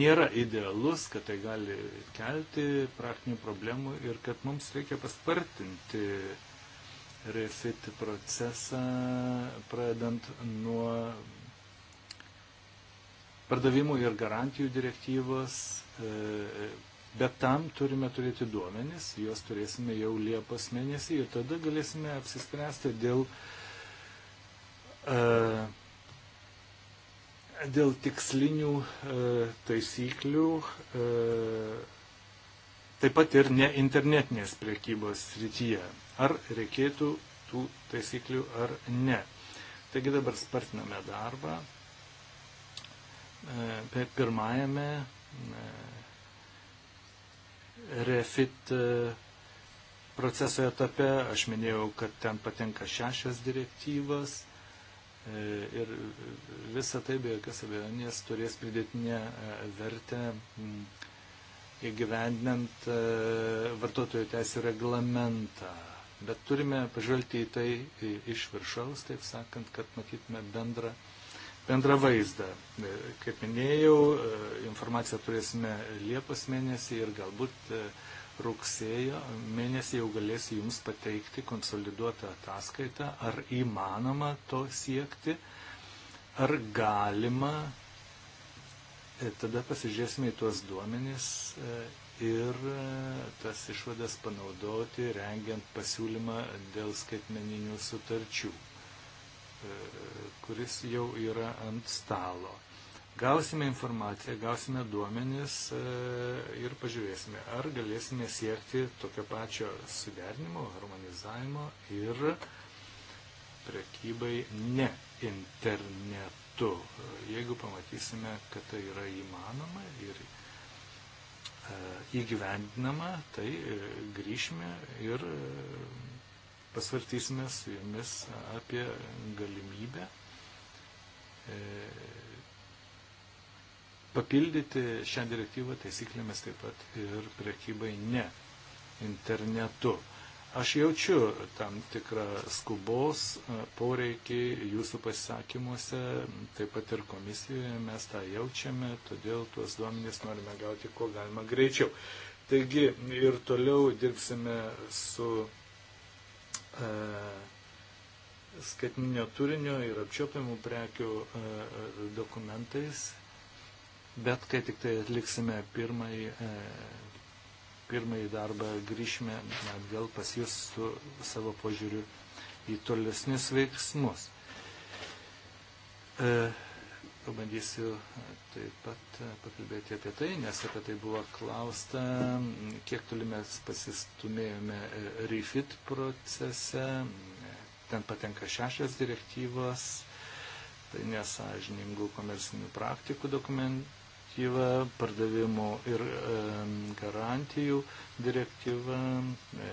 Speaker 2: nėra idealus, kad tai gali kelti praktinių problemų ir kad mums reikia paspartinti refit procesą, pradant nuo pardavimų ir garantijų direktyvos, e, bet tam turime turėti duomenis, juos turėsime jau Liepos mėnesį ir tada galėsime apsispręsti dėl, e, dėl tikslinių e, taisyklių taip pat ir ne internetinės priekybos srityje ar reikėtų tų taisyklių ar ne. Taigi dabar spartiname darbą. E, pirmajame e, refit e, proceso etape aš minėjau, kad ten patenka šešios direktyvas ir visa tai be jokios abejonės turės pridėtinę vertę įgyvendinant vartotojų teisų reglamentą. Bet turime pažvelgti į tai iš viršaus, taip sakant, kad matytume bendrą, bendrą vaizdą. E, kaip minėjau, e, informaciją turėsime Liepos mėnesį ir galbūt e, rugsėjo mėnesį jau galėsiu Jums pateikti konsoliduotą ataskaitą, ar įmanoma to siekti, ar galima. Tada pasižiūrėsime į tuos duomenys ir e, tas išvadas panaudoti, rengiant pasiūlymą dėl skaitmeninių sutarčių, e, kuris jau yra ant stalo. Gausime informaciją, gausime duomenis e, ir pažiūrėsime, ar galėsime siekti tokio pačio suderinimo, harmonizavimo ir prekybai ne internetu. Jeigu pamatysime, kad tai yra įmanoma ir įmanoma, įgyvendinama, tai e, grįšime ir e, pasvartysime su jumis apie galimybę e, papildyti šią direktyvą taisyklėmis taip pat ir prekybai ne internetu. Aš jaučiu tam tikrą skubos e, poreikį jūsų pasisakymuose, taip pat ir komisijoje mes tą jaučiame, todėl tuos duomenys norime gauti kuo galima greičiau. Taigi ir toliau dirbsime su e, skaitminio turinio ir apčiopiamų prekių e, dokumentais, bet kai tik tai atliksime pirmąjį e, pirmąjį darbą grįšime atgal pas jūs su savo požiūriu į tolesnius veiksmus. E, pabandysiu taip pat e, pakalbėti apie tai, nes apie tai buvo klausta, kiek toli mes pasistumėjome e, refit procese. E, ten patenka šešios direktyvos, tai nesažiningų komersinių praktikų dokumentų direktyva, pardavimų ir garantijų direktyva, e,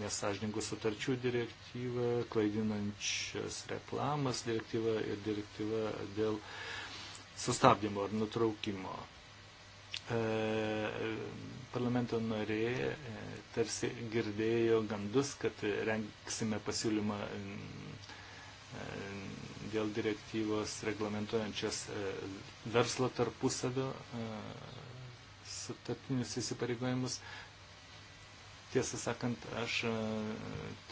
Speaker 2: nesažininkų sutarčių direktyva, klaidinančias reklamas direktyva ir direktyva dėl sustabdymo ar nutraukimo. E, parlamento narė e, tarsi girdėjo gandus, kad renksime pasiūlymą dėl direktyvos reglamentuojančios e, verslo tarpusavio e, sutartinius įsipareigojimus. Tiesą sakant, aš e,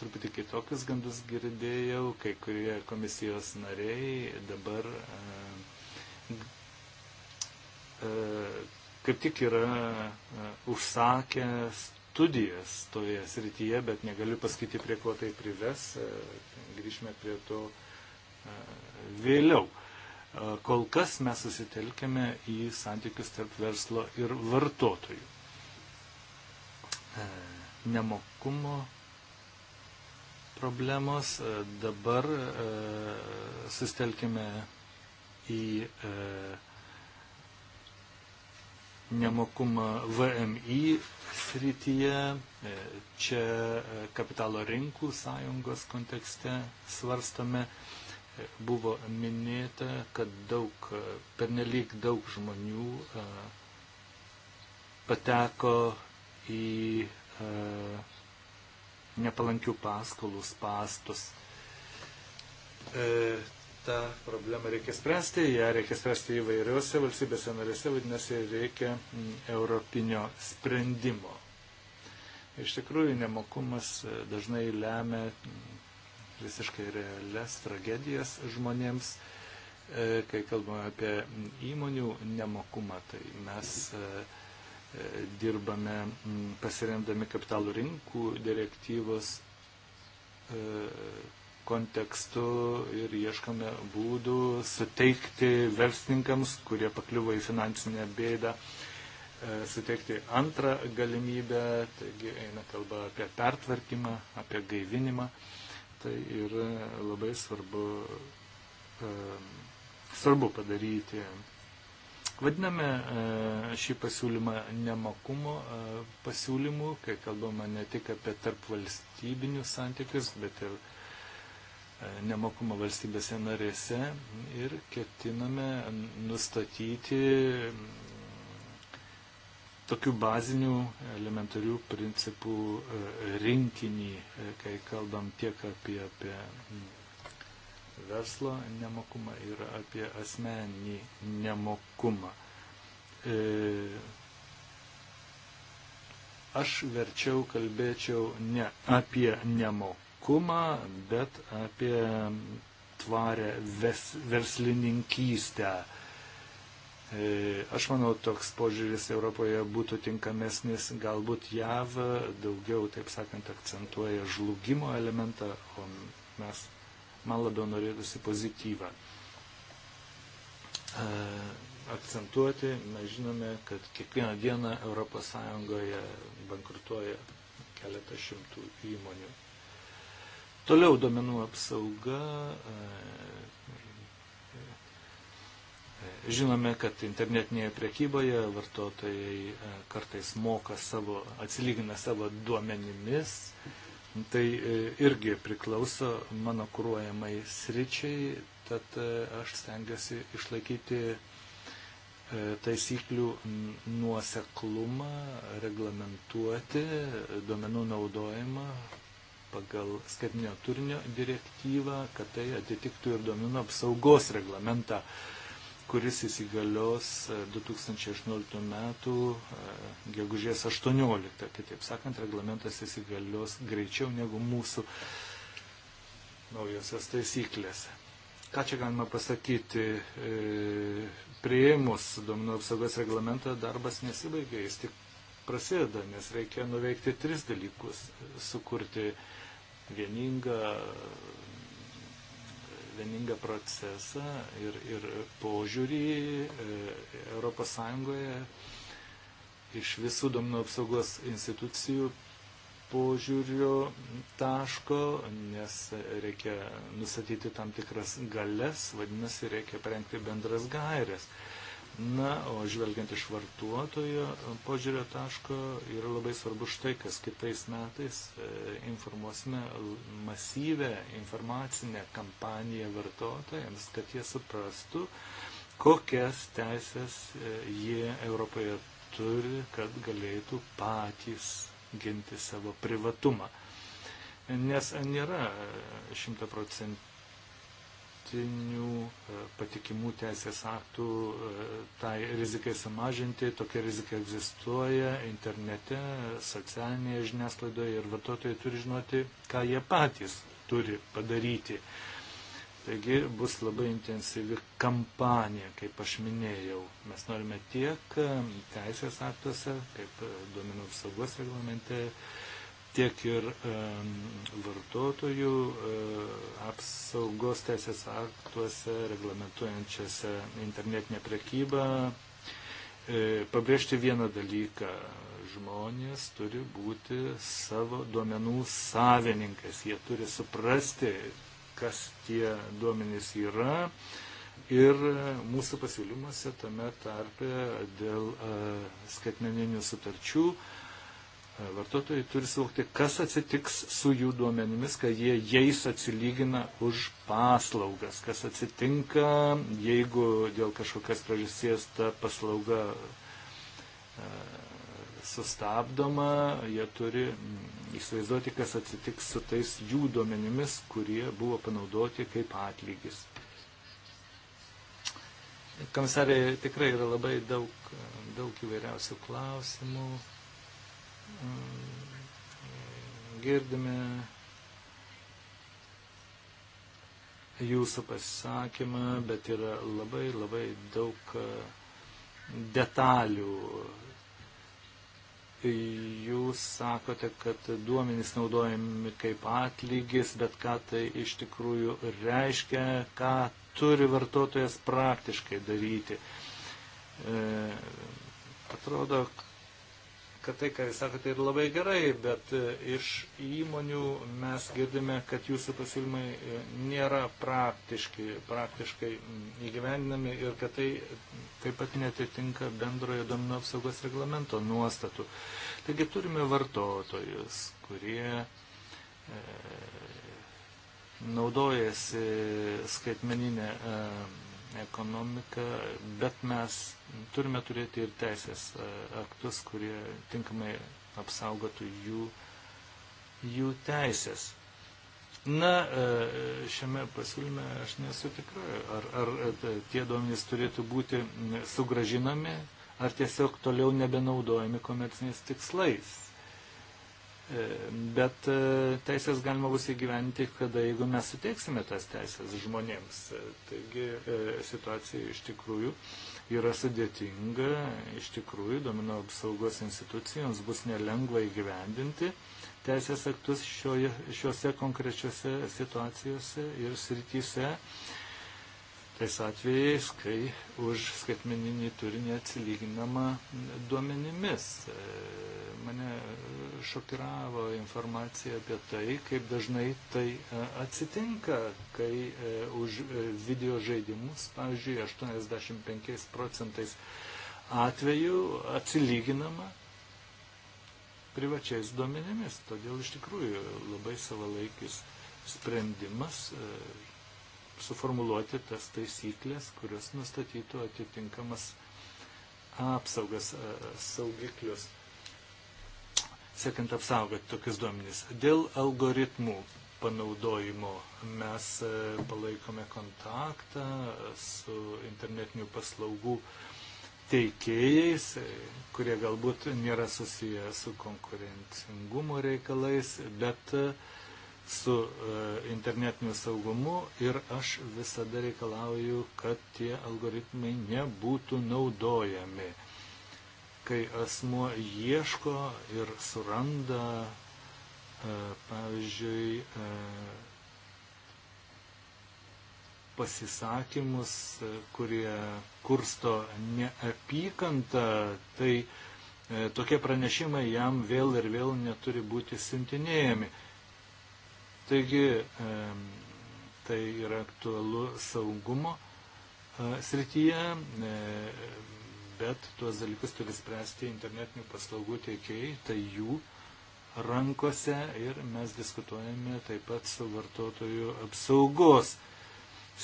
Speaker 2: truputį kitokius gandus girdėjau, kai kurie komisijos nariai dabar kaip tik yra užsakę studijas toje srityje, bet negaliu pasakyti, prie ko tai prives. Grįžime prie to vėliau. Kol kas mes susitelkime į santykius tarp verslo ir vartotojų. Nemokumo problemos dabar e, susitelkime į e, nemokumą VMI srityje, e, čia kapitalo rinkų sąjungos kontekste svarstame buvo minėta, kad daug, pernelyg daug žmonių e, pateko į e, nepalankių paskolų spastus. E, Ta problema reikia spręsti, ją reikia spręsti įvairiuose valstybėse narėse, vadinasi, reikia europinio sprendimo. Iš tikrųjų, nemokumas dažnai lemia visiškai realias tragedijas žmonėms. E, kai kalbame apie įmonių nemokumą, tai mes e, e, dirbame pasiremdami kapitalų rinkų direktyvos kontekstu ir ieškome būdų suteikti verslininkams, kurie pakliuvo į finansinę bėdą, suteikti antrą galimybę, taigi eina kalba apie pertvarkymą, apie gaivinimą. E, tai yra labai svarbu, e, svarbu padaryti. Vadiname e, šį pasiūlymą nemokumo e, pasiūlymu, kai kalbama ne tik apie tarp valstybinius santykius, bet ir nemokumo valstybėse narėse ir ketiname nustatyti tokių bazinių elementarių principų e, rinkinį, e, kai kalbam tiek apie, apie verslo nemokumą ir apie asmeninį nemokumą. E, aš verčiau kalbėčiau ne apie nemokumą, bet apie tvarę ves, verslininkystę. E, E, aš manau, toks požiūris Europoje būtų tinkamesnis, galbūt JAV daugiau, taip sakant, akcentuoja žlugimo elementą, o mes, man labiau norėtųsi pozityvą. E, akcentuoti, mes žinome, kad kiekvieną dieną ES bankrutuoja keletą šimtų įmonių. Toliau domenų apsauga, e, Žinome, kad internetinėje prekyboje vartotojai e, kartais moka savo, atsilygina savo duomenimis. Tai e, irgi priklauso mano kūruojamai sričiai, tad e, aš stengiuosi išlaikyti taisyklių nuoseklumą, reglamentuoti duomenų naudojimą pagal skaitinio turinio direktyvą, kad tai atitiktų ir duomenų apsaugos reglamentą. E, kuris įsigalios 2018 e, metų e, gegužės 18. Kitaip tai sakant, reglamentas įsigalios greičiau negu mūsų naujosios taisyklės. Ką čia galima pasakyti? E, Prieimus duomenų apsaugos reglamentą darbas nesibaigia, jis tik prasideda, nes reikia nuveikti tris dalykus - sukurti vieningą vieningą procesą ir, ir požiūrį ES iš visų domino apsaugos institucijų požiūrio taško, nes reikia nustatyti tam tikras galės, vadinasi, reikia parengti bendras gairės. E, Na, o žvelgiant iš vartuotojo požiūrio taško yra labai svarbu štai, kas kitais metais e, informuosime masyvę informacinę kampaniją vartotojams, kad jie suprastų, kokias teisės e, jie Europoje turi, kad galėtų patys ginti savo privatumą. Nes nėra e, šimtaprocentinio dabartinių e, patikimų teisės aktų e, tai rizikai sumažinti. Tokia rizika egzistuoja internete, socialinėje žiniasklaidoje ir vartotojai turi žinoti, ką jie patys turi padaryti. Taigi bus labai intensyvi kampanija, kaip aš minėjau. Mes norime tiek teisės aktuose, kaip e, duomenų apsaugos reglamente, tiek ir vartotojų e, apsaugos teisės aktuose, reglamentuojančiose internetinę prekybą. E, pabrėžti vieną dalyką - žmonės turi būti savo duomenų savininkais, jie turi suprasti, kas tie duomenys yra. Ir e, mūsų pasiūlymuose tame tarpe dėl skaitmeninių sutarčių uh, E, vartotojai turi suvokti, kas atsitiks su jų duomenimis, kai jie jais atsilygina už paslaugas, kas atsitinka, jeigu dėl kažkokios priežasties ta paslauga e, sustabdoma, jie turi mm, įsivaizduoti, kas atsitiks su tais jų duomenimis, kurie buvo panaudoti kaip atlygis. Komisarė tikrai yra labai daug, daug įvairiausių klausimų girdime jūsų pasisakymą, bet yra labai labai daug e, detalių. Jūs sakote, kad duomenys naudojami kaip atlygis, bet ką tai iš tikrųjų reiškia, ką turi vartotojas praktiškai daryti. E, atrodo, kad tai, ką jūs sakote, yra labai gerai, bet e, iš įmonių mes girdime, kad jūsų pasiūlymai e, nėra praktiški, praktiškai mm, įgyvendinami ir kad tai taip pat netitinka bendrojo domino apsaugos reglamento nuostatų. Taigi turime vartotojus, kurie e, naudojasi skaitmeninę ekonomiką, bet mes turime turėti ir teisės e, aktus, kurie tinkamai apsaugotų jų, jų teisės. Na, e, šiame pasiūlyme aš nesu tikra, ar, ar e, tie duomenys turėtų būti sugražinami, ar tiesiog toliau nebenaudojami komerciniais tikslais. Bet teisės galima bus įgyventi, kada jeigu mes suteiksime tas teisės žmonėms. Taigi situacija iš tikrųjų yra sudėtinga, iš tikrųjų domino apsaugos institucijoms bus nelengva įgyvendinti teisės aktus šioje, šiuose konkrečiuose situacijose ir srityse tais atvejais, kai už skaitmeninį turinį atsilyginama duomenimis. E, mane šokiravo informacija apie tai, kaip dažnai tai e, atsitinka, kai e, už video žaidimus, pavyzdžiui, 85 procentais atveju atsilyginama privačiais duomenimis. Todėl iš tikrųjų labai savalaikis sprendimas suformuluoti tas taisyklės, kurios nustatytų atitinkamas apsaugas, e, saugiklius, siekiant apsaugoti tokius duomenys. Dėl algoritmų panaudojimo mes e, palaikome kontaktą e, su internetinių paslaugų teikėjais, kurie galbūt nėra susiję su konkurencingumo reikalais, bet uh, su e, internetiniu saugumu ir aš visada reikalauju, kad tie algoritmai nebūtų naudojami. Kai asmuo ieško ir suranda, e, pavyzdžiui, e, pasisakymus, kurie kursto neapykantą, tai tokie pranešimai jam vėl ir vėl neturi būti siuntinėjami. Taigi tai yra aktualu saugumo srityje, e, bet tuos dalykus turi spręsti internetinių paslaugų tiekėjai, tai jų rankose ir mes diskutuojame taip pat su vartotojų apsaugos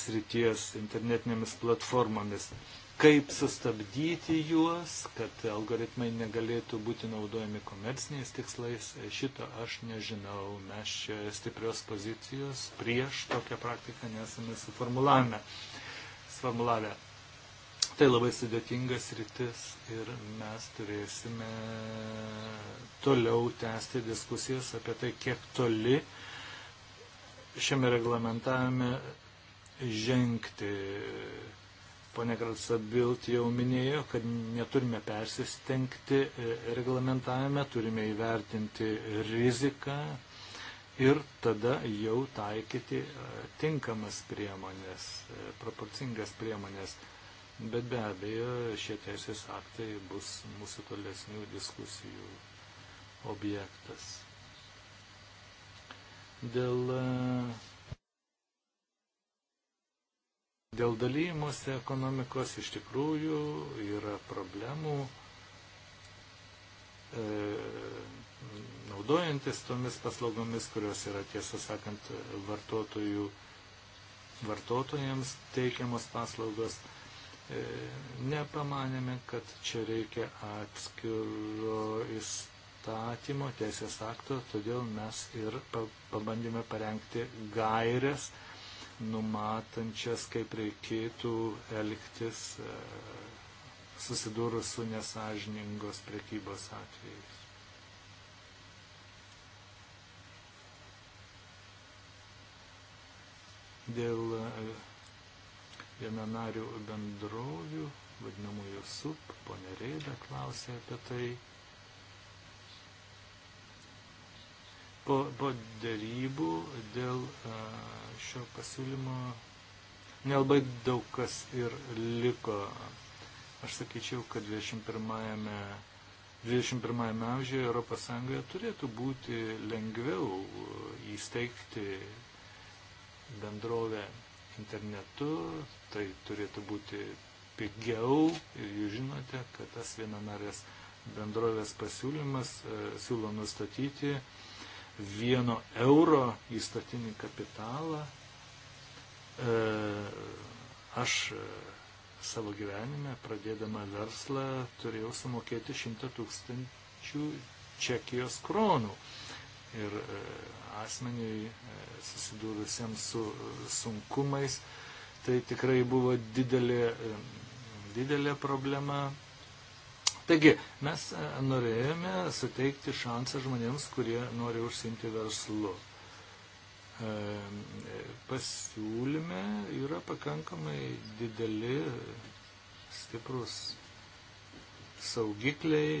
Speaker 2: srities internetinėmis platformomis kaip sustabdyti juos, kad algoritmai negalėtų būti naudojami komerciniais tikslais. Šito aš nežinau. Mes čia stiprios pozicijos prieš tokią praktiką nesame suformulavę. Sformulavę. Tai labai sudėtingas rytis ir mes turėsime toliau tęsti diskusijas apie tai, kiek toli šiame reglamentavime žengti Pone Kratsabilt jau minėjo, kad neturime persistengti e, reglamentavime, turime įvertinti riziką ir tada jau taikyti e, tinkamas priemonės, e, proporcingas priemonės. Bet be abejo, šie teisės aktai bus mūsų tolesnių diskusijų objektas. Dėl Dėl dalymosi ekonomikos iš tikrųjų yra problemų e, naudojantis tomis paslaugomis, kurios yra tiesą sakant vartotojų, vartotojams teikiamos paslaugos. E, nepamanėme, kad čia reikia atskiro įstatymo, teisės akto, todėl mes ir pabandėme parengti gairias, e, numatančias, kaip reikėtų elgtis e, susidūrus su nesažiningos prekybos atvejais. Dėl e, vienanarių bendrovių, vadinamųjų SUP, ponė Reida klausė apie tai. po, po darybų dėl šio pasiūlymo nelabai daug kas ir liko. Aš sakyčiau, kad 21-ame 21 amžiuje Europos Sąjungoje turėtų būti lengviau įsteigti bendrovę internetu, tai turėtų būti pigiau ir jūs žinote, kad tas vienanarės bendrovės pasiūlymas e, siūlo nustatyti vieno euro įstatinį kapitalą. E, aš e, savo gyvenime, pradėdama verslą, turėjau sumokėti 100 tūkstančių Čekijos kronų. Ir e, asmeniui susidūrusiems su sunkumais tai tikrai buvo didelė, didelė problema Taigi, mes e, norėjome suteikti šansą žmonėms, kurie nori užsimti verslu. E, e, pasiūlyme yra pakankamai dideli, stiprus saugikliai,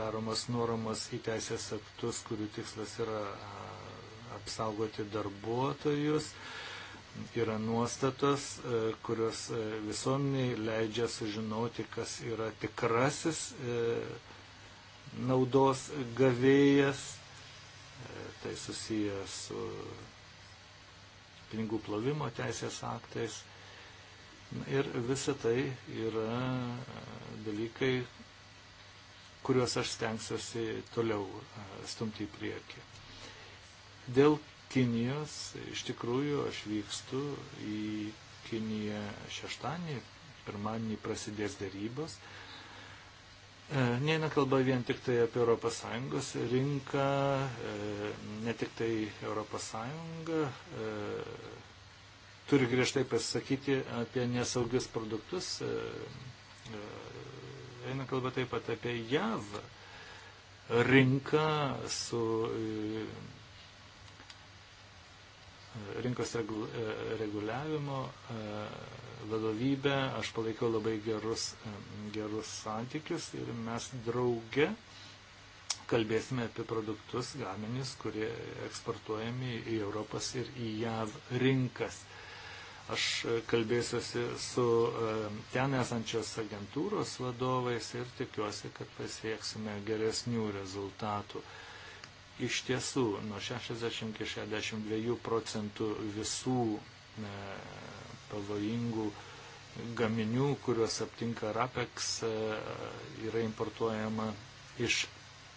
Speaker 2: daromas nuoromas į teisės aktus, kurių tikslas yra apsaugoti darbuotojus. E, yra nuostatos, e, kurios e, visuomeniai leidžia sužinoti, kas yra tikrasis e, naudos gavėjas. Tai susiję su pinigų plovimo teisės aktais. Ir visa tai yra dalykai, kuriuos aš stengsiuosi toliau stumti į priekį. Dėl Kinijos. Iš tikrųjų, aš vykstu į Kiniją šeštadienį, pirmadienį prasidės dėrybos. E, neina kalba vien tik tai apie ES rinką, e, ne tik tai ES e, turi griežtai pasisakyti apie nesaugius produktus. Eina kalba taip pat apie JAV rinką su rinkos e, reguliavimo e, vadovybę, aš palaikiau labai gerus, e, gerus santykius ir mes drauge kalbėsime apie produktus, gaminius, kurie eksportuojami į Europos ir į JAV rinkas. Aš kalbėsiuosi su ten esančios agentūros vadovais ir tikiuosi, kad pasieksime geresnių rezultatų. Iš tiesų, nuo 60 iki 62 procentų visų e, pavojingų gaminių, kuriuos aptinka RAPEX, e, yra importuojama iš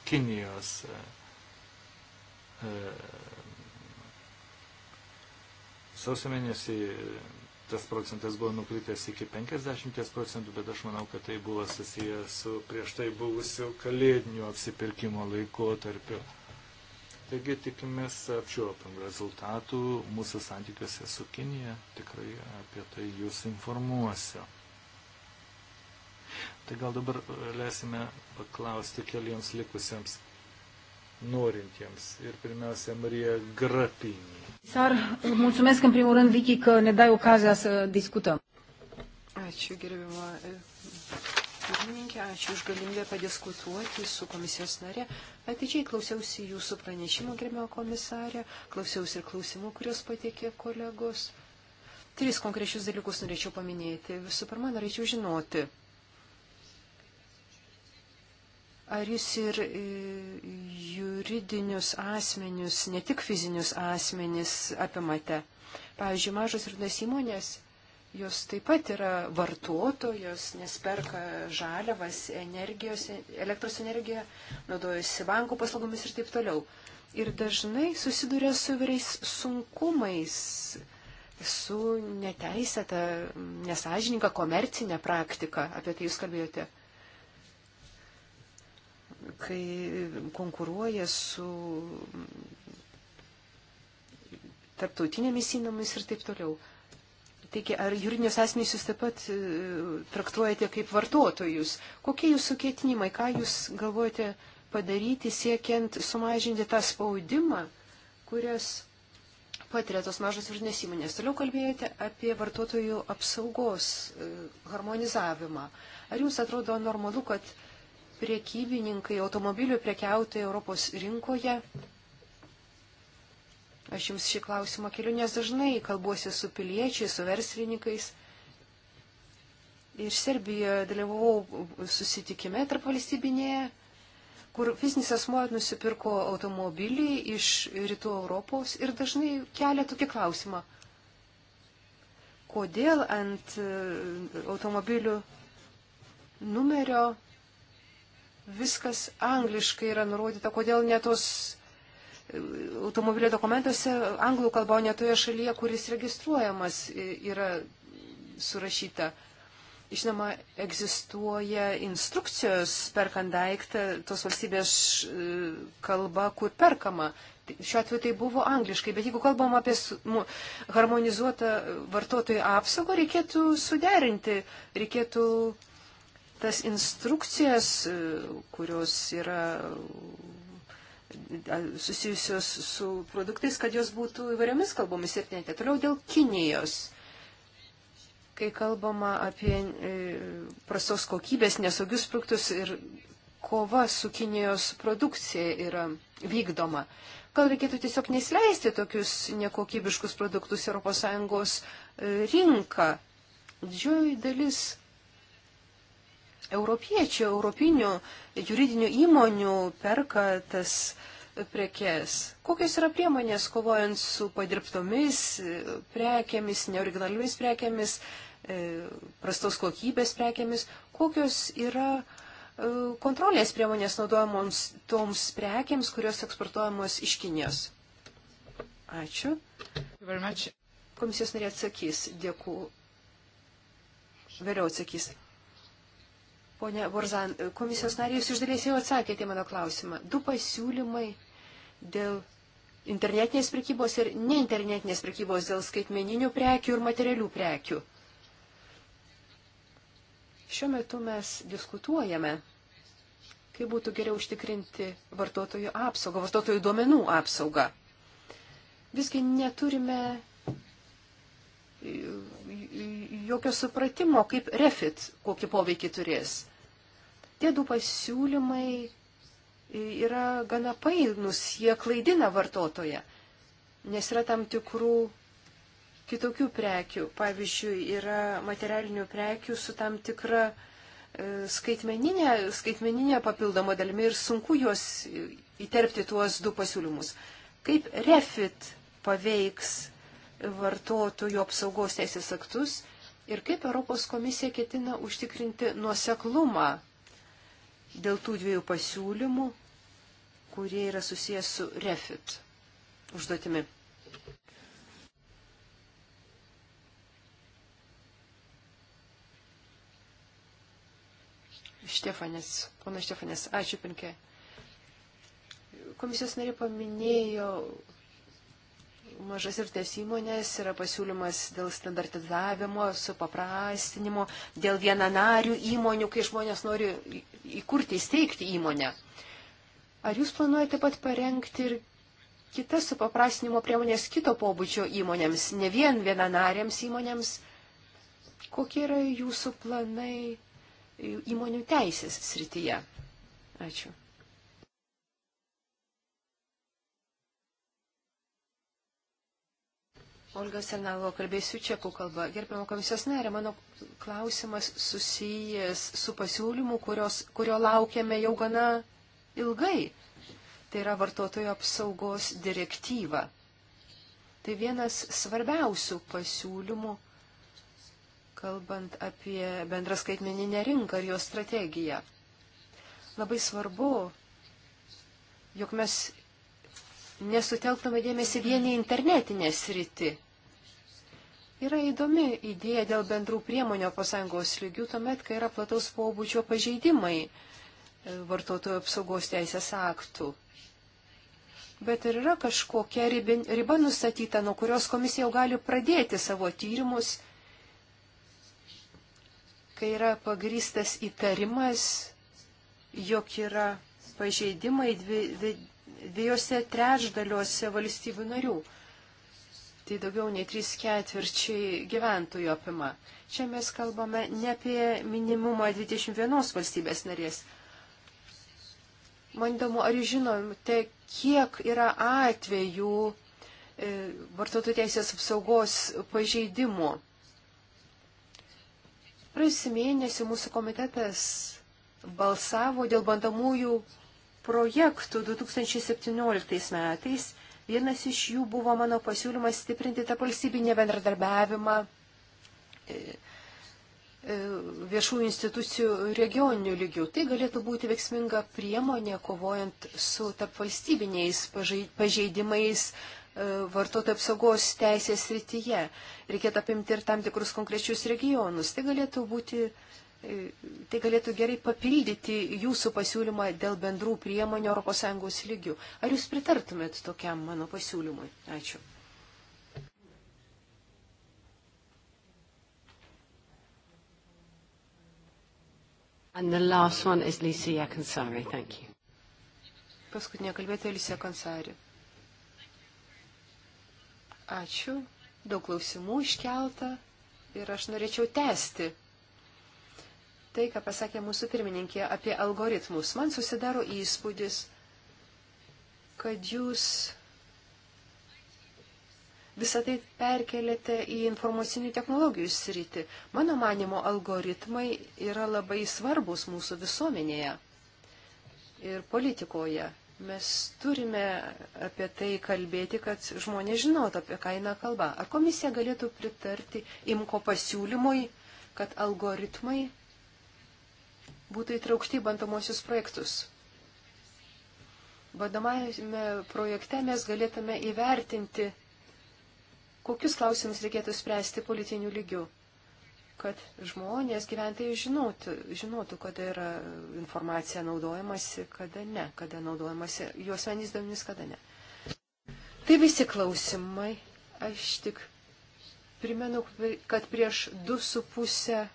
Speaker 2: Kinijos. E, e sausio mėnesį tas procentas buvo nukritęs iki 50 procentų, bet aš manau, kad tai buvo susijęs su prieš tai buvusiu kalėdiniu apsipirkimo laikotarpiu. tarpiu. Taigi tikimės apčiuopam rezultatų mūsų santykiuose su Kinija, tikrai apie tai jūs informuosiu. Tai gal dabar leisime paklausti keliems likusiems norintiems ir pirmiausia Marija Grapinį.
Speaker 3: Sar, mulțumesc în primul rând, Vicky, că ne dai ocazia să discutăm. Ačiū, gerbimo pirmininkė, ačiū už galimybę padiskutuoti su komisijos narė. Atidžiai klausiausi jūsų pranešimo, gerbėjo komisarė, klausiausi ir klausimų, kurios patiekė kolegos. Tris konkrečius dalykus norėčiau paminėti. Visų pirma, norėčiau žinoti, ar jūs ir e, juridinius asmenius, ne tik fizinius asmenis apimate. Pavyzdžiui, mažos ir nes įmonės jos taip pat yra vartotojos, nes perka žaliavas, energijos, elektros energiją, naudojasi bankų paslaugomis ir taip toliau. Ir dažnai susiduria su vyriais sunkumais, su neteisėta, nesažininka komercinė praktika, apie tai jūs kalbėjote, kai konkuruoja su tarptautinėmis įnomis ir taip toliau. Taigi, ar juridinius asmenys jūs taip pat e, traktuojate kaip vartotojus? Kokie jūsų ketinimai, ką jūs galvojate padaryti, siekiant sumažinti tą spaudimą, kurias patiria tos mažos virinės įmonės? Toliau kalbėjote apie vartotojų apsaugos e, harmonizavimą. Ar jums atrodo normalu, kad priekybininkai, automobilių prekiautojai Europos rinkoje Aš jums šį klausimą keliu, nes dažnai kalbuosi su piliečiais, su verslininkais. Ir Serbijoje dalyvavau susitikime tarp valstybinėje, kur fizinis asmuo nusipirko automobilį iš rytų Europos ir dažnai kelia tokį klausimą. Kodėl ant e, automobilių numerio viskas angliškai yra nurodyta, kodėl ne tos automobilio dokumentuose anglų kalba, o ne toje šalyje, kuris registruojamas yra surašyta. Žinoma, egzistuoja instrukcijos perkant daiktą tos valstybės kalba, kur perkama. Tai šiuo atveju tai buvo angliškai, bet jeigu kalbam apie harmonizuotą vartotojų apsaugą, reikėtų suderinti, reikėtų tas instrukcijas, kurios yra susijusios su produktais, kad jos būtų įvairiomis kalbomis ir net. Toliau dėl Kinijos. Kai kalbama apie e, prastos kokybės, nesaugius produktus ir kova su Kinijos produkcija yra vykdoma. Gal reikėtų tiesiog nesleisti tokius nekokybiškus produktus ES e, rinką. Didžioji dalis europiečių, europinių juridinių įmonių perka tas prekes. Kokios yra priemonės kovojant su padirbtomis prekėmis, neoriginaliomis prekėmis, e, prastos kokybės prekėmis? Kokios yra e, kontrolės priemonės naudojamoms toms prekėms, kurios eksportuojamos iš Kinijos? Ačiū. Komisijos narė atsakys. Dėkui. Vėliau atsakys. Pone Borzan, komisijos narys iš dalies jau atsakėte mano klausimą. Du pasiūlymai dėl internetinės prekybos ir neinternetinės prekybos dėl skaitmeninių prekių ir materialių prekių. Šiuo metu mes diskutuojame, kaip būtų geriau užtikrinti vartotojų apsaugą, vartotojų duomenų apsaugą. Visgi neturime e, e, e, jokio supratimo, kaip refit kokį poveikį turės. Tie du pasiūlymai yra gana painus, jie klaidina vartotoje, nes yra tam tikrų kitokių prekių. Pavyzdžiui, yra materialinių prekių su tam tikra e, skaitmeninė, skaitmeninė papildoma dalimi ir sunku juos įterpti tuos du pasiūlymus. Kaip refit paveiks vartotojų apsaugos teisės aktus ir kaip Europos komisija ketina užtikrinti nuoseklumą dėl tų dviejų pasiūlymų, kurie yra susijęs su refit užduotimi. Štefanės, pana Štefanės, ačiū pinkė. Komisijos narė paminėjo mažas ir ties įmonės yra pasiūlymas dėl standartizavimo, supaprastinimo, dėl vienanarių įmonių, kai žmonės nori įkurti, įsteigti įmonę. Ar jūs planuojate taip pat parengti ir kitas supaprastinimo priemonės kito pobūdžio įmonėms, ne vien vienanariams įmonėms? Kokie yra jūsų planai įmonių teisės srityje? Ačiū. Olga Senalo, kalbėsiu čekų kalba. Gerbiamo komisijos narė, mano klausimas susijęs su pasiūlymu, kurios, kurio laukiame jau gana ilgai. Tai yra vartotojo apsaugos direktyva. Tai vienas svarbiausių pasiūlymų, kalbant apie bendrą skaitmeninę rinką ir jos strategiją. Labai svarbu, jog mes nesutelktume dėmesį vien į internetinę sritį. Yra įdomi idėja dėl bendrų priemonių pasangos lygių tuomet, kai yra plataus pobūdžio pažeidimai e, vartotojų apsaugos teisės aktų. Bet ar yra kažkokia riba nustatyta, nuo kurios komisija jau gali pradėti savo tyrimus, kai yra pagristas įtarimas, jog yra pažeidimai dvi, dvi, dviejose trečdaliuose valstybių narių tai daugiau nei trys ketvirčiai gyventojų apima. Čia mes kalbame ne apie minimumą 21 valstybės narės. Man įdomu, ar jūs žinote, kiek yra atvejų e, vartotojų teisės apsaugos pažeidimų. Praėjusį mėnesį mūsų komitetas balsavo dėl bandamųjų projektų 2017 metais Vienas iš jų buvo mano pasiūlymas stiprinti tą valstybinį bendradarbiavimą e, e, viešųjų institucijų regioninių lygių. Tai galėtų būti veiksminga priemonė, kovojant su tarpvalstybiniais pažeidimais e, vartotojų apsaugos teisės rytyje. Reikėtų apimti ir tam tikrus konkrečius regionus. Tai galėtų būti uh, tai galėtų gerai papildyti jūsų pasiūlymą dėl bendrų priemonių ES lygių. Ar jūs pritartumėt tokiam mano pasiūlymui? Ačiū. And the last one is Licia Kansari. Thank you. Paskutinė kalbėtoja Licia Kansari. Ačiū. Daug klausimų iškelta ir aš norėčiau tęsti tai, ką pasakė mūsų pirmininkė apie algoritmus. Man susidaro įspūdis, kad jūs visą tai perkeliate į informacinių technologijų sritį. Mano manimo, algoritmai yra labai svarbus mūsų visuomenėje ir politikoje. Mes turime apie tai kalbėti, kad žmonės žinotų, apie ką eina kalba. Ar komisija galėtų pritarti imko pasiūlymui, kad algoritmai būtų įtraukti bandomosius projektus. Bandomajame projekte mes galėtume įvertinti, kokius klausimus reikėtų spręsti politinių lygių, kad žmonės, gyventojai žinotų, žinotų, kada yra informacija naudojamasi, kada ne, kada naudojamasi jų asmenys duomenys, kada ne. Tai visi klausimai. Aš tik primenu, kad prieš du su pusę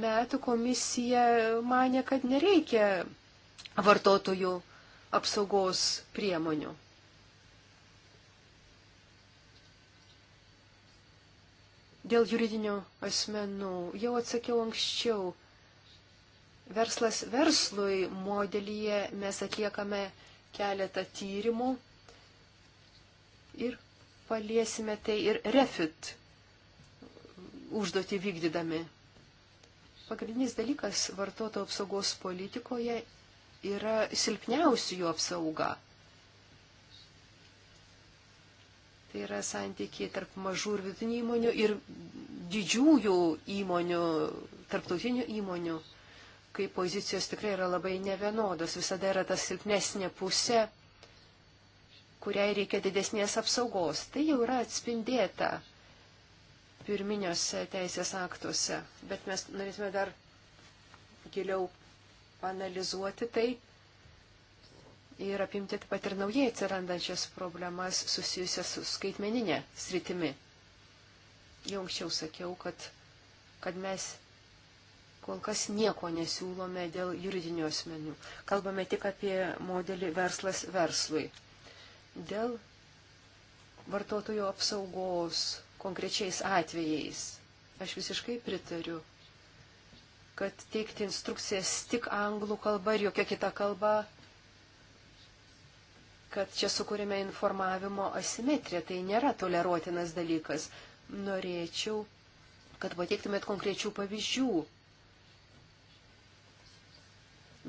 Speaker 3: metų komisija mane, kad nereikia vartotojų apsaugos priemonių. Dėl juridinių asmenų jau atsakiau anksčiau. Verslas verslui modelyje mes atliekame keletą tyrimų ir paliesime tai ir refit užduoti vykdydami pagrindinis dalykas vartotojų apsaugos politikoje yra silpniausių jų apsauga. Tai yra santykiai tarp mažų ir vidutinių įmonių ir didžiųjų įmonių, tarptautinių įmonių, kai pozicijos tikrai yra labai nevienodos. Visada yra ta silpnesnė pusė, kuriai reikia didesnės apsaugos. Tai jau yra atspindėta pirminiuose teisės aktuose, bet mes norėtume dar giliau analizuoti tai ir apimti taip pat ir naujai atsirandančias problemas susijusias su skaitmeninė sritimi. Jau anksčiau sakiau, kad, kad mes kol kas nieko nesiūlome dėl juridinių asmenių. Kalbame tik apie modelį verslas verslui. Dėl vartotojo apsaugos konkrečiais atvejais. Aš visiškai pritariu, kad teikti instrukcijas tik anglų kalba ir jokia kita kalba, kad čia sukūrėme informavimo asimetriją, tai nėra toleruotinas dalykas. Norėčiau, kad pateiktumėt konkrečių pavyzdžių,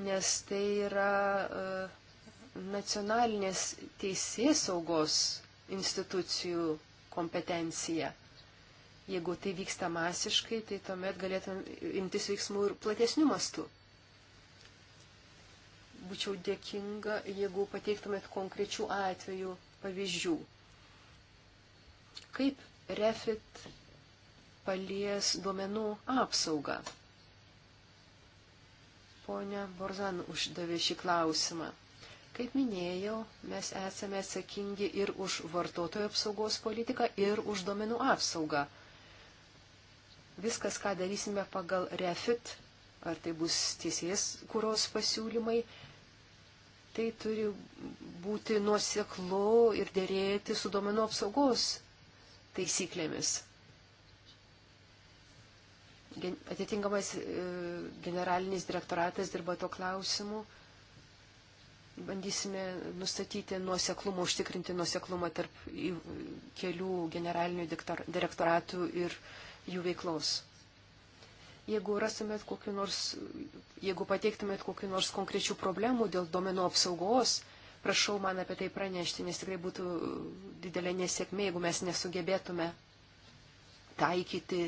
Speaker 3: nes tai yra e, nacionalinės teisės saugos institucijų kompetencija. Jeigu tai vyksta masiškai, tai tuomet galėtum imtis veiksmų ir platesnių mastų. Būčiau dėkinga, jeigu pateiktumėt konkrečių atvejų pavyzdžių. Kaip refit palies duomenų apsaugą? Pone Borzan uždavė šį klausimą. Kaip minėjau, mes esame atsakingi ir už vartotojų apsaugos politiką, ir už domenų apsaugą. Viskas, ką darysime pagal refit, ar tai bus tiesies kuros pasiūlymai, tai turi būti nuoseklu ir dėrėti su domenų apsaugos taisyklėmis. Atitinkamas e, generalinis direktoratas dirba to klausimu bandysime nustatyti nuoseklumą, užtikrinti nuoseklumą tarp kelių generalinių direktoratų ir jų veiklos. Jeigu rastumėt kokiu nors, jeigu pateiktumėt kokiu nors konkrečių problemų dėl domenų apsaugos, prašau man apie tai pranešti, nes tikrai būtų didelė nesėkmė, jeigu mes nesugebėtume taikyti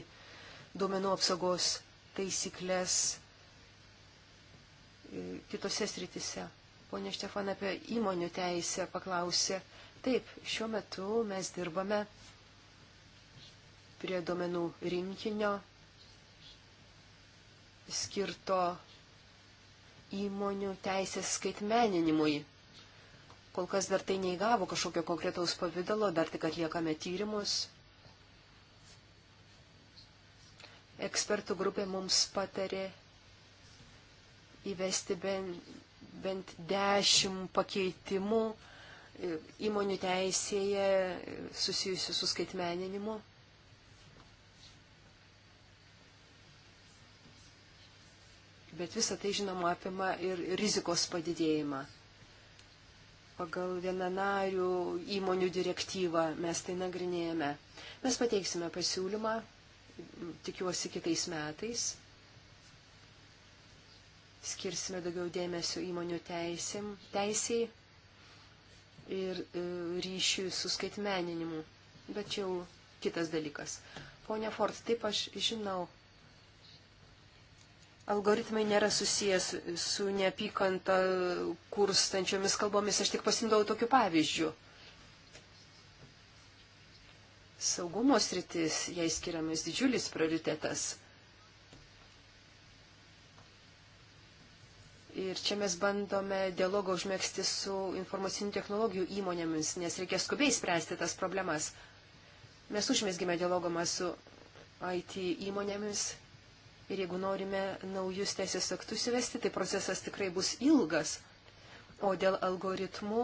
Speaker 3: duomenų apsaugos taisyklės kitose sritise. Pone Štefan apie įmonių teisę paklausė. Taip, šiuo metu mes dirbame prie domenų rinkinio skirto įmonių teisės skaitmeninimui. Kol kas dar tai neįgavo kažkokio konkretaus pavydalo, dar tik atliekame tyrimus. Ekspertų grupė mums patarė įvesti bent bent dešimt pakeitimų įmonių teisėje susijusių su skaitmeninimu. Bet visą tai, žinoma, apima ir rizikos padidėjimą. Pagal vienanarių įmonių direktyvą mes tai nagrinėjame. Mes pateiksime pasiūlymą, tikiuosi kitais metais skirsime daugiau dėmesio įmonių teisėm, teisiai ir e, ryšiui su skaitmeninimu. Bet čia jau kitas dalykas. Pone Ford, taip aš žinau. Algoritmai nėra susijęs su neapykanta kurstančiomis kalbomis. Aš tik pasimdau tokiu pavyzdžiu. Saugumo sritis, jai skiriamas didžiulis prioritetas Ir čia mes bandome dialogą užmėgsti su informacinių technologijų įmonėmis, nes reikia skubiai spręsti tas problemas. Mes užmėsgime dialogą su IT įmonėmis ir jeigu norime naujus teisės aktus įvesti, tai procesas tikrai bus ilgas. O dėl algoritmų,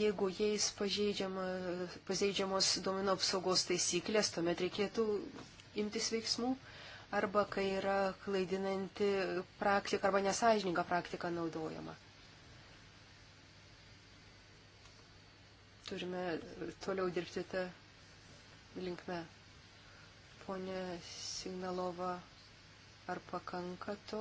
Speaker 3: jeigu jais pažeidžiamos duomenų apsaugos taisyklės, tuomet reikėtų imtis veiksmų arba kai yra klaidinanti praktika arba nesažininga praktika naudojama. Turime toliau dirbti tą linkme. Pone Signalova, ar pakanka to?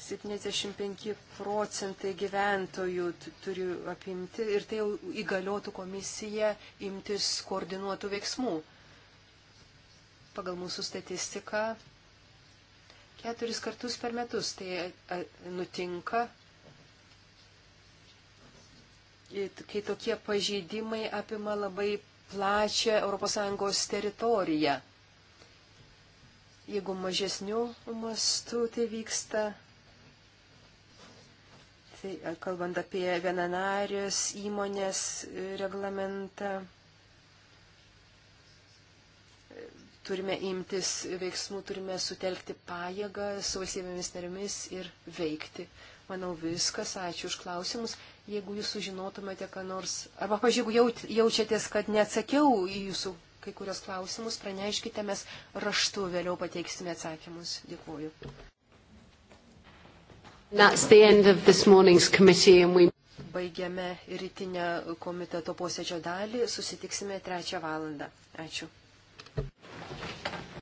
Speaker 3: 75 procentai gyventojų turi apimti ir tai jau įgaliotų komisiją imtis koordinuotų veiksmų pagal mūsų statistiką keturis kartus per metus tai nutinka, kai tokie pažeidimai apima labai plačią ES teritoriją. Jeigu mažesnių mastų tai vyksta, tai kalbant apie vienanarės įmonės e, reglamentą turime imtis veiksmų, turime sutelkti pajėgą su valstybėmis narimis ir veikti. Manau viskas, ačiū už klausimus. Jeigu jūs sužinotumėte, ką nors, arba, pažiūrėjau, jeigu jaučiatės, kad neatsakiau į jūsų kai kurios klausimus, praneškite, mes raštu vėliau pateiksime atsakymus. Dėkuoju. We... Baigiame rytinę komiteto posėdžio dalį, susitiksime trečią valandą. Ačiū.